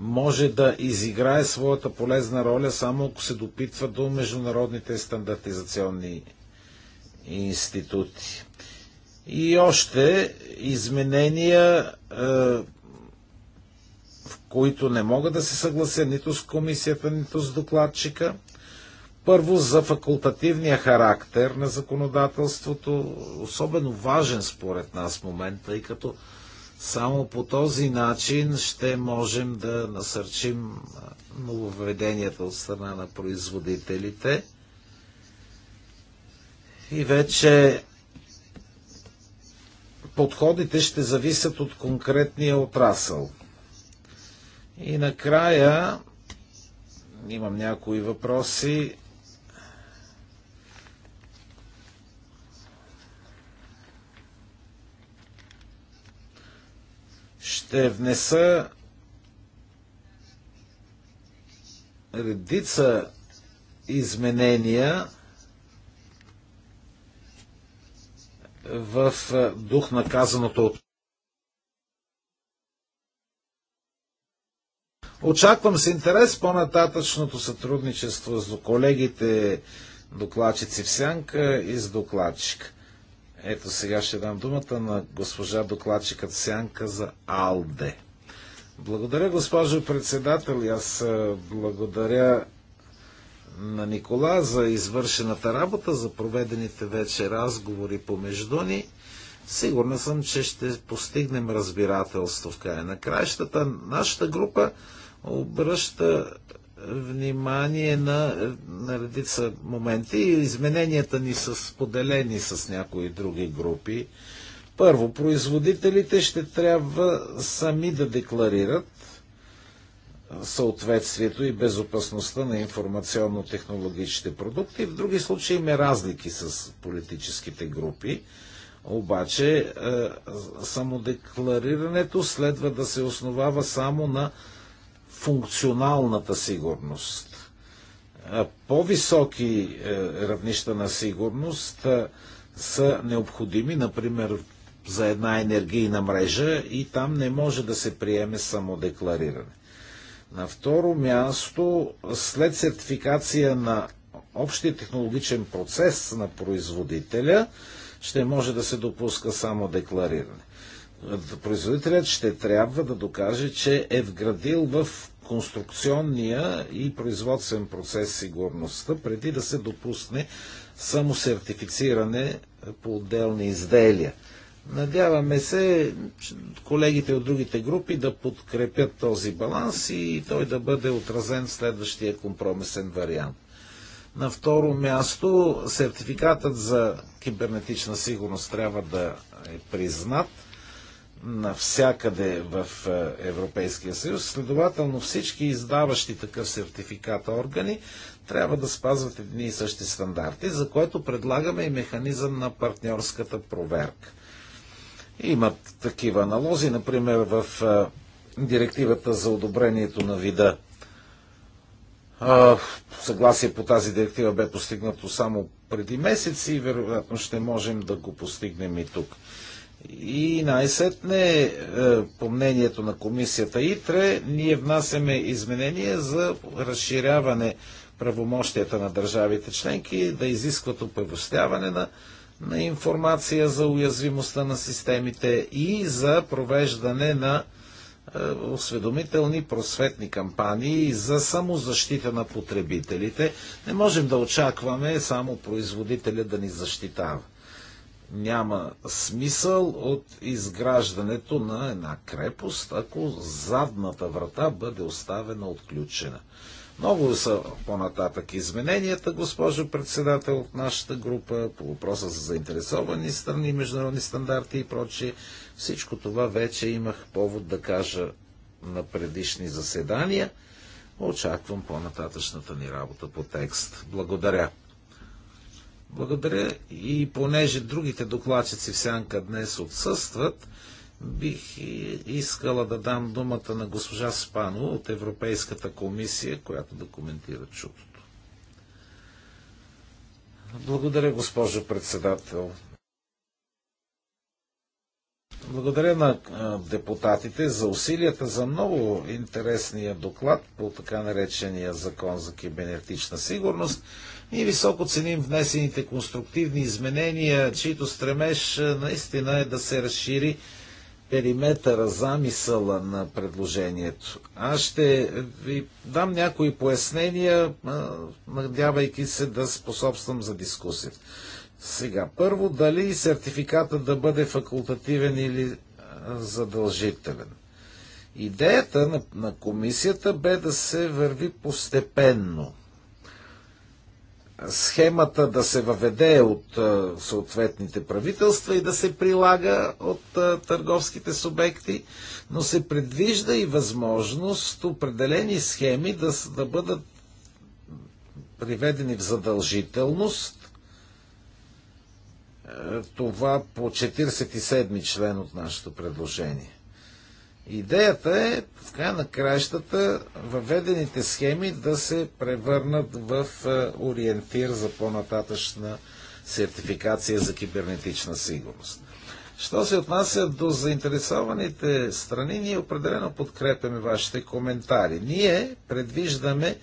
може да изиграе своята полезна роля само ако се допитва до международните стандартизационни институти. И още изменения, е, в които не мога да се съглася нито с комисията, нито с докладчика. Първо за факултативния характер на законодателството, особено важен според нас момент, тъй като само по този начин ще можем да насърчим нововведенията от страна на производителите. И вече подходите ще зависят от конкретния отрасъл. И накрая имам някои въпроси ще внеса редица изменения в дух на казаното от Очаквам с интерес по-нататъчното сътрудничество с колегите докладчици в Сянка и с докладчика. Ето сега ще дам думата на госпожа докладчикът Сянка за Алде. Благодаря, госпожо председател. Аз е, благодаря на Никола за извършената работа, за проведените вече разговори помежду ни. Сигурна съм, че ще постигнем разбирателство в края на краищата. Нашата група обръща внимание на, на редица моменти. Измененията ни са споделени с някои други групи. Първо, производителите ще трябва сами да декларират съответствието и безопасността на информационно-технологичните продукти. В други случаи има разлики с политическите групи. Обаче е, самодекларирането следва да се основава само на функционалната сигурност. По-високи е, равнища на сигурност е, са необходими, например, за една енергийна мрежа и там не може да се приеме само деклариране. На второ място, след сертификация на общия технологичен процес на производителя, ще може да се допуска само деклариране. Производителят ще трябва да докаже, че е вградил в конструкционния и производствен процес сигурността, преди да се допусне само сертифициране по отделни изделия. Надяваме се колегите от другите групи да подкрепят този баланс и той да бъде отразен в следващия компромисен вариант. На второ място, сертификатът за кибернетична сигурност трябва да е признат навсякъде в е, Европейския съюз. Следователно всички издаващи такъв сертификат органи трябва да спазват едни и същи стандарти, за което предлагаме и механизъм на партньорската проверка. Имат такива аналози, например в е, директивата за одобрението на вида. Съгласие по тази директива бе постигнато само преди месеци и вероятно ще можем да го постигнем и тук. И най-сетне, е, по мнението на комисията ИТРЕ, ние внасяме изменения за разширяване правомощията на държавите членки да изискват оповестяване на, на информация за уязвимостта на системите и за провеждане на е, осведомителни просветни кампании за самозащита на потребителите. Не можем да очакваме само производителя да ни защитава няма смисъл от изграждането на една крепост, ако задната врата бъде оставена отключена. Много са по-нататък измененията, госпожо председател от нашата група, по въпроса за заинтересовани страни, международни стандарти и прочие. Всичко това вече имах повод да кажа на предишни заседания. Очаквам по-нататъчната ни работа по текст. Благодаря. Благодаря. И понеже другите докладчици в Сянка днес отсъстват, бих искала да дам думата на госпожа Спано от Европейската комисия, която да коментира чутото. Благодаря, госпожо председател. Благодаря на депутатите за усилията за много интересния доклад по така наречения закон за кибернетична сигурност. Ние високо ценим внесените конструктивни изменения, чието стремеж е, наистина е да се разшири периметъра, замисъла на предложението. Аз ще ви дам някои пояснения, надявайки се да способствам за дискусията. Сега, първо, дали сертификата да бъде факултативен или задължителен. Идеята на, на комисията бе да се върви постепенно схемата да се въведе от е, съответните правителства и да се прилага от е, търговските субекти, но се предвижда и възможност определени схеми да, да бъдат приведени в задължителност. Е, това по 47 член от нашето предложение. Идеята е, в края на краищата, въведените схеми да се превърнат в е, ориентир за по-нататъчна сертификация за кибернетична сигурност. Що се отнася до заинтересованите страни, ние определено подкрепяме вашите коментари. Ние предвиждаме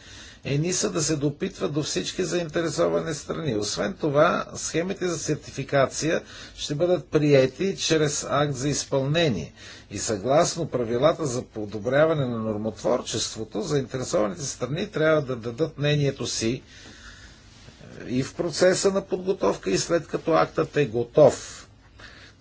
ЕНИСА да се допитва до всички заинтересовани страни. Освен това, схемите за сертификация ще бъдат приети чрез акт за изпълнение. И съгласно правилата за подобряване на нормотворчеството, заинтересованите страни трябва да дадат мнението си е, и в процеса на подготовка и след като актът е готов.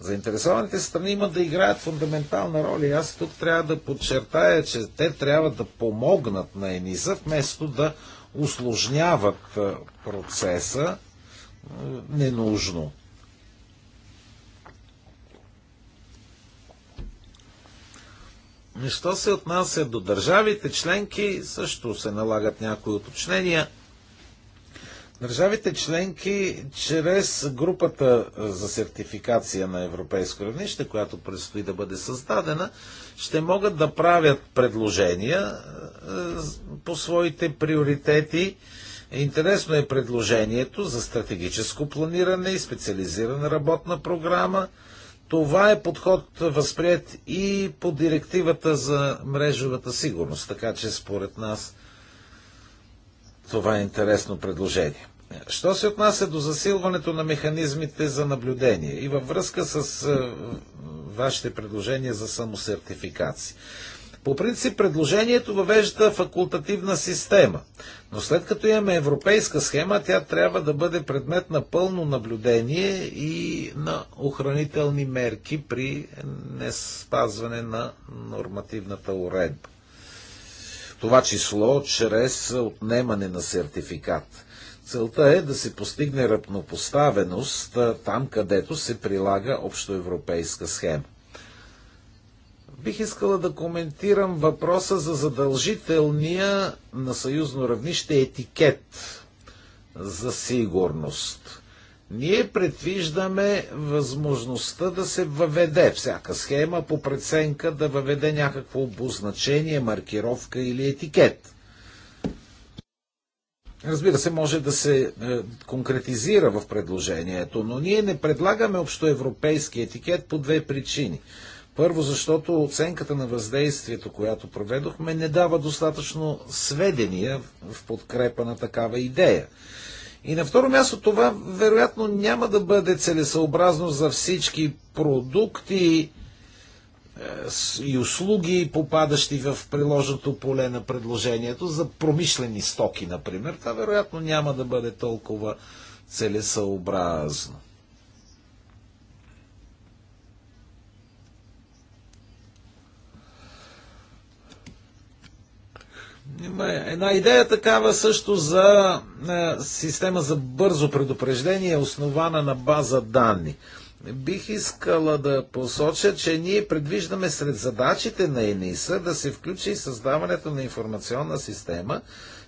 Заинтересованите страни имат да играят фундаментална роля и аз тук трябва да подчертая, че те трябва да помогнат на ЕНИЗА, вместо да усложняват е, процеса е, ненужно. Що се отнася до държавите членки, също се налагат някои уточнения. Държавите членки чрез групата за сертификация на европейско равнище, която предстои да бъде създадена, ще могат да правят предложения е, по своите приоритети. Интересно е предложението за стратегическо планиране и специализирана работна програма, това е подход възприят и по директивата за мрежовата сигурност, така че според нас това е интересно предложение. Що се отнася до засилването на механизмите за наблюдение и във връзка с е, вашите предложения за самосертификация. По принцип предложението въвежда факултативна система, но след като имаме европейска схема, тя трябва да бъде предмет на пълно наблюдение и на охранителни мерки при неспазване на нормативната уредба. Това число чрез отнемане на сертификат. Целта е да се постигне ръпнопоставеност там, където се прилага общоевропейска схема. Бих искала да коментирам въпроса за задължителния на съюзно равнище етикет за сигурност. Ние предвиждаме възможността да се въведе всяка схема по преценка да въведе някакво обозначение, маркировка или етикет. Разбира се, може да се е, конкретизира в предложението, но ние не предлагаме общоевропейски етикет по две причини – първо, защото оценката на въздействието, която проведохме, не дава достатъчно сведения в подкрепа на такава идея. И на второ място това вероятно няма да бъде целесъобразно за всички продукти е, и услуги, попадащи в приложното поле на предложението, за промишлени стоки, например. Това вероятно няма да бъде толкова целесъобразно. Има една идея такава също за е, система за бързо предупреждение, основана на база данни. Бих искала да посоча, че ние предвиждаме сред задачите на ЕНИСА да се включи създаването на информационна система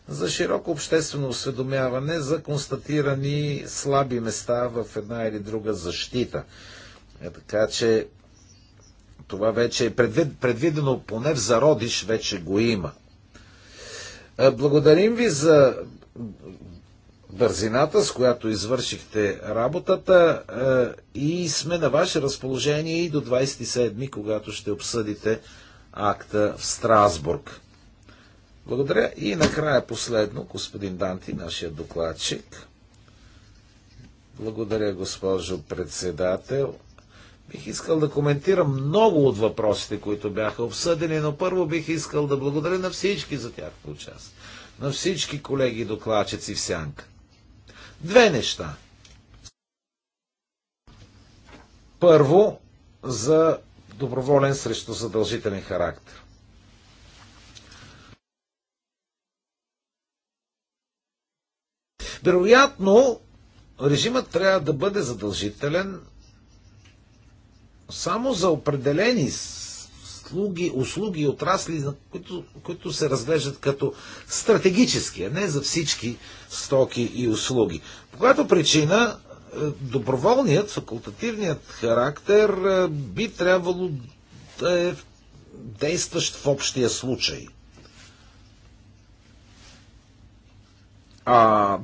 за широко обществено осведомяване за констатирани слаби места в една или друга защита. Е, така че това вече е предвидено поне в зародиш, вече го има. Е, благодарим ви за бързината, с която извършихте работата е, и сме на ваше разположение и до 27-ми, когато ще обсъдите акта в Страсбург. Благодаря. И накрая последно, господин Данти, нашия докладчик. Благодаря, госпожо председател. Бих искал да коментирам много от въпросите, които бяха обсъдени, но първо бих искал да благодаря на всички за тяхното участие. На всички колеги докладчици в Сянка. Две неща. Първо, за доброволен срещу задължителен характер. Вероятно, режимът трябва да бъде задължителен само за определени услуги, и отрасли, които, които се разглеждат като стратегически, а не за всички стоки и услуги. По която причина е, доброволният, факултативният характер е, би трябвало да е действащ в общия случай. А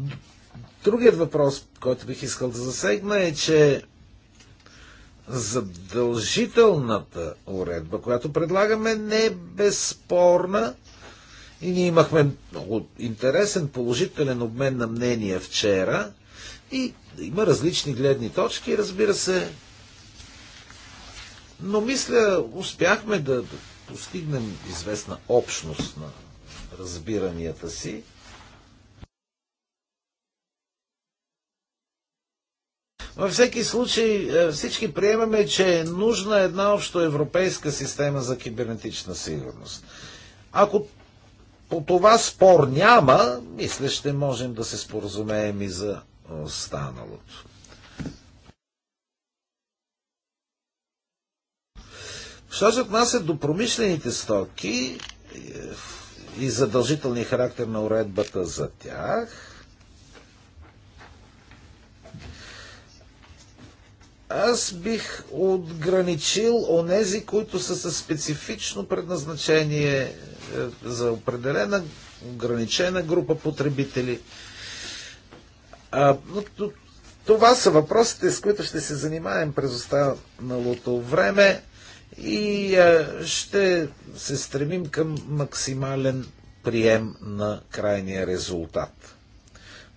другият въпрос, който бих искал да засегна е, че задължителната уредба, която предлагаме, не е безспорна. И ние имахме много интересен, положителен обмен на мнения вчера. И има различни гледни точки, разбира се. Но мисля, успяхме да, да постигнем известна общност на разбиранията си. Във всеки случай е, всички приемаме, че е нужна една общоевропейска система за кибернетична сигурност. Ако по това спор няма, мисля, ще можем да се споразумеем и за останалото. Що се отнася до промишлените стоки е, и задължителния характер на уредбата за тях, аз бих отграничил онези, които са със специфично предназначение е, за определена ограничена група потребители. А, но, това са въпросите, с които ще се занимаем през останалото време и а, е, ще се стремим към максимален прием на крайния резултат.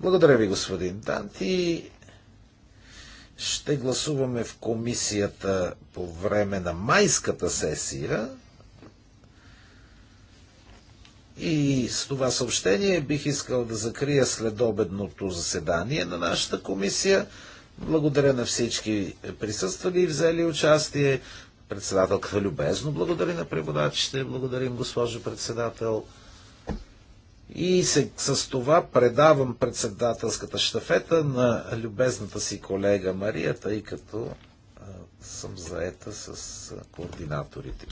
Благодаря ви, господин Данти ще гласуваме в комисията по време на майската сесия. И с това съобщение бих искал да закрия следобедното заседание на нашата комисия. Благодаря на всички присъствали и взели участие. Председателката любезно благодари на преводачите. Благодарим, госпожо председател. И се, с това предавам председателската щафета на любезната си колега Мария, тъй като а, съм заета с координаторите.